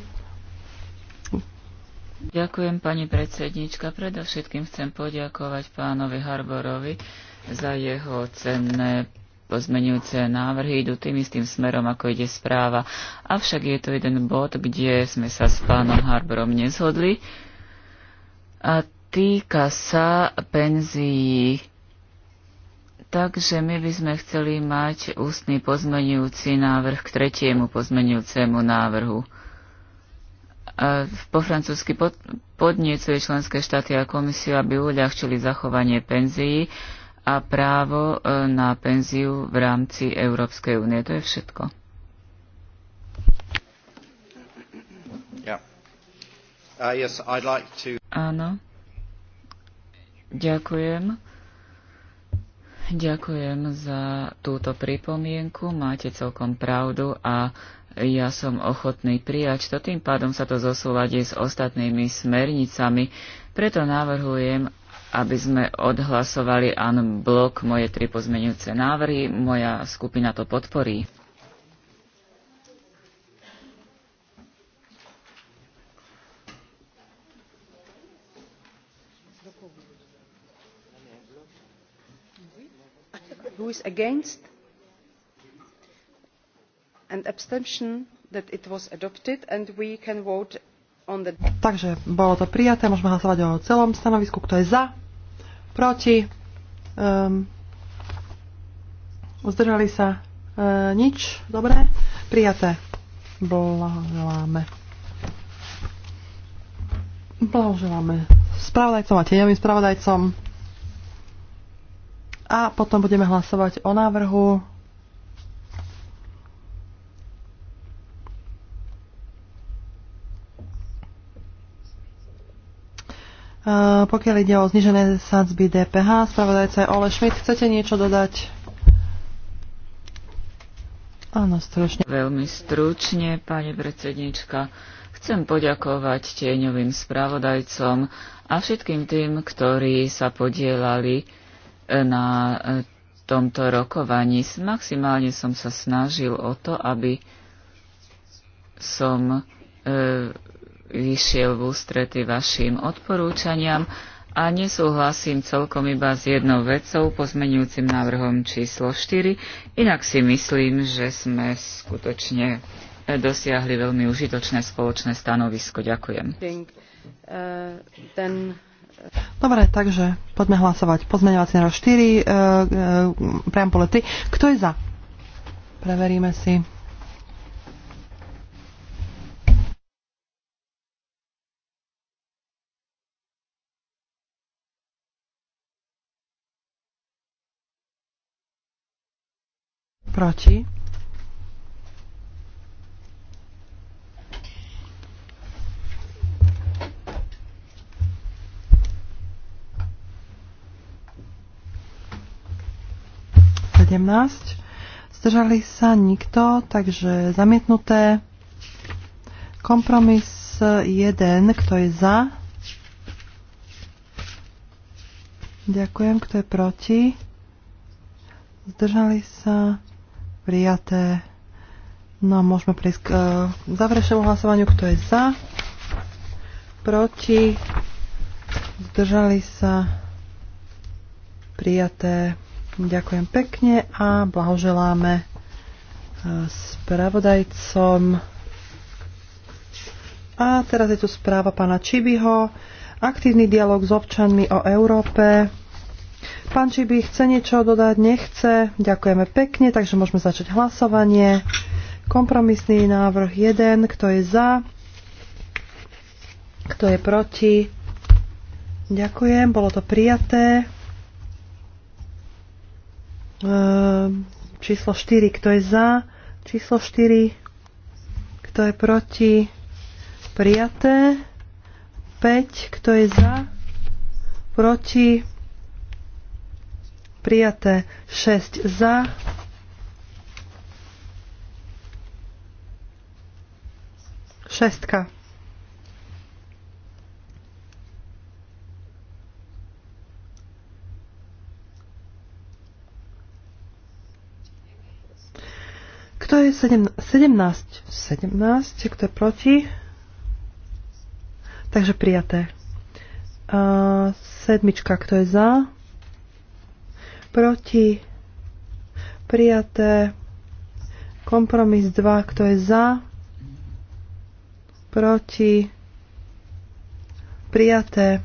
Ďakujem, pani predsednička. Predovšetkým chcem poďakovať pánovi Harborovi za jeho cenné pozmenujúce návrhy idú tým istým smerom, ako ide správa. Avšak je to jeden bod, kde sme sa s pánom Harborom nezhodli a týka sa penzií Takže my by sme chceli mať ústny pozmenujúci návrh k tretiemu pozmenujúcemu návrhu. A po francúzsky pod, podniecuje členské štáty a komisiu, aby uľahčili zachovanie penzií a právo e, na penziu v rámci Európskej únie. To je všetko. Yeah. Uh, yes, like to... Áno. Ďakujem. Ďakujem za túto pripomienku. Máte celkom pravdu a ja som ochotný prijať to. Tým pádom sa to zosúladí s ostatnými smernicami. Preto navrhujem, aby sme odhlasovali an blok moje tri pozmenujúce návrhy. Moja skupina to podporí. who is against and abstention that it was adopted and we can vote on the Takže bolo to prijaté, môžeme hlasovať o celom stanovisku, kto je za, proti, um, ehm, uzdržali sa uh, nič, dobre, prijaté, blahoželáme. Blahoželáme spravodajcom a tieňovým spravodajcom a potom budeme hlasovať o návrhu. E, pokiaľ ide o znižené sadzby DPH, spravodajca je Ole Schmidt. Chcete niečo dodať? Áno, stručne. Veľmi stručne, pani predsednička. Chcem poďakovať tieňovým spravodajcom a všetkým tým, ktorí sa podielali na e, tomto rokovaní. Maximálne som sa snažil o to, aby som e, vyšiel v ústrety vašim odporúčaniam a nesúhlasím celkom iba s jednou vecou, pozmenujúcim návrhom číslo 4. Inak si myslím, že sme skutočne e, dosiahli veľmi užitočné spoločné stanovisko. Ďakujem. Think, uh, then... Dobre, takže poďme hlasovať. Pozmeňovací návrh 4, e, e, preambule 3. Kto je za? Preveríme si. Proti? 17. Zdržali sa nikto, takže zamietnuté. Kompromis 1, kto je za? Ďakujem, kto je proti? Zdržali sa prijaté. No môžeme prísť k e, záverečnému hlasovaniu, kto je za? Proti? Zdržali sa prijaté. Ďakujem pekne a blahoželáme e, spravodajcom. A teraz je tu správa pána Čibiho. Aktívny dialog s občanmi o Európe. Pán Čibi chce niečo dodať, nechce. Ďakujeme pekne, takže môžeme začať hlasovanie. Kompromisný návrh 1, kto je za, kto je proti. Ďakujem, bolo to prijaté. Ehm, číslo 4, kto je za, číslo 4, kto je proti, prijaté, 5, kto je za, proti, prijaté, 6 za, šestka Kto je 17? 17, kto je proti? Takže prijaté. A sedmička, kto je za? Proti? Prijaté. Kompromis 2, kto je za? Proti? Prijaté.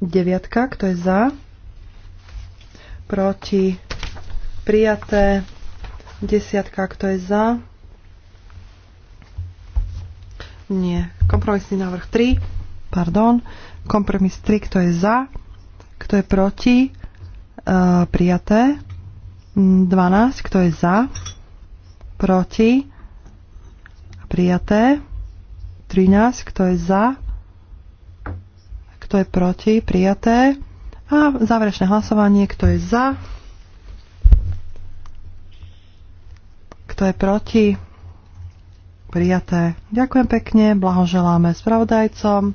Deviatka, kto je za? proti, prijaté, desiatka, kto je za, nie, kompromisný návrh 3, pardon, kompromis 3, kto je za, kto je proti, e, prijaté, 12, kto je za, proti, prijaté, 13, kto je za, kto je proti, prijaté, a záverečné hlasovanie, kto je za, kto je proti, prijaté. Ďakujem pekne, blahoželáme spravodajcom.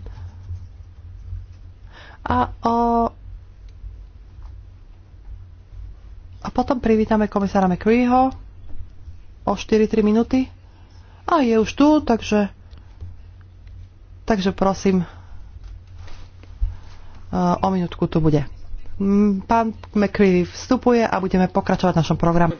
A o A potom privítame komisára McCreeho o 4-3 minúty. A je už tu, takže... Takže prosím, O minútku tu bude. Pán McCreevy vstupuje a budeme pokračovať v našom programe.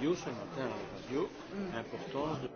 Dieu ce matin à la radio l'importance de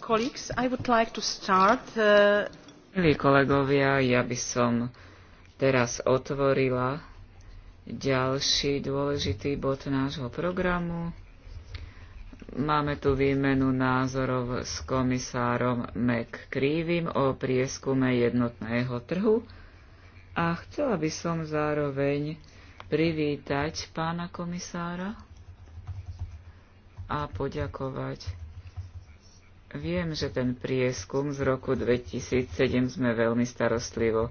colleagues i would like to start uh, Milí kolegovia, ja by som teraz otvorila ďalší dôležitý bod nášho programu. Máme tu výmenu názorov s komisárom McCreevym o prieskume jednotného trhu a chcela by som zároveň privítať pána komisára a poďakovať Viem, že ten prieskum z roku 2007 sme veľmi starostlivo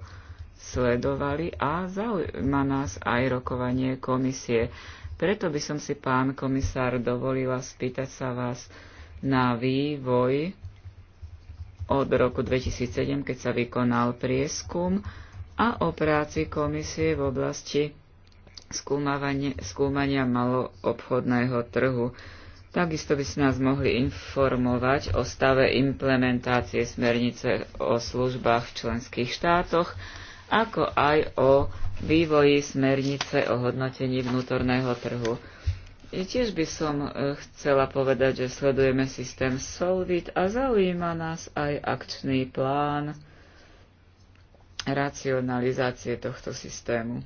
sledovali a zaujíma nás aj rokovanie komisie. Preto by som si, pán komisár, dovolila spýtať sa vás na vývoj od roku 2007, keď sa vykonal prieskum a o práci komisie v oblasti skúmania maloobchodného trhu. Takisto by ste nás mohli informovať o stave implementácie smernice o službách v členských štátoch, ako aj o vývoji smernice o hodnotení vnútorného trhu. I tiež by som e, chcela povedať, že sledujeme systém Solvit a zaujíma nás aj akčný plán racionalizácie tohto systému.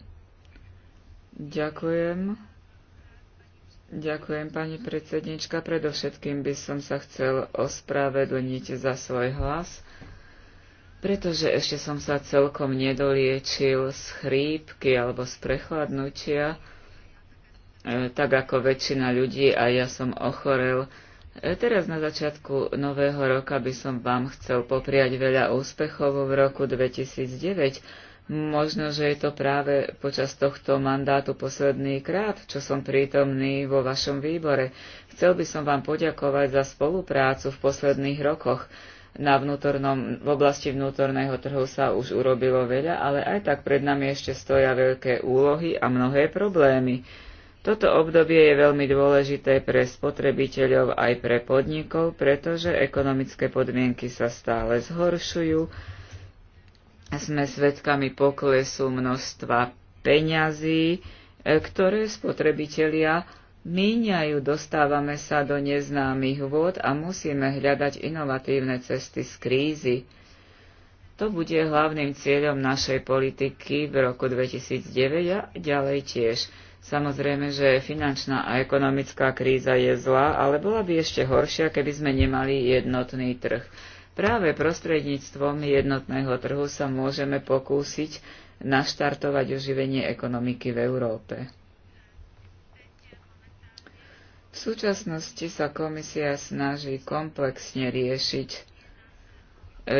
Ďakujem. Ďakujem, pani predsednička. Predovšetkým by som sa chcel ospravedlniť za svoj hlas, pretože ešte som sa celkom nedoliečil z chrípky alebo z prechladnutia, e, tak ako väčšina ľudí a ja som ochorel. E, teraz na začiatku nového roka by som vám chcel popriať veľa úspechov v roku 2009, Možno, že je to práve počas tohto mandátu posledný krát, čo som prítomný vo vašom výbore. Chcel by som vám poďakovať za spoluprácu v posledných rokoch. Na vnútornom, v oblasti vnútorného trhu sa už urobilo veľa, ale aj tak pred nami ešte stoja veľké úlohy a mnohé problémy. Toto obdobie je veľmi dôležité pre spotrebiteľov aj pre podnikov, pretože ekonomické podmienky sa stále zhoršujú, sme svedkami poklesu množstva peňazí, e, ktoré spotrebitelia míňajú, dostávame sa do neznámych vôd a musíme hľadať inovatívne cesty z krízy. To bude hlavným cieľom našej politiky v roku 2009 a ďalej tiež. Samozrejme, že finančná a ekonomická kríza je zlá, ale bola by ešte horšia, keby sme nemali jednotný trh. Práve prostredníctvom jednotného trhu sa môžeme pokúsiť naštartovať oživenie ekonomiky v Európe. V súčasnosti sa komisia snaží komplexne riešiť e,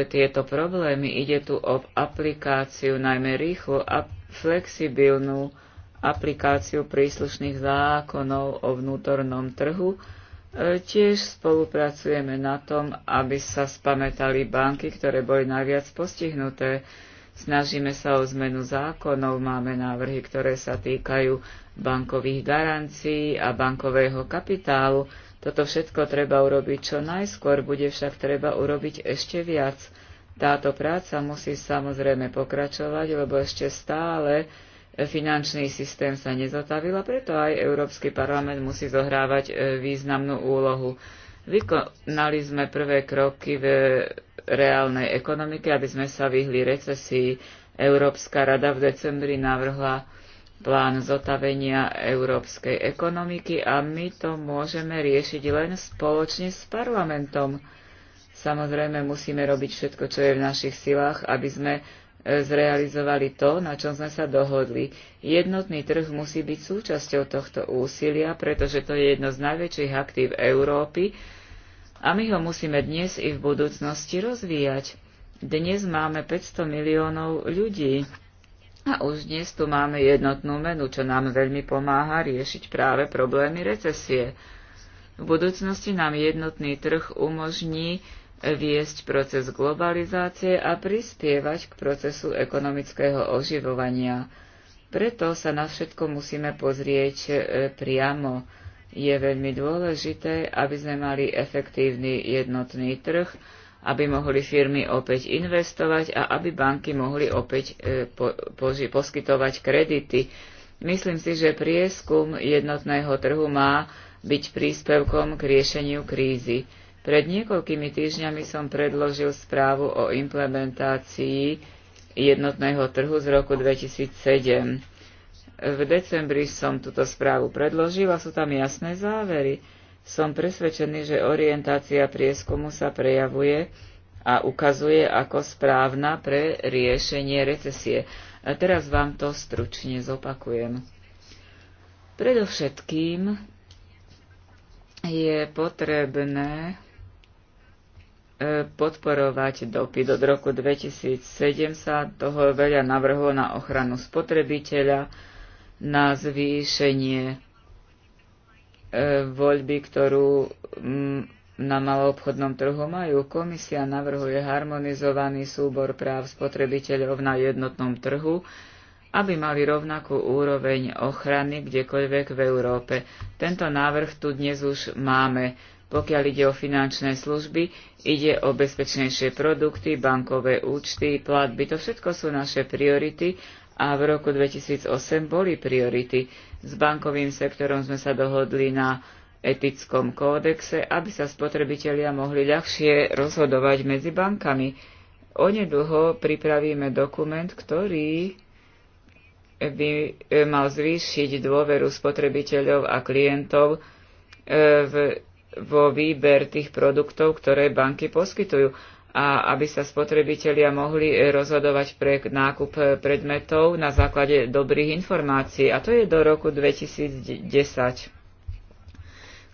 tieto problémy. Ide tu o aplikáciu, najmä rýchlu a flexibilnú aplikáciu príslušných zákonov o vnútornom trhu, E, tiež spolupracujeme na tom, aby sa spametali banky, ktoré boli najviac postihnuté. Snažíme sa o zmenu zákonov, máme návrhy, ktoré sa týkajú bankových garancií a bankového kapitálu. Toto všetko treba urobiť čo najskôr, bude však treba urobiť ešte viac. Táto práca musí samozrejme pokračovať, lebo ešte stále finančný systém sa nezotavil a preto aj Európsky parlament musí zohrávať e, významnú úlohu. Vykonali sme prvé kroky v reálnej ekonomike, aby sme sa vyhli recesii. Európska rada v decembri navrhla plán zotavenia európskej ekonomiky a my to môžeme riešiť len spoločne s parlamentom. Samozrejme musíme robiť všetko, čo je v našich silách, aby sme zrealizovali to, na čom sme sa dohodli. Jednotný trh musí byť súčasťou tohto úsilia, pretože to je jedno z najväčších aktív Európy a my ho musíme dnes i v budúcnosti rozvíjať. Dnes máme 500 miliónov ľudí a už dnes tu máme jednotnú menu, čo nám veľmi pomáha riešiť práve problémy recesie. V budúcnosti nám jednotný trh umožní viesť proces globalizácie a prispievať k procesu ekonomického oživovania. Preto sa na všetko musíme pozrieť e, priamo. Je veľmi dôležité, aby sme mali efektívny jednotný trh, aby mohli firmy opäť investovať a aby banky mohli opäť e, po, poži, poskytovať kredity. Myslím si, že prieskum jednotného trhu má byť príspevkom k riešeniu krízy. Pred niekoľkými týždňami som predložil správu o implementácii jednotného trhu z roku 2007. V decembri som túto správu predložil a sú tam jasné závery. Som presvedčený, že orientácia prieskumu sa prejavuje a ukazuje ako správna pre riešenie recesie. A teraz vám to stručne zopakujem. Predovšetkým je potrebné podporovať dopyt. Od roku 2007 sa toho veľa navrhlo na ochranu spotrebiteľa, na zvýšenie e, voľby, ktorú mm, na maloobchodnom trhu majú. Komisia navrhuje harmonizovaný súbor práv spotrebiteľov na jednotnom trhu, aby mali rovnakú úroveň ochrany kdekoľvek v Európe. Tento návrh tu dnes už máme. Pokiaľ ide o finančné služby, ide o bezpečnejšie produkty, bankové účty, platby. To všetko sú naše priority a v roku 2008 boli priority. S bankovým sektorom sme sa dohodli na etickom kódexe, aby sa spotrebitelia mohli ľahšie rozhodovať medzi bankami. Onedlho pripravíme dokument, ktorý by e, mal zvýšiť dôveru spotrebiteľov a klientov e, v vo výber tých produktov, ktoré banky poskytujú a aby sa spotrebitelia mohli e, rozhodovať pre nákup e, predmetov na základe dobrých informácií. A to je do roku 2010.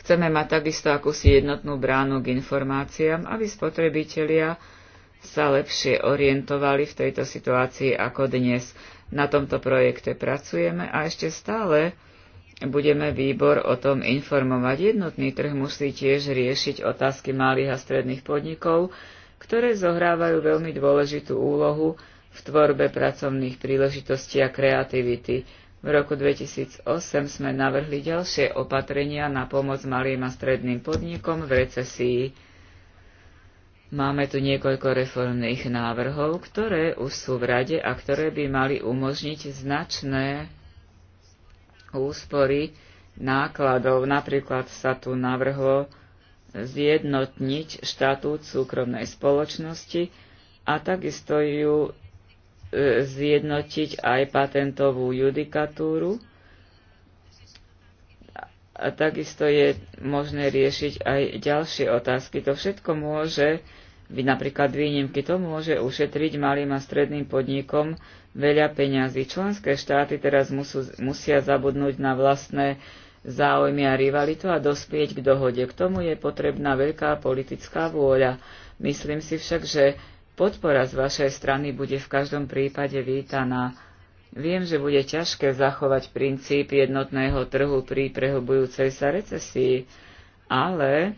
Chceme mať takisto akúsi jednotnú bránu k informáciám, aby spotrebitelia sa lepšie orientovali v tejto situácii ako dnes. Na tomto projekte pracujeme a ešte stále budeme výbor o tom informovať. Jednotný trh musí tiež riešiť otázky malých a stredných podnikov, ktoré zohrávajú veľmi dôležitú úlohu v tvorbe pracovných príležitostí a kreativity. V roku 2008 sme navrhli ďalšie opatrenia na pomoc malým a stredným podnikom v recesii. Máme tu niekoľko reformných návrhov, ktoré už sú v rade a ktoré by mali umožniť značné úspory nákladov. Napríklad sa tu navrhlo zjednotniť štatút súkromnej spoločnosti a takisto ju e, zjednotiť aj patentovú judikatúru. A takisto je možné riešiť aj ďalšie otázky. To všetko môže, napríklad výnimky, to môže ušetriť malým a stredným podnikom veľa peňazí. Členské štáty teraz musú, musia zabudnúť na vlastné záujmy a rivalitu a dospieť k dohode. K tomu je potrebná veľká politická vôľa. Myslím si však, že podpora z vašej strany bude v každom prípade vítaná. Viem, že bude ťažké zachovať princíp jednotného trhu pri prehobujúcej sa recesii, ale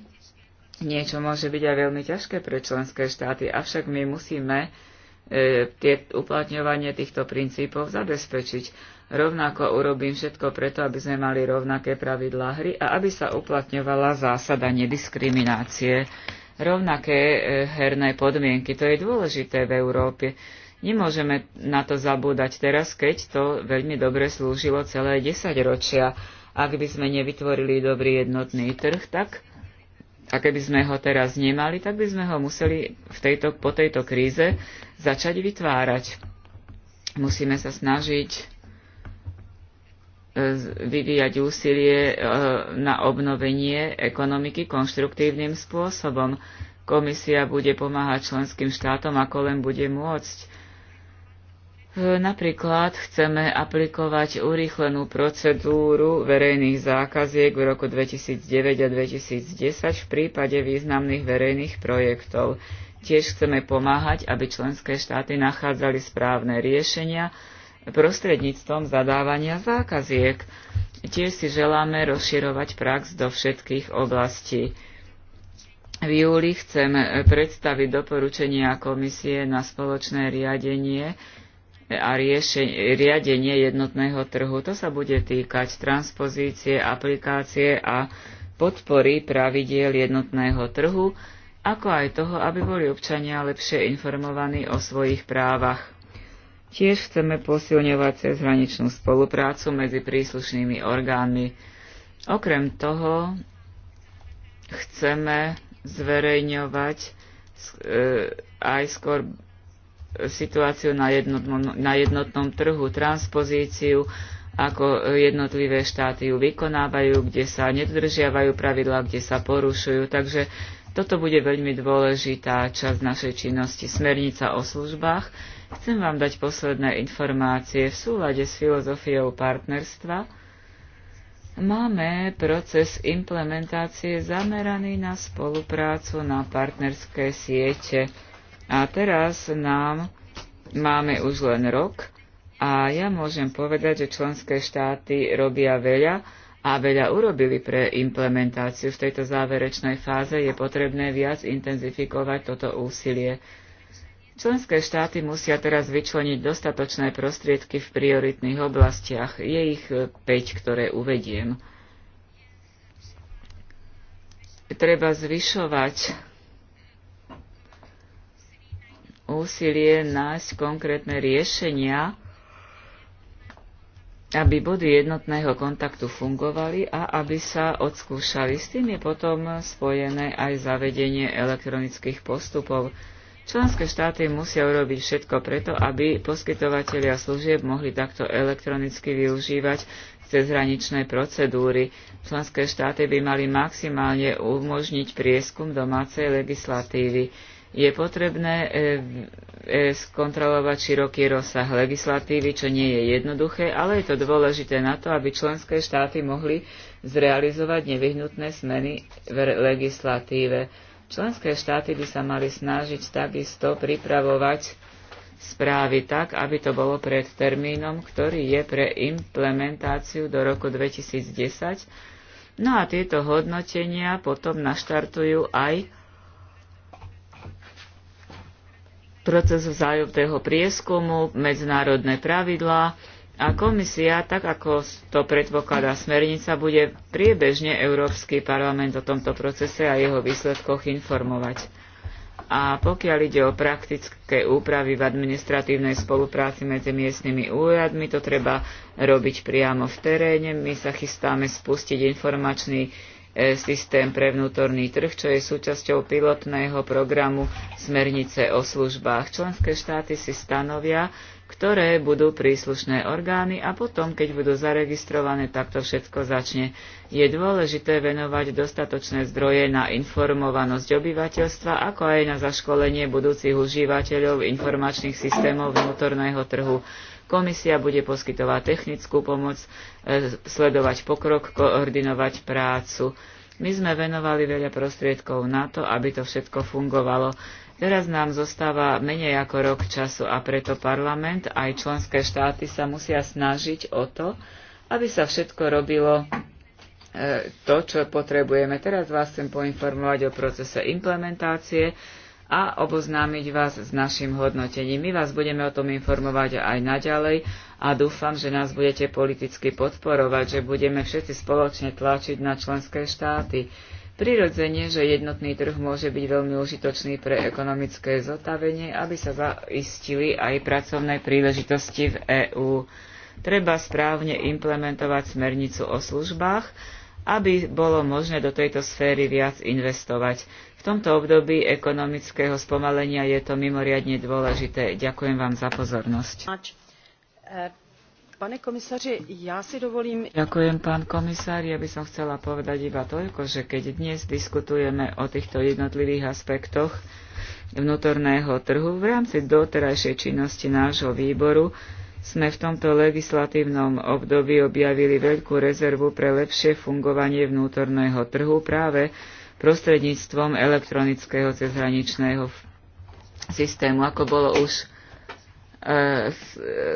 niečo môže byť aj veľmi ťažké pre členské štáty, avšak my musíme E, tie, uplatňovanie týchto princípov zabezpečiť. Rovnako urobím všetko preto, aby sme mali rovnaké pravidlá hry a aby sa uplatňovala zásada nediskriminácie. Rovnaké e, herné podmienky, to je dôležité v Európe. Nemôžeme na to zabúdať teraz, keď to veľmi dobre slúžilo celé desaťročia. Ak by sme nevytvorili dobrý jednotný trh, tak a keby sme ho teraz nemali, tak by sme ho museli v tejto, po tejto kríze začať vytvárať. Musíme sa snažiť e, vyvíjať úsilie e, na obnovenie ekonomiky konštruktívnym spôsobom. Komisia bude pomáhať členským štátom, ako len bude môcť E, napríklad chceme aplikovať urýchlenú procedúru verejných zákaziek v roku 2009 a 2010 v prípade významných verejných projektov. Tiež chceme pomáhať, aby členské štáty nachádzali správne riešenia prostredníctvom zadávania zákaziek. Tiež si želáme rozširovať prax do všetkých oblastí. V júli chcem predstaviť doporučenia komisie na spoločné riadenie a riešenie, riadenie jednotného trhu. To sa bude týkať transpozície, aplikácie a podpory pravidiel jednotného trhu, ako aj toho, aby boli občania lepšie informovaní o svojich právach. Tiež chceme posilňovať cezhraničnú spoluprácu medzi príslušnými orgánmi. Okrem toho chceme zverejňovať e, aj skôr situáciu na, jednotnom, na jednotnom trhu, transpozíciu, ako jednotlivé štáty ju vykonávajú, kde sa nedržiavajú pravidlá, kde sa porušujú. Takže toto bude veľmi dôležitá časť našej činnosti. Smernica o službách. Chcem vám dať posledné informácie v súlade s filozofiou partnerstva. Máme proces implementácie zameraný na spoluprácu na partnerské siete a teraz nám máme už len rok a ja môžem povedať, že členské štáty robia veľa a veľa urobili pre implementáciu. V tejto záverečnej fáze je potrebné viac intenzifikovať toto úsilie. Členské štáty musia teraz vyčleniť dostatočné prostriedky v prioritných oblastiach. Je ich 5, ktoré uvediem. Treba zvyšovať úsilie nájsť konkrétne riešenia, aby body jednotného kontaktu fungovali a aby sa odskúšali. S tým je potom spojené aj zavedenie elektronických postupov. Členské štáty musia urobiť všetko preto, aby poskytovateľia služieb mohli takto elektronicky využívať cezhraničné procedúry. Členské štáty by mali maximálne umožniť prieskum domácej legislatívy. Je potrebné e, e, skontrolovať široký rozsah legislatívy, čo nie je jednoduché, ale je to dôležité na to, aby členské štáty mohli zrealizovať nevyhnutné smeny v legislatíve. Členské štáty by sa mali snažiť takisto pripravovať správy tak, aby to bolo pred termínom, ktorý je pre implementáciu do roku 2010. No a tieto hodnotenia potom naštartujú aj proces vzájomného prieskumu, medzinárodné pravidlá a komisia, tak ako to predpokladá smernica, bude priebežne Európsky parlament o tomto procese a jeho výsledkoch informovať. A pokiaľ ide o praktické úpravy v administratívnej spolupráci medzi miestnymi úradmi, to treba robiť priamo v teréne. My sa chystáme spustiť informačný systém pre vnútorný trh, čo je súčasťou pilotného programu Smernice o službách. Členské štáty si stanovia, ktoré budú príslušné orgány a potom, keď budú zaregistrované, tak to všetko začne. Je dôležité venovať dostatočné zdroje na informovanosť obyvateľstva, ako aj na zaškolenie budúcich užívateľov informačných systémov vnútorného trhu. Komisia bude poskytovať technickú pomoc, e, sledovať pokrok, koordinovať prácu. My sme venovali veľa prostriedkov na to, aby to všetko fungovalo. Teraz nám zostáva menej ako rok času a preto parlament aj členské štáty sa musia snažiť o to, aby sa všetko robilo e, to, čo potrebujeme. Teraz vás chcem poinformovať o procese implementácie a oboznámiť vás s našim hodnotením. My vás budeme o tom informovať aj naďalej a dúfam, že nás budete politicky podporovať, že budeme všetci spoločne tlačiť na členské štáty. Prirodzene, že jednotný trh môže byť veľmi užitočný pre ekonomické zotavenie, aby sa zaistili aj pracovné príležitosti v EÚ. Treba správne implementovať smernicu o službách, aby bolo možné do tejto sféry viac investovať. V tomto období ekonomického spomalenia je to mimoriadne dôležité. Ďakujem vám za pozornosť. Pane komisaři, ja si dovolím... Ďakujem, pán komisár. Ja by som chcela povedať iba toľko, že keď dnes diskutujeme o týchto jednotlivých aspektoch vnútorného trhu v rámci doterajšej činnosti nášho výboru, sme v tomto legislatívnom období objavili veľkú rezervu pre lepšie fungovanie vnútorného trhu práve prostredníctvom elektronického cezhraničného systému. Ako bolo už e,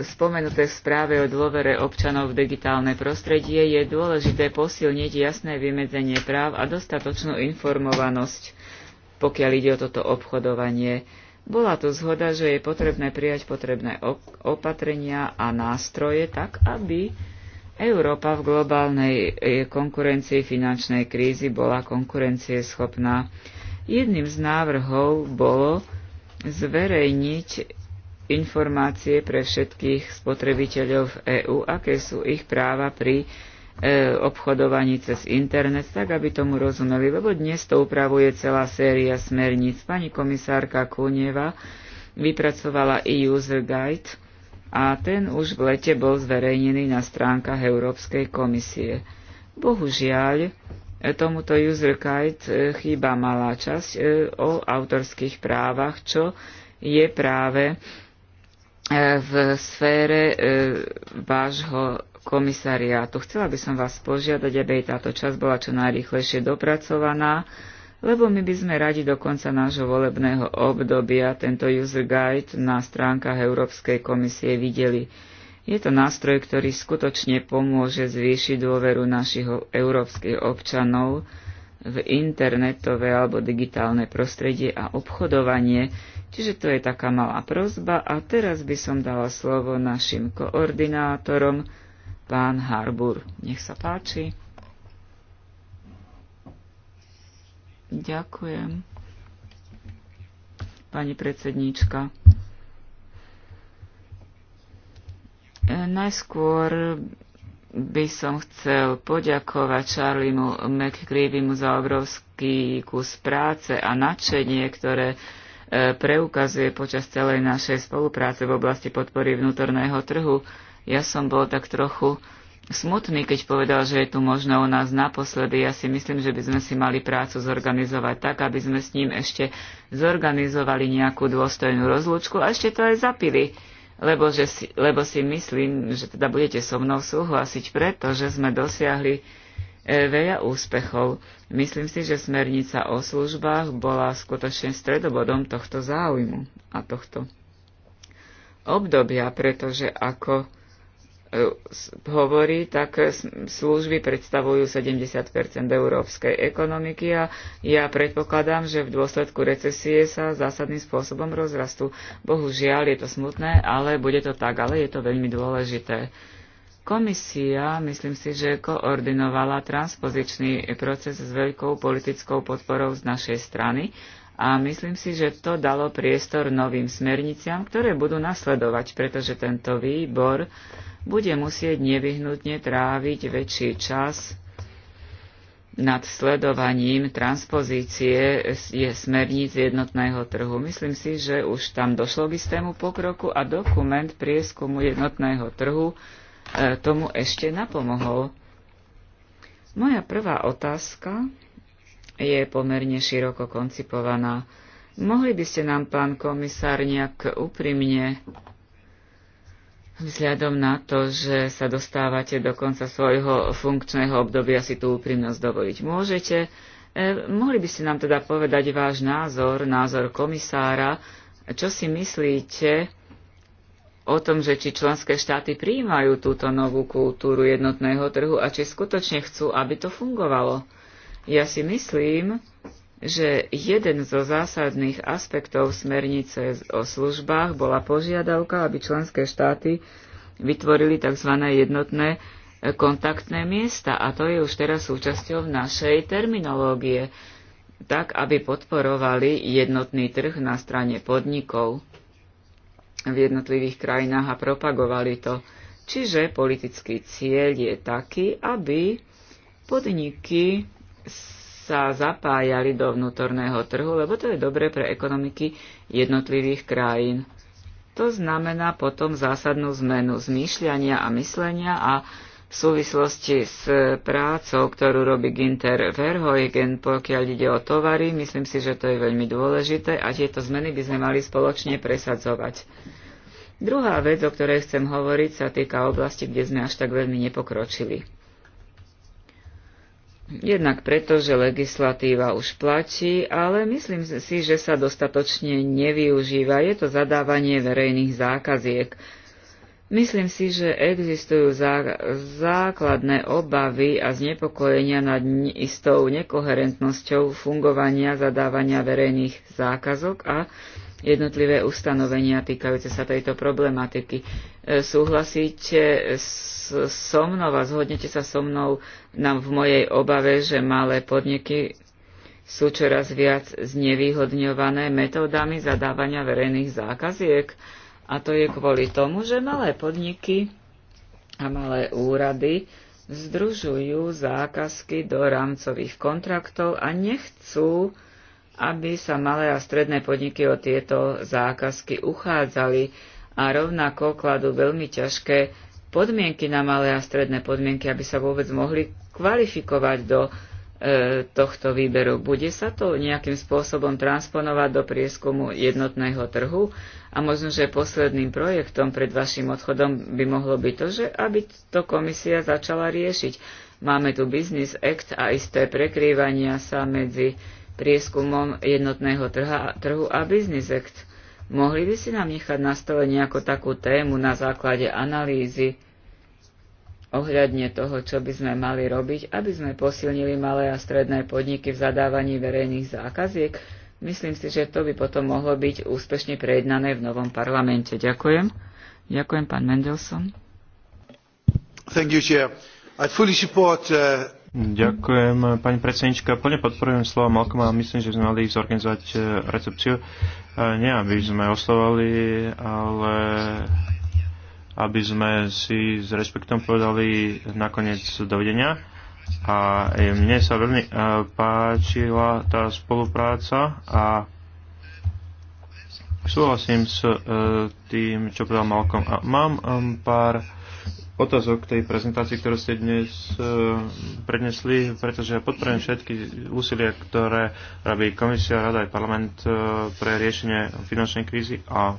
spomenuté v správe o dôvere občanov v digitálne prostredie, je dôležité posilniť jasné vymedzenie práv a dostatočnú informovanosť, pokiaľ ide o toto obchodovanie. Bola tu zhoda, že je potrebné prijať potrebné opatrenia a nástroje tak, aby Európa v globálnej eh, konkurencii finančnej krízy bola konkurencieschopná. Jedným z návrhov bolo zverejniť informácie pre všetkých spotrebiteľov v EÚ, aké sú ich práva pri e, obchodovaní cez internet, tak aby tomu rozumeli, lebo dnes to upravuje celá séria smerníc. Pani komisárka Kunieva vypracovala e-user guide, a ten už v lete bol zverejnený na stránkach Európskej komisie. Bohužiaľ, tomuto user guide e, chýba malá časť e, o autorských právach, čo je práve e, v sfére vášho komisariátu. Chcela by som vás požiadať, aby táto časť bola čo najrýchlejšie dopracovaná lebo my by sme radi do konca nášho volebného obdobia tento user guide na stránkach Európskej komisie videli. Je to nástroj, ktorý skutočne pomôže zvýšiť dôveru našich európskych občanov v internetové alebo digitálne prostredie a obchodovanie, čiže to je taká malá prozba a teraz by som dala slovo našim koordinátorom, pán Harbour, Nech sa páči. Ďakujem. Pani predsedníčka. Najskôr by som chcel poďakovať Charliemu McCreevymu za obrovský kus práce a nadšenie, ktoré e, preukazuje počas celej našej spolupráce v oblasti podpory vnútorného trhu. Ja som bol tak trochu smutný, keď povedal, že je tu možno u nás naposledy. Ja si myslím, že by sme si mali prácu zorganizovať tak, aby sme s ním ešte zorganizovali nejakú dôstojnú rozlúčku a ešte to aj zapili. Lebo, že si, lebo si myslím, že teda budete so mnou súhlasiť, pretože sme dosiahli e, veľa úspechov. Myslím si, že smernica o službách bola skutočne stredobodom tohto záujmu a tohto obdobia, pretože ako hovorí, tak služby predstavujú 70 európskej ekonomiky a ja predpokladám, že v dôsledku recesie sa zásadným spôsobom rozrastú. Bohužiaľ, je to smutné, ale bude to tak, ale je to veľmi dôležité. Komisia, myslím si, že koordinovala transpozičný proces s veľkou politickou podporou z našej strany a myslím si, že to dalo priestor novým smerniciam, ktoré budú nasledovať, pretože tento výbor bude musieť nevyhnutne tráviť väčší čas nad sledovaním transpozície je smerníc jednotného trhu. Myslím si, že už tam došlo k istému pokroku a dokument prieskumu jednotného trhu e, tomu ešte napomohol. Moja prvá otázka je pomerne široko koncipovaná. Mohli by ste nám, pán komisár, nejak úprimne Vzhľadom na to, že sa dostávate do konca svojho funkčného obdobia, si tú úprimnosť dovoliť môžete. E, mohli by ste nám teda povedať váš názor, názor komisára, čo si myslíte o tom, že či členské štáty prijímajú túto novú kultúru jednotného trhu a či skutočne chcú, aby to fungovalo. Ja si myslím, že jeden zo zásadných aspektov smernice o službách bola požiadavka, aby členské štáty vytvorili tzv. jednotné e, kontaktné miesta a to je už teraz súčasťou našej terminológie, tak aby podporovali jednotný trh na strane podnikov v jednotlivých krajinách a propagovali to. Čiže politický cieľ je taký, aby podniky sa zapájali do vnútorného trhu, lebo to je dobre pre ekonomiky jednotlivých krajín. To znamená potom zásadnú zmenu zmýšľania a myslenia a v súvislosti s prácou, ktorú robí Ginter Verhoeven, pokiaľ ide o tovary, myslím si, že to je veľmi dôležité a tieto zmeny by sme mali spoločne presadzovať. Druhá vec, o ktorej chcem hovoriť, sa týka oblasti, kde sme až tak veľmi nepokročili. Jednak preto, že legislatíva už platí, ale myslím si, že sa dostatočne nevyužíva. Je to zadávanie verejných zákaziek. Myslím si, že existujú zá základné obavy a znepokojenia nad istou nekoherentnosťou fungovania zadávania verejných zákazok a jednotlivé ustanovenia týkajúce sa tejto problematiky. E, súhlasíte so mnou a zhodnete sa so mnou nám v mojej obave, že malé podniky sú čoraz viac znevýhodňované metódami zadávania verejných zákaziek. A to je kvôli tomu, že malé podniky a malé úrady združujú zákazky do rámcových kontraktov a nechcú aby sa malé a stredné podniky o tieto zákazky uchádzali a rovnako kladú veľmi ťažké podmienky na malé a stredné podmienky, aby sa vôbec mohli kvalifikovať do e, tohto výberu. Bude sa to nejakým spôsobom transponovať do prieskumu jednotného trhu a možno, že posledným projektom pred vašim odchodom by mohlo byť to, že aby to komisia začala riešiť. Máme tu Business Act a isté prekrývania sa medzi prieskumom jednotného trha, trhu a Business Act. Mohli by si nám nechať na stole nejakú takú tému na základe analýzy ohľadne toho, čo by sme mali robiť, aby sme posilnili malé a stredné podniky v zadávaní verejných zákaziek? Myslím si, že to by potom mohlo byť úspešne prejednané v novom parlamente. Ďakujem. Ďakujem, pán Mendelson. Thank you, Chair. I fully support uh, Ďakujem, pani predsednička. Plne podporujem slova Malkoma a myslím, že sme mali zorganizovať eh, recepciu. Eh, nie, aby sme oslovali, ale aby sme si s respektom povedali nakoniec dovidenia. A eh, mne sa veľmi páčila tá spolupráca a súhlasím s tým, čo povedal Malkom. A mám pár otázok k tej prezentácii, ktorú ste dnes e, prednesli, pretože podporujem všetky úsilia, ktoré robí komisia, rada aj parlament e, pre riešenie finančnej krízy a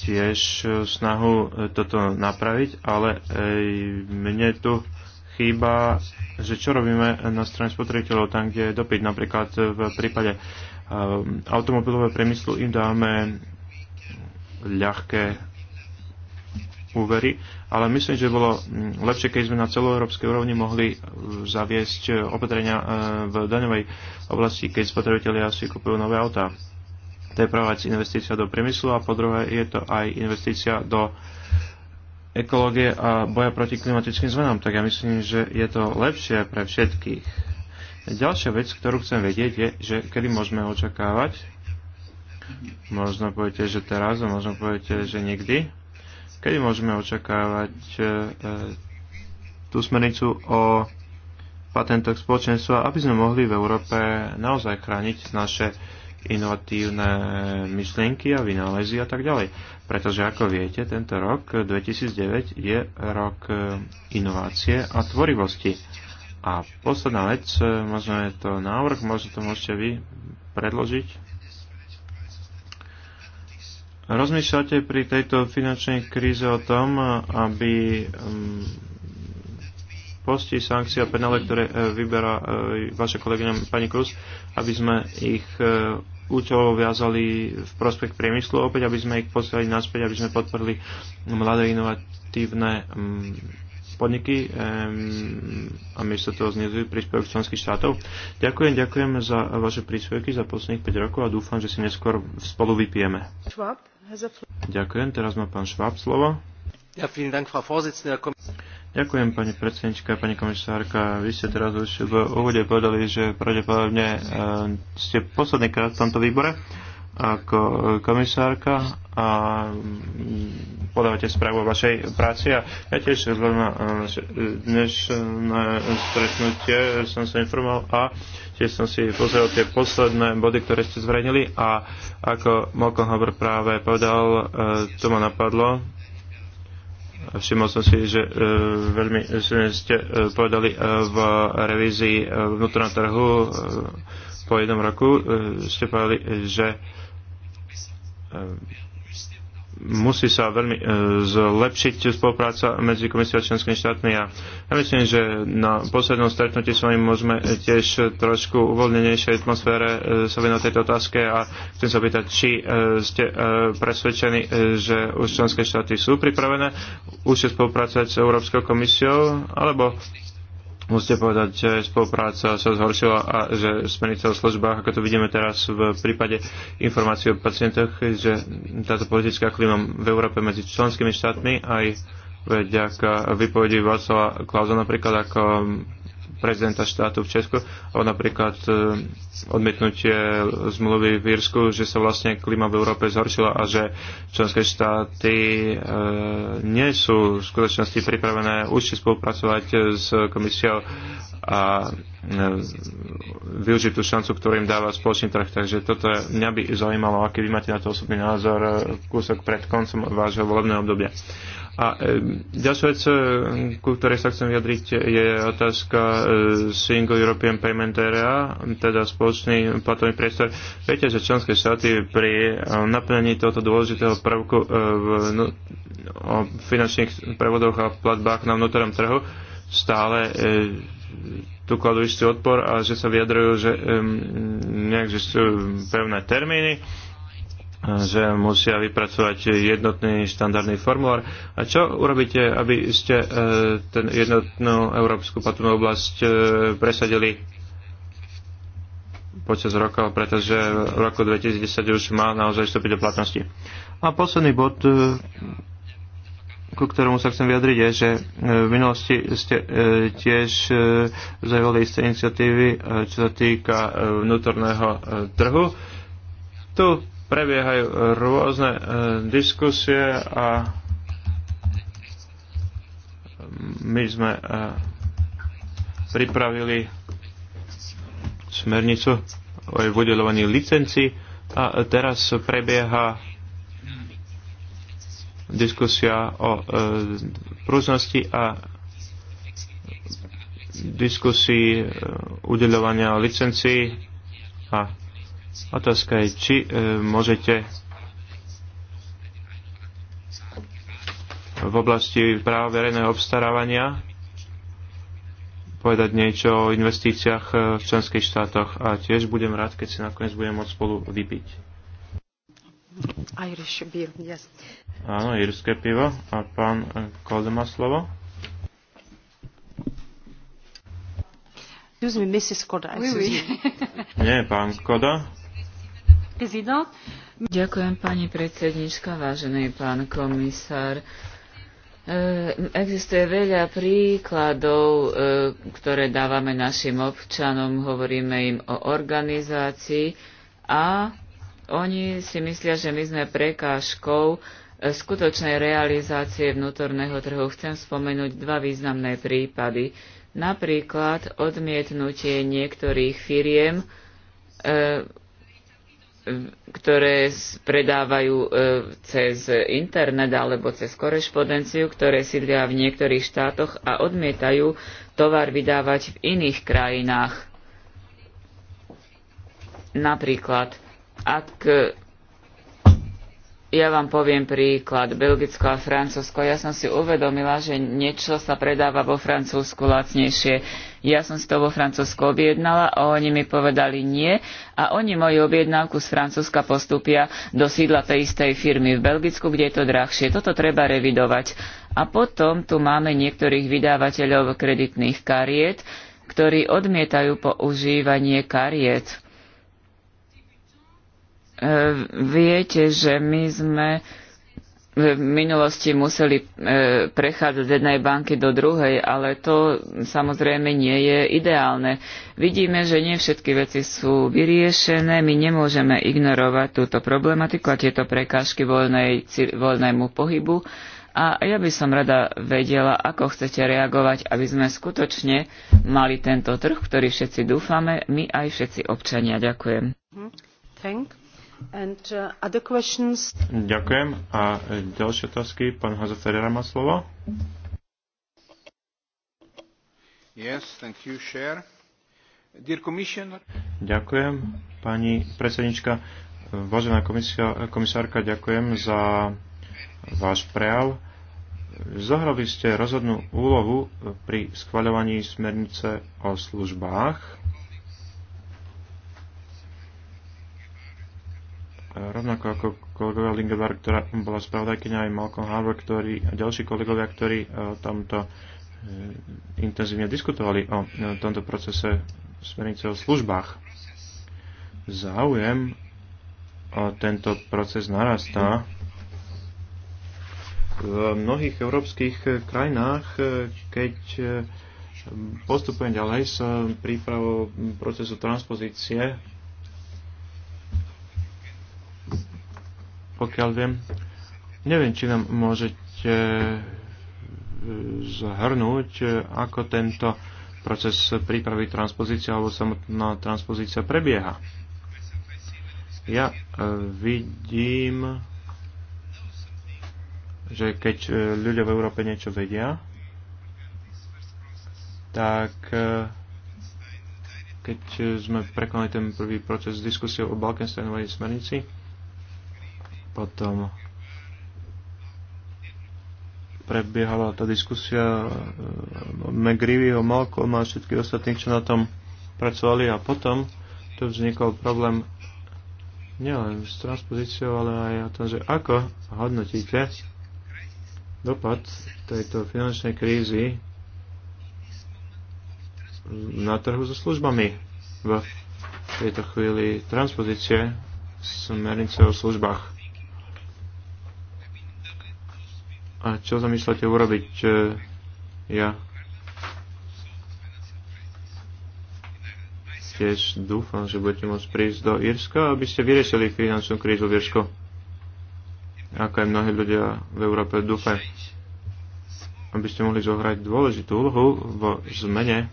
tiež snahu toto napraviť, ale mne tu chýba, že čo robíme na strane spotrebiteľov, tam, kde je dopyt. Napríklad v prípade e, automobilového priemyslu im dáme ľahké úvery, ale myslím, že bolo mm, lepšie, keď sme na celoeurópskej úrovni mohli e, zaviesť e, opatrenia e, v daňovej oblasti, keď spotrebitelia si kupujú nové autá. To je prvá investícia do priemyslu a po druhé je to aj investícia do ekológie a boja proti klimatickým zmenám. Tak ja myslím, že je to lepšie pre všetkých. Ďalšia vec, ktorú chcem vedieť, je, že kedy môžeme očakávať Možno poviete, že teraz a možno poviete, že nikdy. Kedy môžeme očakávať e, e, tú smernicu o patentoch spoločenstva, aby sme mohli v Európe naozaj chrániť naše inovatívne myšlienky a vynálezy a tak ďalej. Pretože ako viete, tento rok 2009 je rok e, inovácie a tvorivosti. A posledná vec, možno je to návrh, možno to môžete vy predložiť Rozmýšľate pri tejto finančnej kríze o tom, aby mm, posti, sankcie a penále, ktoré e, vyberá e, vaša kolegyňa pani Krus, aby sme ich e, účelovo viazali v prospech priemyslu, opäť aby sme ich poslali naspäť, aby sme podporili mladé inovatívne mm, podniky a miesto toho znižujú príspevok členských štátov. Ďakujem, ďakujem za vaše príspevky za posledných 5 rokov a dúfam, že si neskôr spolu vypijeme. Schwab. Ďakujem, teraz má pán Šváb slovo. Ja, Dank, Frau Ďakujem, pani predsednička, pani komisárka. Vy ste teraz už v úvode povedali, že pravdepodobne eh, ste posledný krát v tomto výbore ako e, komisárka a mm, podávate správu o vašej práci a ja tiež len na e, e, dnešné stretnutie som sa informoval a tiež som si pozrel tie posledné body, ktoré ste zverejnili a ako Malcolm Haber práve povedal, to ma napadlo, Všimol som si, že e, veľmi silne ste e, povedali e, v revízii e, vnútorného trhu e, po jednom roku, e, ste povedali, že e, E, musí sa veľmi e, zlepšiť spolupráca medzi komisiou a členskými štátmi a ja myslím, že na poslednom stretnutí s vami môžeme tiež trošku uvoľnenejšej atmosfére e, sa venovať tejto otázke a chcem sa pýtať, či ste presvedčení, že už členské štáty sú pripravené už spolupracovať s Európskou komisiou, alebo musíte povedať, že spolupráca sa zhoršila a že smernica o službách, ako to vidíme teraz v prípade informácií o pacientoch, že táto politická klíma v Európe medzi členskými štátmi aj vďaka vypovedi Václava Klauza napríklad ako prezidenta štátu v Česku, alebo napríklad e, odmietnutie zmluvy v Írsku, že sa vlastne klíma v Európe zhoršila a že členské štáty e, nie sú v skutočnosti pripravené užšie spolupracovať s komisiou a e, využiť tú šancu, ktorú im dáva spoločný trh. Takže toto je, mňa by zaujímalo, aký vy máte na to osobný názor kúsok pred koncom vášho volebného obdobia. A e, ďalšia vec, e, ku ktorej sa chcem vyjadriť, je otázka e, Single European Payment Area, teda spoločný platový priestor. Viete, že členské štáty pri naplnení tohoto dôležitého prvku v no, o finančných prevodoch a platbách na vnútornom trhu stále tu kladú istý odpor a že sa vyjadrujú, že neexistujú pevné termíny že musia vypracovať jednotný štandardný formulár. A čo urobíte, aby ste e, ten jednotnú európsku patentovú oblasť e, presadili počas rokov, pretože v roku 2010 už má naozaj vstúpiť do platnosti. A posledný bod, e, ku ktorému sa chcem vyjadriť, je, že v minulosti ste tiež zaujali isté iniciatívy, čo sa týka vnútorného trhu. Tu prebiehajú rôzne e, diskusie a my sme e, pripravili smernicu o udelovaní licencií a teraz prebieha diskusia o e, prúznosti a diskusii e, udeľovania licencií a Otázka je, či e, môžete v oblasti práva verejného obstarávania povedať niečo o investíciách e, v členských štátoch a tiež budem rád, keď si nakoniec budem môcť spolu vypiť. Irish beer, yes. Áno, írske pivo. A pán e, Kolde má slovo. Excuse me, Mrs. Koda. Oui, oui. Nie, pán Koda. Ďakujem pani predsednička, vážený pán komisár. E, existuje veľa príkladov, e, ktoré dávame našim občanom, hovoríme im o organizácii a oni si myslia, že my sme prekážkou e, skutočnej realizácie vnútorného trhu. Chcem spomenúť dva významné prípady. Napríklad odmietnutie niektorých firiem ktoré predávajú e, cez internet alebo cez korešpondenciu, ktoré sídlia v niektorých štátoch a odmietajú tovar vydávať v iných krajinách. Napríklad, ak e, ja vám poviem príklad Belgicko a Francúzsko, ja som si uvedomila, že niečo sa predáva vo Francúzsku lacnejšie ja som si to vo Francúzsku objednala a oni mi povedali nie a oni moju objednávku z Francúzska postúpia do sídla tej istej firmy v Belgicku, kde je to drahšie. Toto treba revidovať. A potom tu máme niektorých vydávateľov kreditných kariet, ktorí odmietajú používanie kariet. E, viete, že my sme v minulosti museli e, prechádzať z jednej banky do druhej, ale to samozrejme nie je ideálne. Vidíme, že nie všetky veci sú vyriešené, my nemôžeme ignorovať túto problematiku a tieto prekážky voľnej, voľnému pohybu. A ja by som rada vedela, ako chcete reagovať, aby sme skutočne mali tento trh, ktorý všetci dúfame, my aj všetci občania. Ďakujem. Mhm. Thank. And, uh, other questions? Ďakujem. A ďalšie otázky? Pán Haza Ferreira má slovo. Yes, thank you, Chair. Dear Commissioner. Ďakujem, pani predsednička. Vážená komisárka, ďakujem za váš prejav. Zohrali ste rozhodnú úlohu pri schvaľovaní smernice o službách rovnako ako kolegovia Lingebar, ktorá bola spravodajkynia aj Malcolm Harbour, ktorý, a ďalší kolegovia, ktorí e, o e, intenzívne diskutovali o e, tomto procese smernice o službách. Záujem o tento proces narastá v mnohých európskych krajinách, keď postupujem ďalej s prípravou procesu transpozície pokiaľ viem. Neviem, či nám môžete e, zhrnúť, e, ako tento proces prípravy transpozície alebo samotná transpozícia prebieha. Ja e, vidím, že keď ľudia v Európe niečo vedia, tak keď sme prekonali ten prvý proces diskusie o Balkensteinovej smernici, potom prebiehala tá diskusia e, McGreevyho, Malcolma a všetkých ostatných, čo na tom pracovali a potom tu vznikol problém nielen s transpozíciou, ale aj o tom, že ako hodnotíte dopad tejto finančnej krízy na trhu so službami v tejto chvíli transpozície smernice o službách. A čo zamýšľate urobiť ja? Tiež dúfam, že budete môcť prísť do Írska, aby ste vyriešili finančnú krízu v Írsku. Ako aj mnohí ľudia v Európe dúfajú. Aby ste mohli zohrať dôležitú úlohu v zmene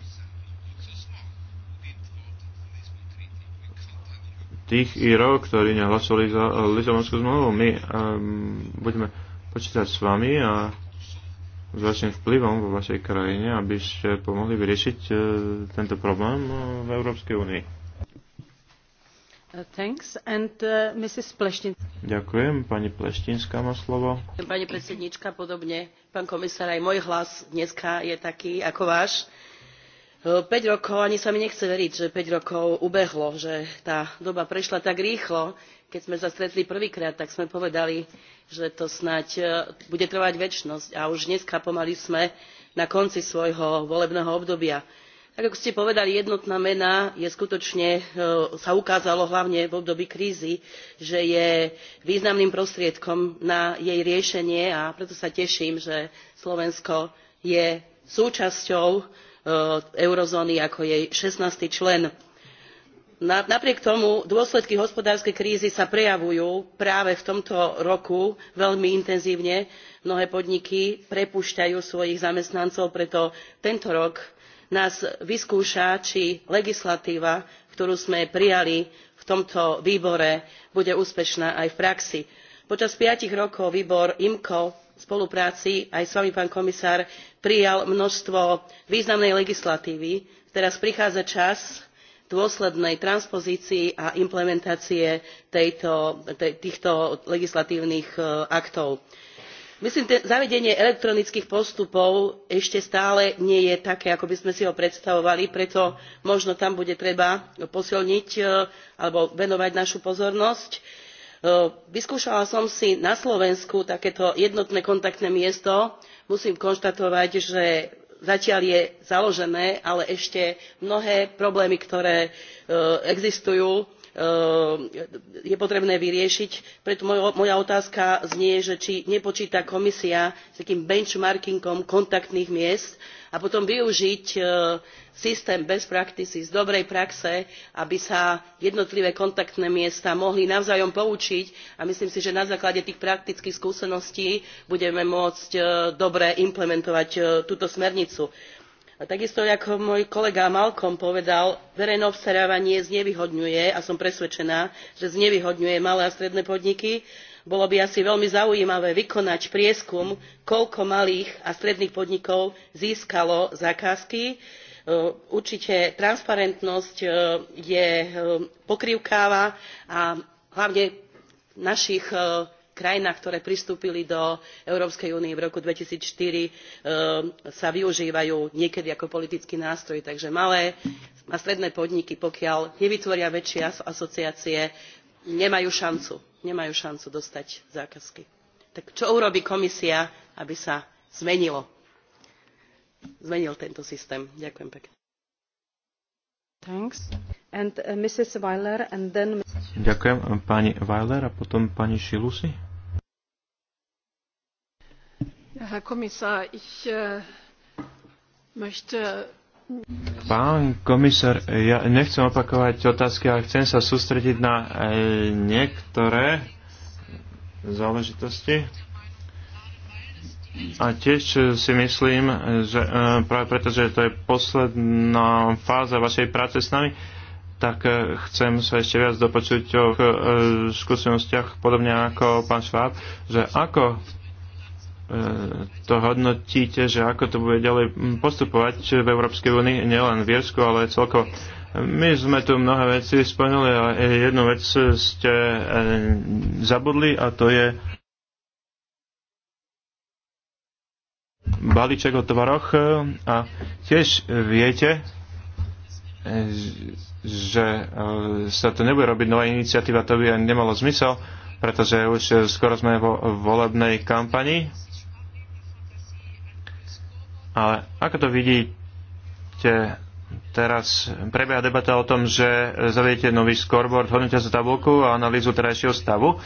tých Írov, ktorí nehlasovali za Lisabonskú zmluvu. My um, budeme počítať s vami a s vašim vplyvom vo vašej krajine, aby ste pomohli vyriešiť e, tento problém e, v Európskej únii. Uh, And, uh, Ďakujem. Pani Pleštinská má slovo. Pani predsednička, podobne pán komisár, aj môj hlas dneska je taký ako váš päť rokov ani sa mi nechce veriť že päť rokov ubehlo že tá doba prešla tak rýchlo keď sme sa stretli prvýkrát tak sme povedali že to snáď e, bude trvať väčnosť a už dneska pomaly sme na konci svojho volebného obdobia. tak ako ste povedali jednotná mena je skutočne e, sa ukázalo hlavne v období krízy že je významným prostriedkom na jej riešenie a preto sa teším že slovensko je súčasťou E, eurozóny ako jej šestnásty člen. napriek tomu dôsledky hospodárskej krízy sa prejavujú práve v tomto roku veľmi intenzívne mnohé podniky prepúšťajú svojich zamestnancov preto tento rok nás vyskúša či legislatíva ktorú sme prijali v tomto výbore bude úspešná aj v praxi. počas piatich rokov výbor imco spolupráci aj s vami pán komisár prijal množstvo významnej legislatívy teraz prichádza čas dôslednej transpozícii a implementácie týchto legislatívnych e, aktov. myslím že zavedenie elektronických postupov ešte stále nie je také ako by sme si ho predstavovali preto možno tam bude treba posilniť e, alebo venovať našu pozornosť vyskúšala som si na slovensku takéto jednotné kontaktné miesto musím konštatovať že zatiaľ je založené ale ešte mnohé problémy ktoré existujú E, je potrebné vyriešiť preto moja otázka znie že či nepočíta komisia s takým benchmarkingom kontaktných miest a potom využiť e, systém best practices dobrej praxe aby sa jednotlivé kontaktné miesta mohli navzájom poučiť a myslím si že na základe tých praktických skúseností budeme môcť e, dobre implementovať túto smernicu a takisto ako môj kolega malcolm povedal verejné obstarávanie znevýhodňuje a som presvedčená že znevýhodňuje malé a stredné podniky bolo by asi veľmi zaujímavé vykonať prieskum koľko malých a stredných podnikov získalo zakázky e, určite transparentnosť e, je e, pokrývkáva a hlavne našich krajinách ktoré pristúpili do európskej únie v roku two thousand and four sa využívajú niekedy ako politický nástroj takže malé a stredné podniky pokiaľ nevytvoria väčšie asociácie nemajú šancu nemajú šancu dostať zákazky. tak čo urobí komisia aby sa zmenilo zmenil tento systém? ďakujem pekne. And, uh, Weiler, then... Ďakujem pani Weiler a potom pani Šilusi. Herr Kommissar, ich äh, möchte Pán komisár, ja nechcem opakovať otázky, ale chcem sa sústrediť na e, niektoré záležitosti. A tiež si myslím, že e, práve preto, že to je posledná fáza vašej práce s nami, tak e, chcem sa ešte viac dopočuť o skúsenostiach, podobne ako pán Šváb, že ako E, to hodnotíte, že ako to bude ďalej postupovať v Európskej únii, nielen v Jersku, ale celkovo. My sme tu mnohé veci splnili a jednu vec ste e, zabudli a to je balíček o tvaroch e, a tiež viete, že sa to nebude robiť nová iniciatíva, to by nemalo zmysel, pretože už skoro sme vo volebnej kampanii ale ako to vidíte teraz prebieha debata o tom, že zaviete nový scoreboard, sa tabulku a analýzu terajšieho stavu.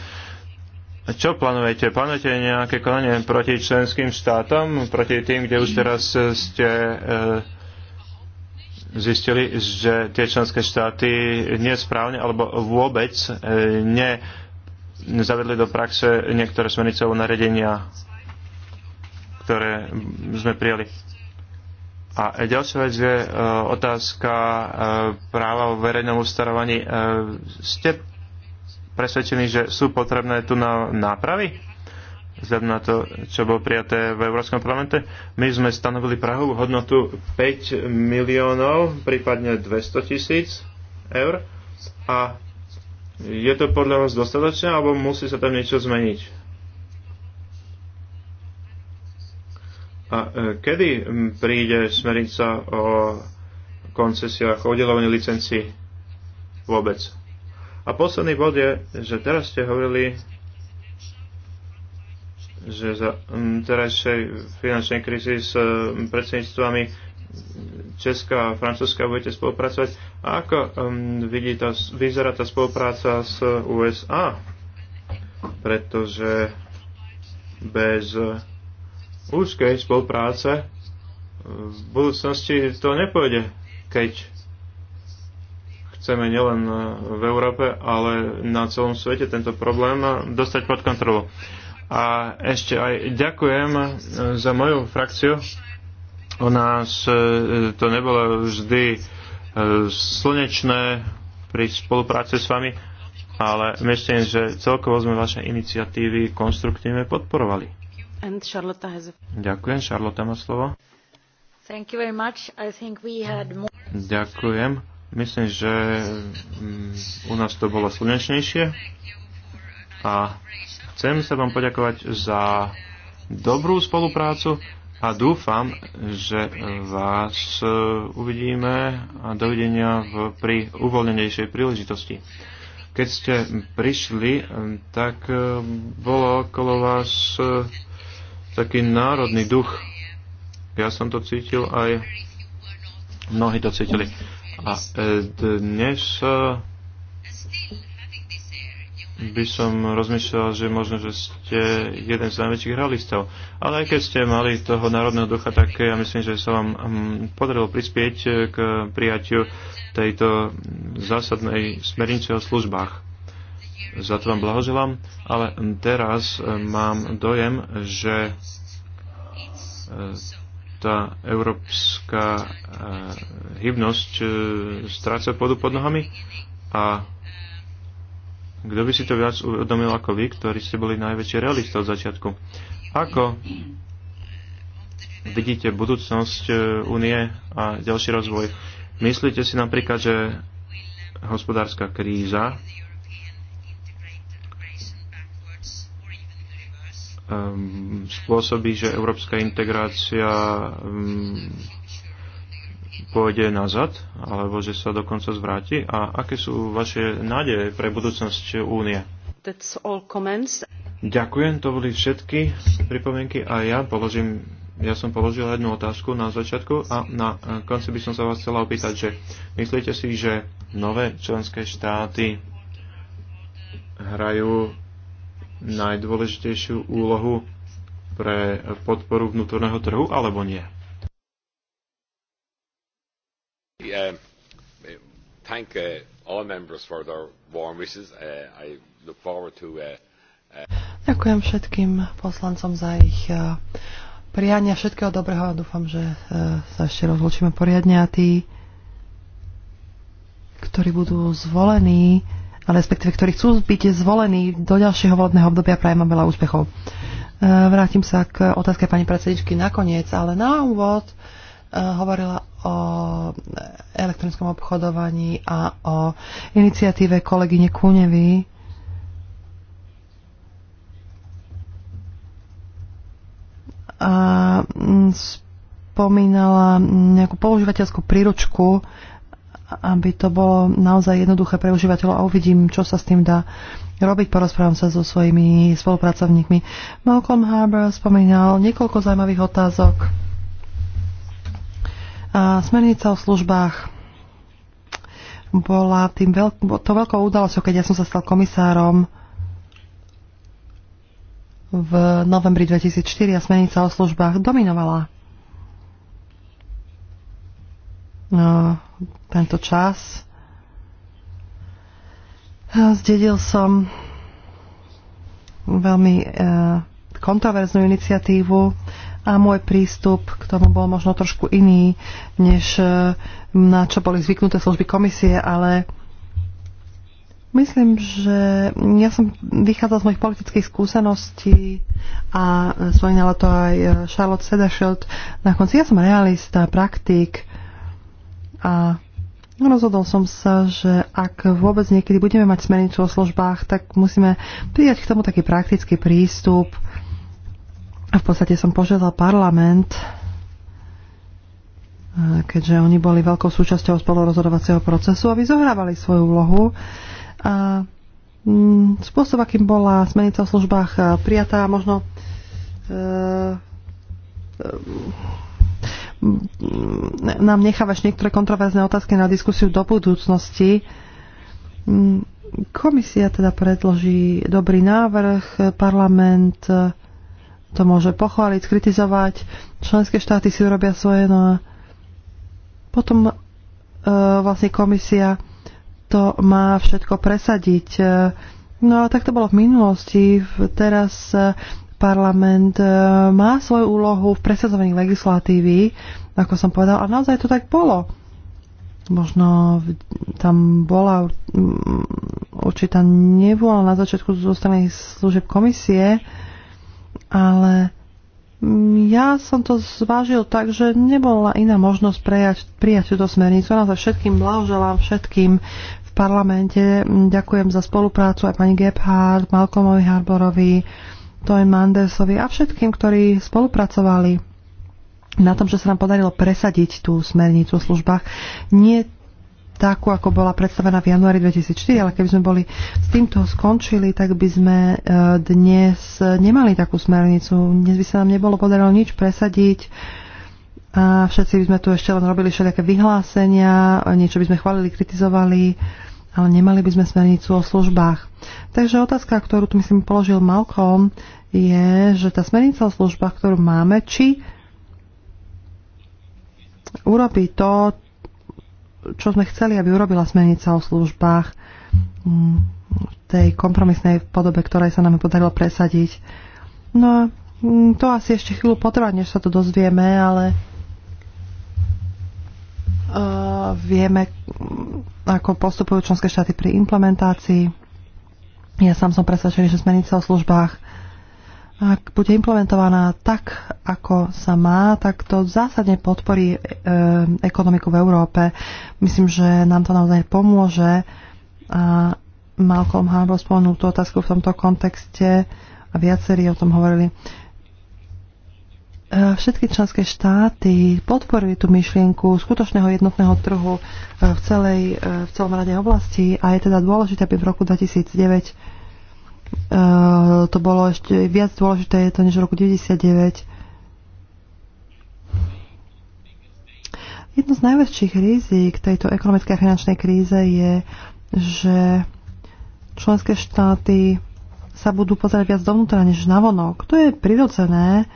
Čo plánujete? Plánujete nejaké konanie proti členským štátom, proti tým, kde už teraz ste e, zistili, že tie členské štáty nesprávne alebo vôbec e, nezavedli do praxe niektoré smernice o nariadenia ktoré sme prijali. A ďalšia vec je e, otázka e, práva o verejnom ustarovaní. E, ste presvedčení, že sú potrebné tu na nápravy? Vzhľadom na to, čo bolo prijaté v Európskom parlamente, my sme stanovili Prahu hodnotu 5 miliónov, prípadne 200 tisíc eur. A je to podľa vás dostatočné, alebo musí sa tam niečo zmeniť? A e, kedy príde smernica o koncesiách, o udelovaní licencií vôbec? A posledný bod je, že teraz ste hovorili, že za terajšej finančnej krízy s predsedníctvami Česká a Francúzska budete spolupracovať. A ako um, vidí tá, vyzerá tá spolupráca s USA? Pretože bez úzkej spolupráce v budúcnosti to nepôjde, keď chceme nielen v Európe, ale na celom svete tento problém dostať pod kontrolu. A ešte aj ďakujem za moju frakciu. U nás e, to nebolo vždy e, slnečné pri spolupráci s vami, ale myslím, že celkovo sme vaše iniciatívy konstruktívne podporovali. Has... Ďakujem, Charlotte má slovo. Had... Ďakujem. Myslím, že mm, u nás to bolo slnečnejšie. A chcem sa vám poďakovať za dobrú spoluprácu a dúfam, že vás e, uvidíme a dovidenia v, pri uvoľnenejšej príležitosti. Keď ste prišli, e, tak e, bolo okolo vás taký národný duch. Ja som to cítil aj mnohí to cítili. A e, dnes e, by som rozmýšľal, že možno, že ste jeden z najväčších realistov. Ale aj keď ste mali toho národného ducha, tak ja myslím, že sa vám podarilo prispieť k prijatiu tejto zásadnej smernice o službách za to vám blahoželám, ale teraz e, mám dojem, že e, tá európska e, hybnosť stráca pôdu pod nohami a kto by si to viac uvedomil ako vy, ktorí ste boli najväčší realista od začiatku. Ako vidíte budúcnosť únie a ďalší rozvoj? Myslíte si napríklad, že hospodárska kríza Ehm, spôsobí, že európska integrácia ehm, pôjde nazad, alebo že sa dokonca zvráti? A aké sú vaše nádeje pre budúcnosť únie? That's all comments. Ďakujem, to boli všetky pripomienky a ja položím, ja som položil jednu otázku na začiatku a na konci by som sa vás chcela opýtať, že myslíte si, že nové členské štáty hrajú najdôležitejšiu úlohu pre podporu vnútorného trhu, alebo nie? Uh, uh, uh, Ďakujem všetkým poslancom za ich priania všetkého dobrého a dúfam, že sa ešte rozlučíme poriadne a tí, ktorí budú zvolení, respektíve ktorí chcú byť zvolení do ďalšieho volebného obdobia. Prajem vám veľa úspechov. E, vrátim sa k otázke pani predsedičky nakoniec, ale na úvod e, hovorila o elektronickom obchodovaní a o iniciatíve kolegyne Kúnevy. A mm, spomínala nejakú používateľskú príručku aby to bolo naozaj jednoduché pre užívateľov a uvidím, čo sa s tým dá robiť. Porozprávam sa so svojimi spolupracovníkmi. Malcolm Harbour spomínal niekoľko zaujímavých otázok. A smernica o službách bola tým veľk- to veľkou udalosťou, keď ja som sa stal komisárom v novembri 2004 a smernica o službách dominovala No, tento čas. Zdedil som veľmi e, kontroverznú iniciatívu a môj prístup k tomu bol možno trošku iný, než e, na čo boli zvyknuté služby komisie, ale myslím, že ja som vychádzal z mojich politických skúseností a e, spomínala to aj Charlotte Sedashield na konci. Ja som realista, praktik, a rozhodol som sa, že ak vôbec niekedy budeme mať smernicu o službách, tak musíme prijať k tomu taký praktický prístup. A v podstate som požiadal parlament, e, keďže oni boli veľkou súčasťou spolorozhodovacieho procesu, aby zohrávali svoju úlohu. A mm, spôsob, akým bola smernica o službách e, prijatá, možno e, e, Mm, nám nechávaš niektoré kontroverzné otázky na diskusiu do budúcnosti. Mm, komisia teda predloží dobrý návrh, parlament to môže pochváliť, kritizovať, členské štáty si urobia svoje, no a potom e, vlastne komisia to má všetko presadiť. E, no a tak to bolo v minulosti, teraz e, parlament e, má svoju úlohu v presadzovaní legislatívy, ako som povedal, a naozaj to tak bolo. Možno tam bola určitá nevôľa na začiatku zo strany služeb komisie, ale ja som to zvážil tak, že nebola iná možnosť prejať, prijať túto smernicu. Naozaj všetkým blahoželám, všetkým v parlamente. Ďakujem za spoluprácu aj pani Gebhardt, Malcolmovi Harborovi, Toy Mandersovi a všetkým, ktorí spolupracovali na tom, že sa nám podarilo presadiť tú smernicu o službách. Nie takú, ako bola predstavená v januári 2004, ale keby sme boli s týmto skončili, tak by sme e, dnes nemali takú smernicu. Dnes by sa nám nebolo podarilo nič presadiť a všetci by sme tu ešte len robili všelijaké vyhlásenia, niečo by sme chválili, kritizovali ale nemali by sme smernicu o službách. Takže otázka, ktorú tu myslím položil Malcolm, je, že tá smernica o službách, ktorú máme, či urobí to, čo sme chceli, aby urobila smernica o službách v mm, tej kompromisnej podobe, ktorej sa nám podarilo presadiť. No a mm, to asi ešte chvíľu potrvá, než sa to dozvieme, ale uh, vieme, ako postupujú členské štáty pri implementácii. Ja sám som presvedčený, že smernica o službách, ak bude implementovaná tak, ako sa má, tak to zásadne podporí e, ekonomiku v Európe. Myslím, že nám to naozaj pomôže. A Malcolm Harbour spomenul tú otázku v tomto kontexte a viacerí o tom hovorili. E, E, všetky členské štáty podporujú tú myšlienku skutočného jednotného trhu e, v, celej, e, v celom rade oblasti a je teda dôležité, aby v roku 2009 to bolo ešte viac dôležité, je to než v roku 1999. Jedno z najväčších rizik tejto ekonomickej a finančnej kríze je, že členské štáty sa budú pozerať viac dovnútra než navonok. To je prirodzené,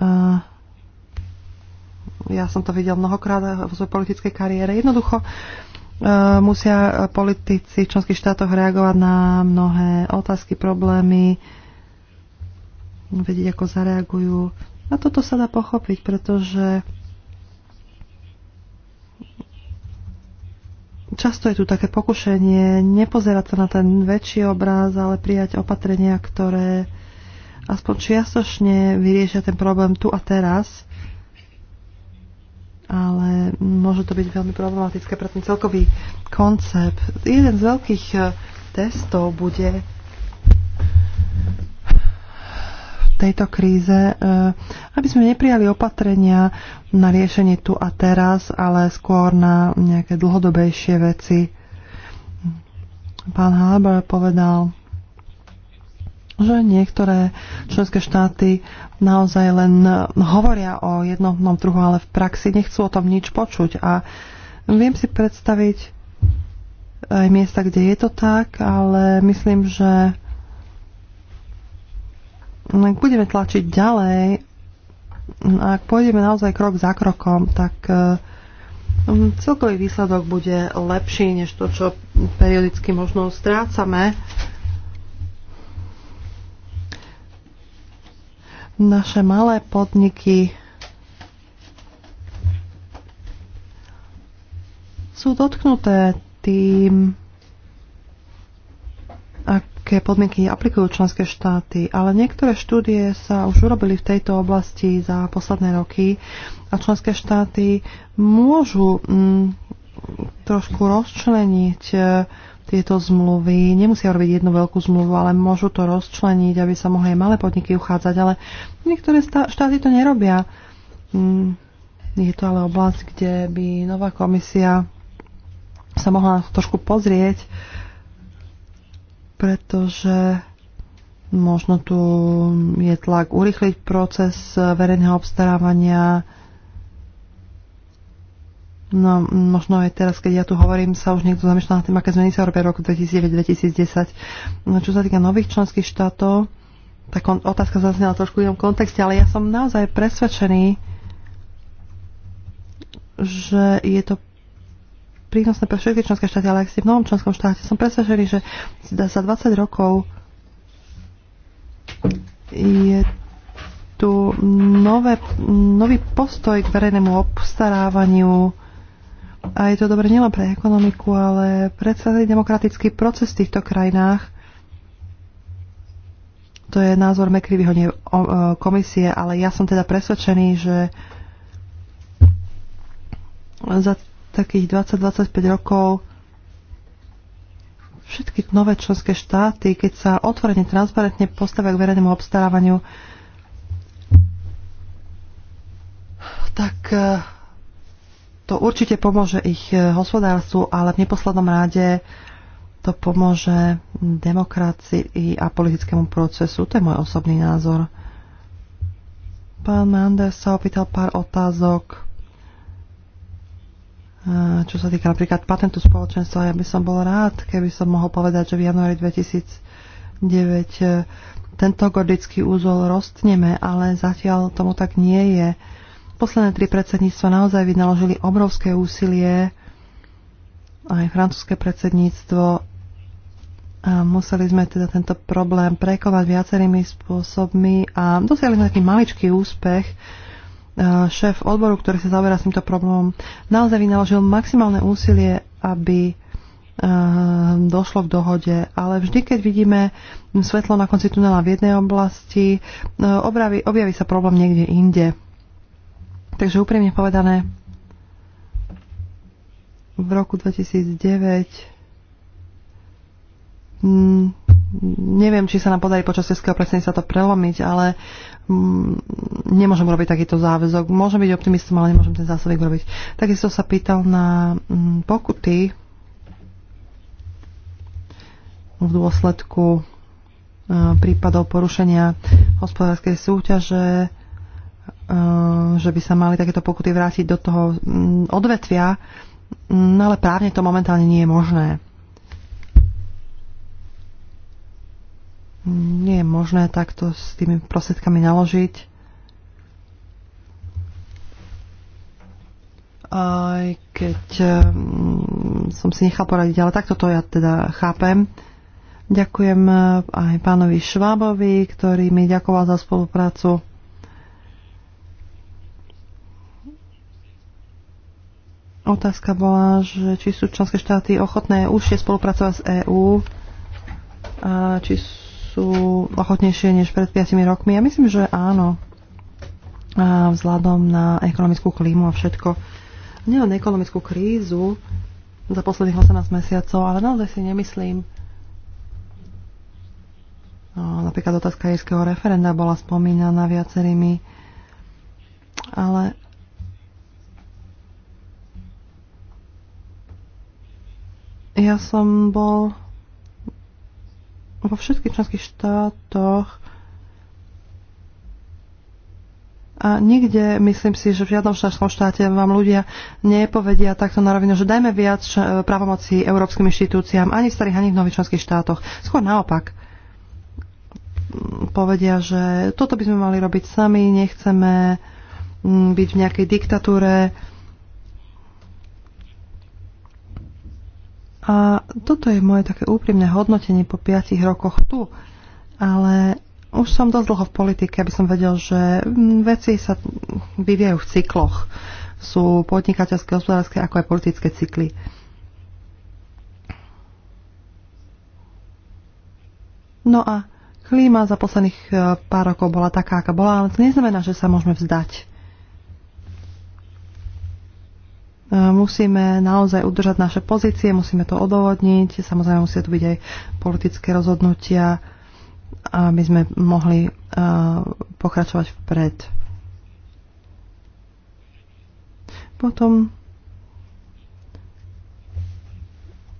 Eh, ja som to videl mnohokrát vo svojej politickej kariére. Jednoducho eh, musia politici v členských štátoch reagovať na mnohé otázky, problémy, vedieť, ako zareagujú. A toto sa dá pochopiť, pretože často je tu také pokušenie nepozerať sa na ten väčší obraz, ale prijať opatrenia, ktoré aspoň čiastočne vyriešia ten problém tu a teraz, ale môže to byť veľmi problematické pre ten celkový koncept. Jeden z veľkých e, testov bude v tejto kríze, e, aby sme neprijali opatrenia na riešenie tu a teraz, ale skôr na nejaké dlhodobejšie veci. Pán Haber povedal, že niektoré členské štáty naozaj len hovoria o jednotnom trhu, ale v praxi nechcú o tom nič počuť. A viem si predstaviť aj miesta, kde je to tak, ale myslím, že ak budeme tlačiť ďalej, ak pôjdeme naozaj krok za krokom, tak mm, celkový výsledok bude lepší než to, čo periodicky možno strácame Naše malé podniky sú dotknuté tým, aké podmienky aplikujú členské štáty, ale niektoré štúdie sa už urobili v tejto oblasti za posledné roky a členské štáty môžu mm, trošku rozčleniť tieto zmluvy. Nemusia robiť jednu veľkú zmluvu, ale môžu to rozčleniť, aby sa mohli aj malé podniky uchádzať, ale niektoré štáty to nerobia. Mm, je to ale oblasť, kde by nová komisia sa mohla trošku pozrieť, pretože možno tu je tlak urychliť proces verejného obstarávania, No, možno aj teraz, keď ja tu hovorím, sa už niekto zamýšľa nad tým, aké zmeny sa robia v roku 2009-2010. No, čo sa týka nových členských štátov, tak on, otázka zaznela trošku v inom kontexte, ale ja som naozaj presvedčený, že je to prínosné pre všetky členské štáty, ale ak ste v novom členskom štáte, som presvedčený, že za 20 rokov je tu nové, nový postoj k verejnému obstarávaniu, a je to dobre nielen pre ekonomiku, ale pre celý demokratický proces v týchto krajinách. To je názor Mekrivyho komisie, ale ja som teda presvedčený, že za takých 20-25 rokov všetky nové členské štáty, keď sa otvorene, transparentne postavia k verejnému obstarávaniu, tak eh, to určite pomôže ich e, hospodárstvu, ale v neposlednom rade to pomôže demokracii a politickému procesu. To je môj osobný názor. Pán Manders sa opýtal pár otázok, e, čo sa týka napríklad patentu spoločenstva. Ja by som bol rád, keby som mohol povedať, že v januári 2009 e, tento gordický úzol rostneme, ale zatiaľ tomu tak nie je posledné tri predsedníctva naozaj vynaložili obrovské úsilie, aj francúzske predsedníctvo. A museli sme teda tento problém prekovať viacerými spôsobmi a dosiahli sme taký maličký úspech. Šéf odboru, ktorý sa zaoberá s týmto problémom, naozaj vynaložil maximálne úsilie, aby došlo k dohode. Ale vždy, keď vidíme svetlo na konci tunela v jednej oblasti, objaví, objaví sa problém niekde inde. Takže úprimne povedané, v roku 2009 mm, neviem, či sa nám podarí počas českého predsedníctva to prelomiť, ale mm, nemôžem urobiť takýto záväzok. Môžem byť optimistom, ale nemôžem ten zásadek urobiť. Takisto sa pýtal na mm, pokuty v dôsledku e, prípadov porušenia hospodárskej súťaže že by sa mali takéto pokuty vrátiť do toho mm, odvetvia, no ale právne to momentálne nie je možné. Mm, nie je možné takto s tými prostriedkami naložiť. Aj keď som si nechal poradiť, ale takto to ja teda chápem. Ďakujem eh, aj pánovi Švábovi, ktorý mi ďakoval za spoluprácu. Otázka bola, že či sú členské štáty ochotné užšie spolupracovať s EÚ, a či sú ochotnejšie než pred 5 rokmi. Ja myslím, že áno. A vzhľadom na ekonomickú klímu a všetko. Nielen ekonomickú krízu za posledných 18 mesiacov, ale naozaj si nemyslím. No, napríklad otázka írskeho referenda bola spomínaná viacerými. Ale Ja som bol vo všetkých členských štátoch a nikde, myslím si, že v žiadnom členskom štáte vám ľudia nepovedia takto na rovinu, že dajme viac eh, právomocí európskym inštitúciám, ani v starých, ani v nových členských štátoch. Skôr naopak. Povedia, že toto by sme mali robiť sami, nechceme mm, byť v nejakej diktatúre, A toto je moje také úprimné hodnotenie po 5 rokoch tu. Ale už som dosť dlho v politike, aby som vedel, že veci sa vyvíjajú v cykloch. Sú podnikateľské, hospodárske, ako aj politické cykly. No a klíma za posledných e, pár rokov bola taká, aká bola, ale to neznamená, že sa môžeme vzdať musíme naozaj udržať naše pozície, musíme to odôvodniť, samozrejme musia tu byť aj politické rozhodnutia, aby sme mohli e, pokračovať vpred. Potom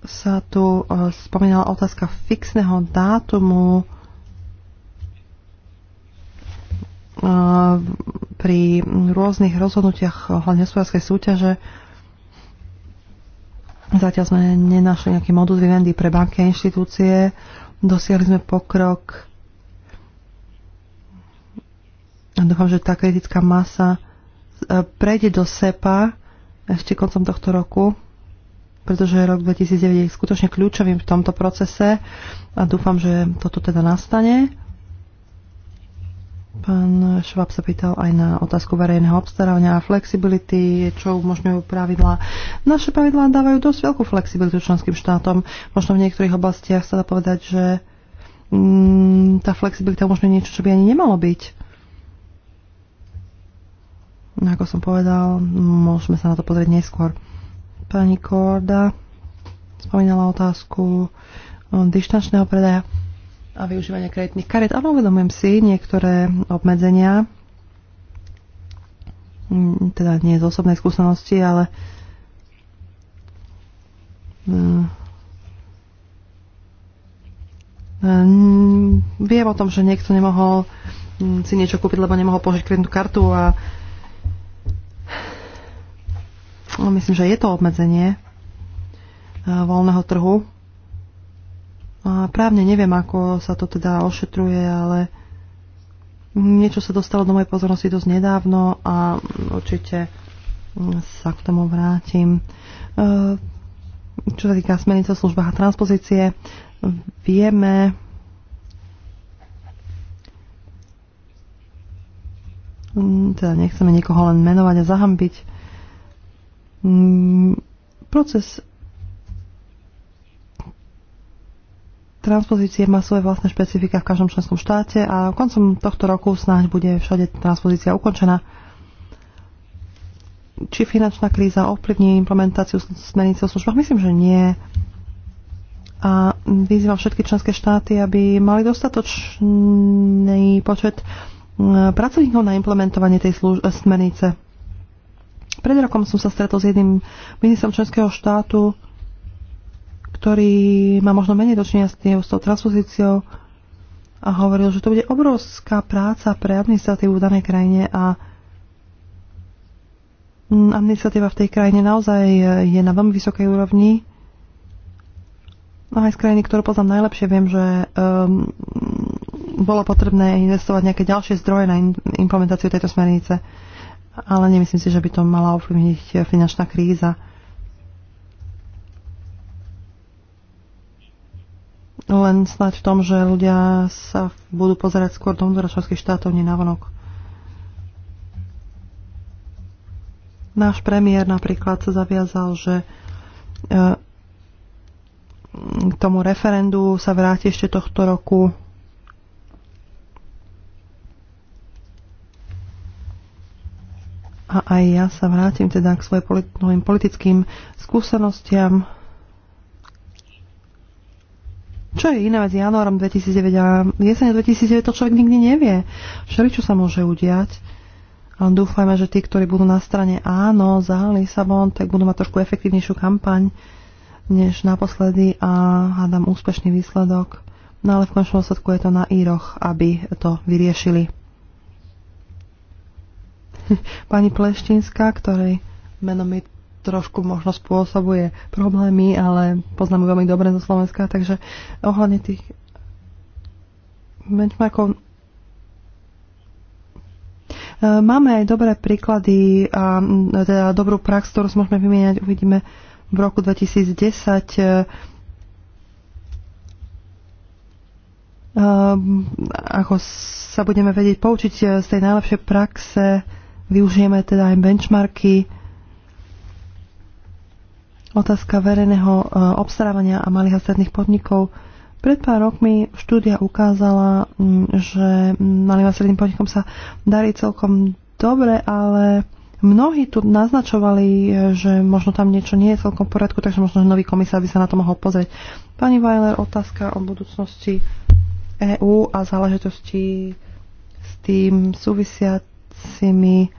sa tu e, spomínala otázka fixného dátumu e, pri rôznych rozhodnutiach hlavne hospodárskej súťaže. Zatiaľ sme nenašli nejaký modus vivendi pre banky a inštitúcie. Dosiahli sme pokrok. A dúfam, že tá kritická masa e, prejde do SEPA ešte koncom tohto roku, pretože rok 2009 je skutočne kľúčovým v tomto procese a dúfam, že toto teda nastane. Pán Švab sa pýtal aj na otázku verejného obstarávania a flexibility, čo umožňujú pravidlá. Naše pravidlá dávajú dosť veľkú flexibilitu členským štátom. Možno v niektorých oblastiach sa dá povedať, že mm, tá flexibilita umožňuje niečo, čo by ani nemalo byť. Ako som povedal, môžeme sa na to pozrieť neskôr. Pani Korda spomínala otázku mm, dištančného predaja a využívania kreditných karet, ale uvedomujem si niektoré obmedzenia, mm, teda nie z osobnej skúsenosti, ale mm, mm, viem o tom, že niekto nemohol si niečo kúpiť, lebo nemohol požiť kreditnú kartu a no, myslím, že je to obmedzenie eh, voľného trhu a právne neviem, ako sa to teda ošetruje, ale niečo sa dostalo do mojej pozornosti dosť nedávno a určite sa k tomu vrátim. E, čo sa týka smernice službách a transpozície, vieme, teda nechceme niekoho len menovať a zahambiť. Proces Transpozície má svoje vlastné špecifika v každom členskom štáte a koncom tohto roku snáď bude všade transpozícia ukončená. Či finančná kríza ovplyvní implementáciu smernice o službách? Myslím, že nie. A vyzývam všetky členské štáty, aby mali dostatočný počet mm, pracovníkov na implementovanie tej smernice. Pred rokom som sa stretol s jedným ministrom členského štátu, ktorý má možno menej dočenia s, tým, s tou transpozíciou a hovoril, že to bude obrovská práca pre administratívu v danej krajine a administratíva v tej krajine naozaj je na veľmi vysokej úrovni. No aj z krajiny, ktorú poznám najlepšie, viem, že um, bolo potrebné investovať nejaké ďalšie zdroje na implementáciu tejto smernice, ale nemyslím si, že by to mala ovplyvniť finančná kríza. len snáď v tom, že ľudia sa budú pozerať skôr do členských štátov, nie vonok. Náš premiér napríklad sa zaviazal, že e, k tomu referendu sa vráti ešte tohto roku. A aj ja sa vrátim teda k svojim politickým skúsenostiam. Čo je iné medzi januárom 2009 a jesene 2009, to človek nikdy nevie. čo sa môže udiať. Len dúfajme, že tí, ktorí budú na strane áno za Lisabon, tak budú mať trošku efektívnejšiu kampaň než naposledy a hádam úspešný výsledok. No ale v končnom osadku je to na Íroch, aby to vyriešili. Pani Pleštinská, ktorej meno mi trošku možno spôsobuje problémy, ale poznám veľmi dobre zo Slovenska, takže ohľadne tých benchmarkov e, Máme aj dobré príklady a teda dobrú prax, ktorú môžeme vymieňať. Uvidíme v roku 2010 e, e, ako sa budeme vedieť poučiť z tej najlepšej praxe. Využijeme teda aj benchmarky otázka verejného e, obstarávania a malých a stredných podnikov. Pred pár rokmi štúdia ukázala, že malým a stredným podnikom sa darí celkom dobre, ale mnohí tu naznačovali, e, že možno tam niečo nie je celkom v poriadku, takže možno nový komisár by sa na to mohol pozrieť. Pani Weiler, otázka o budúcnosti EÚ a záležitosti s tým súvisiacimi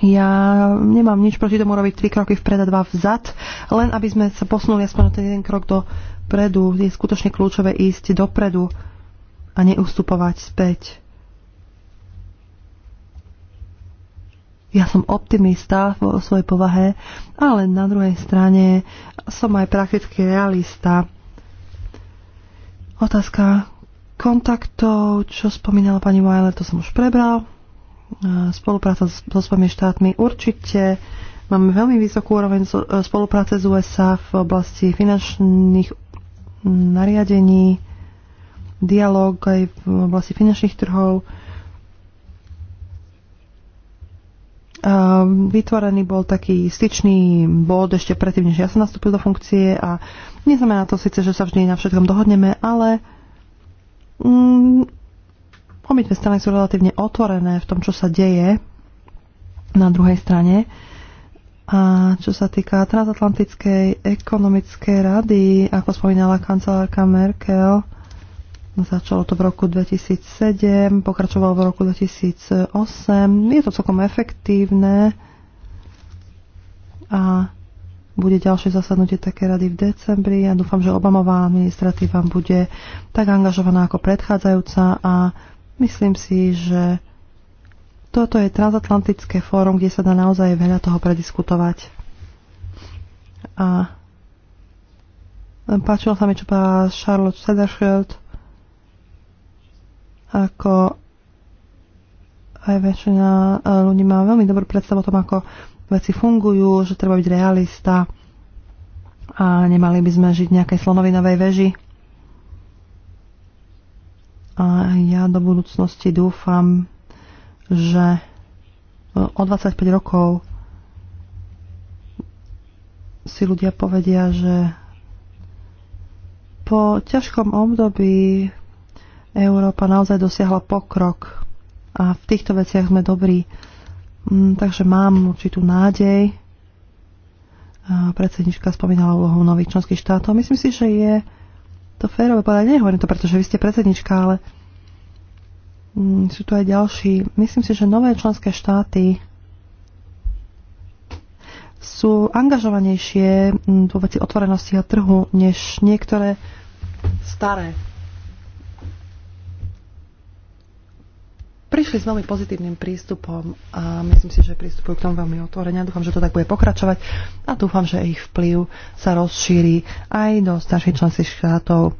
Ja nemám nič proti tomu robiť tri kroky vpred a dva vzad, len aby sme sa posunuli aspoň ten jeden krok dopredu. Je skutočne kľúčové ísť dopredu a neustupovať späť. Ja som optimista vo svojej povahe, ale na druhej strane som aj prakticky realista. Otázka kontaktov, čo spomínala pani Weiler, to som už prebral. E, spolupráca so svojimi štátmi. Určite máme veľmi vysokú úroveň e, spolupráce z USA v oblasti finančných nariadení, dialog aj v oblasti finančných trhov. Vytvorený bol taký styčný bod ešte predtým, než ja som nastúpil do funkcie a neznamená to síce, že sa vždy na všetkom dohodneme, ale mm, Obidve strany sú relatívne otvorené v tom, čo sa deje na druhej strane. A čo sa týka transatlantickej ekonomickej rady, ako spomínala kancelárka Merkel, začalo to v roku 2007, pokračovalo v roku 2008. Je to celkom efektívne a bude ďalšie zasadnutie také rady v decembri. Ja dúfam, že Obamová administratíva bude tak angažovaná ako predchádzajúca a Myslím si, že toto je transatlantické fórum, kde sa dá naozaj veľa toho prediskutovať. A páčilo sa mi, čo povedala Charlotte Sederschild, ako aj väčšina e, ľudí má veľmi dobrú predstavu o tom, ako veci fungujú, že treba byť realista a nemali by sme žiť v nejakej slonovinovej veži. A ja do budúcnosti dúfam, že e, o 25 rokov si ľudia povedia, že po ťažkom období Európa naozaj dosiahla pokrok a v týchto veciach sme dobrí. Mm, takže mám určitú nádej. Predsednička spomínala úlohu nových členských štátov. Myslím si, že je to férové povedať. Nehovorím to, pretože vy ste predsednička, ale mm, sú tu aj ďalší. Myslím si, že nové členské štáty sú angažovanejšie mm, vo veci otvorenosti a trhu než niektoré staré prišli s veľmi pozitívnym prístupom a myslím si, že prístupujú k tomu veľmi otvorene. Dúfam, že to tak bude pokračovať a dúfam, že ich vplyv sa rozšíri aj do starších členských štátov,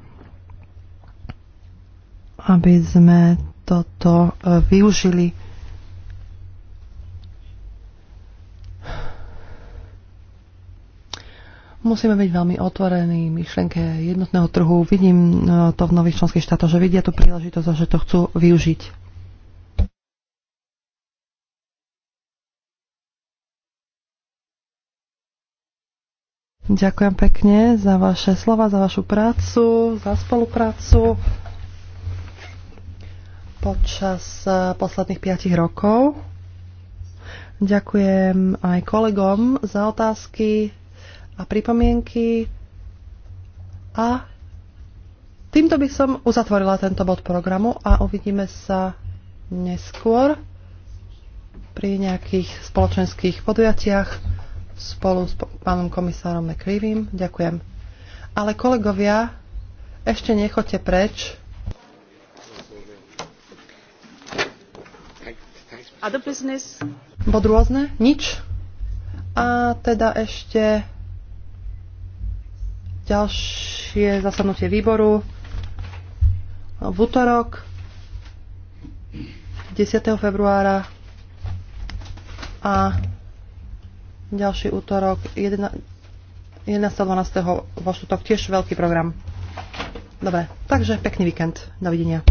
aby sme toto e, využili. Musíme byť veľmi otvorení myšlenke jednotného trhu. Vidím e, to v nových členských štátoch, že vidia tú príležitosť a že to chcú využiť. Ďakujem pekne za vaše slova, za vašu prácu, za spoluprácu počas eh, posledných piatich rokov. Ďakujem aj kolegom za otázky a pripomienky. A týmto by som uzatvorila tento bod programu a uvidíme sa neskôr pri nejakých spoločenských podujatiach spolu s pánom komisárom McCreevym. Ďakujem. Ale kolegovia, ešte nechoďte preč. Other business? Bod rôzne? Nič? A teda ešte ďalšie zasadnutie výboru v útorok 10. februára a ďalší útorok 11.12. vo štútok tiež veľký program. Dobre, takže pekný víkend. Dovidenia.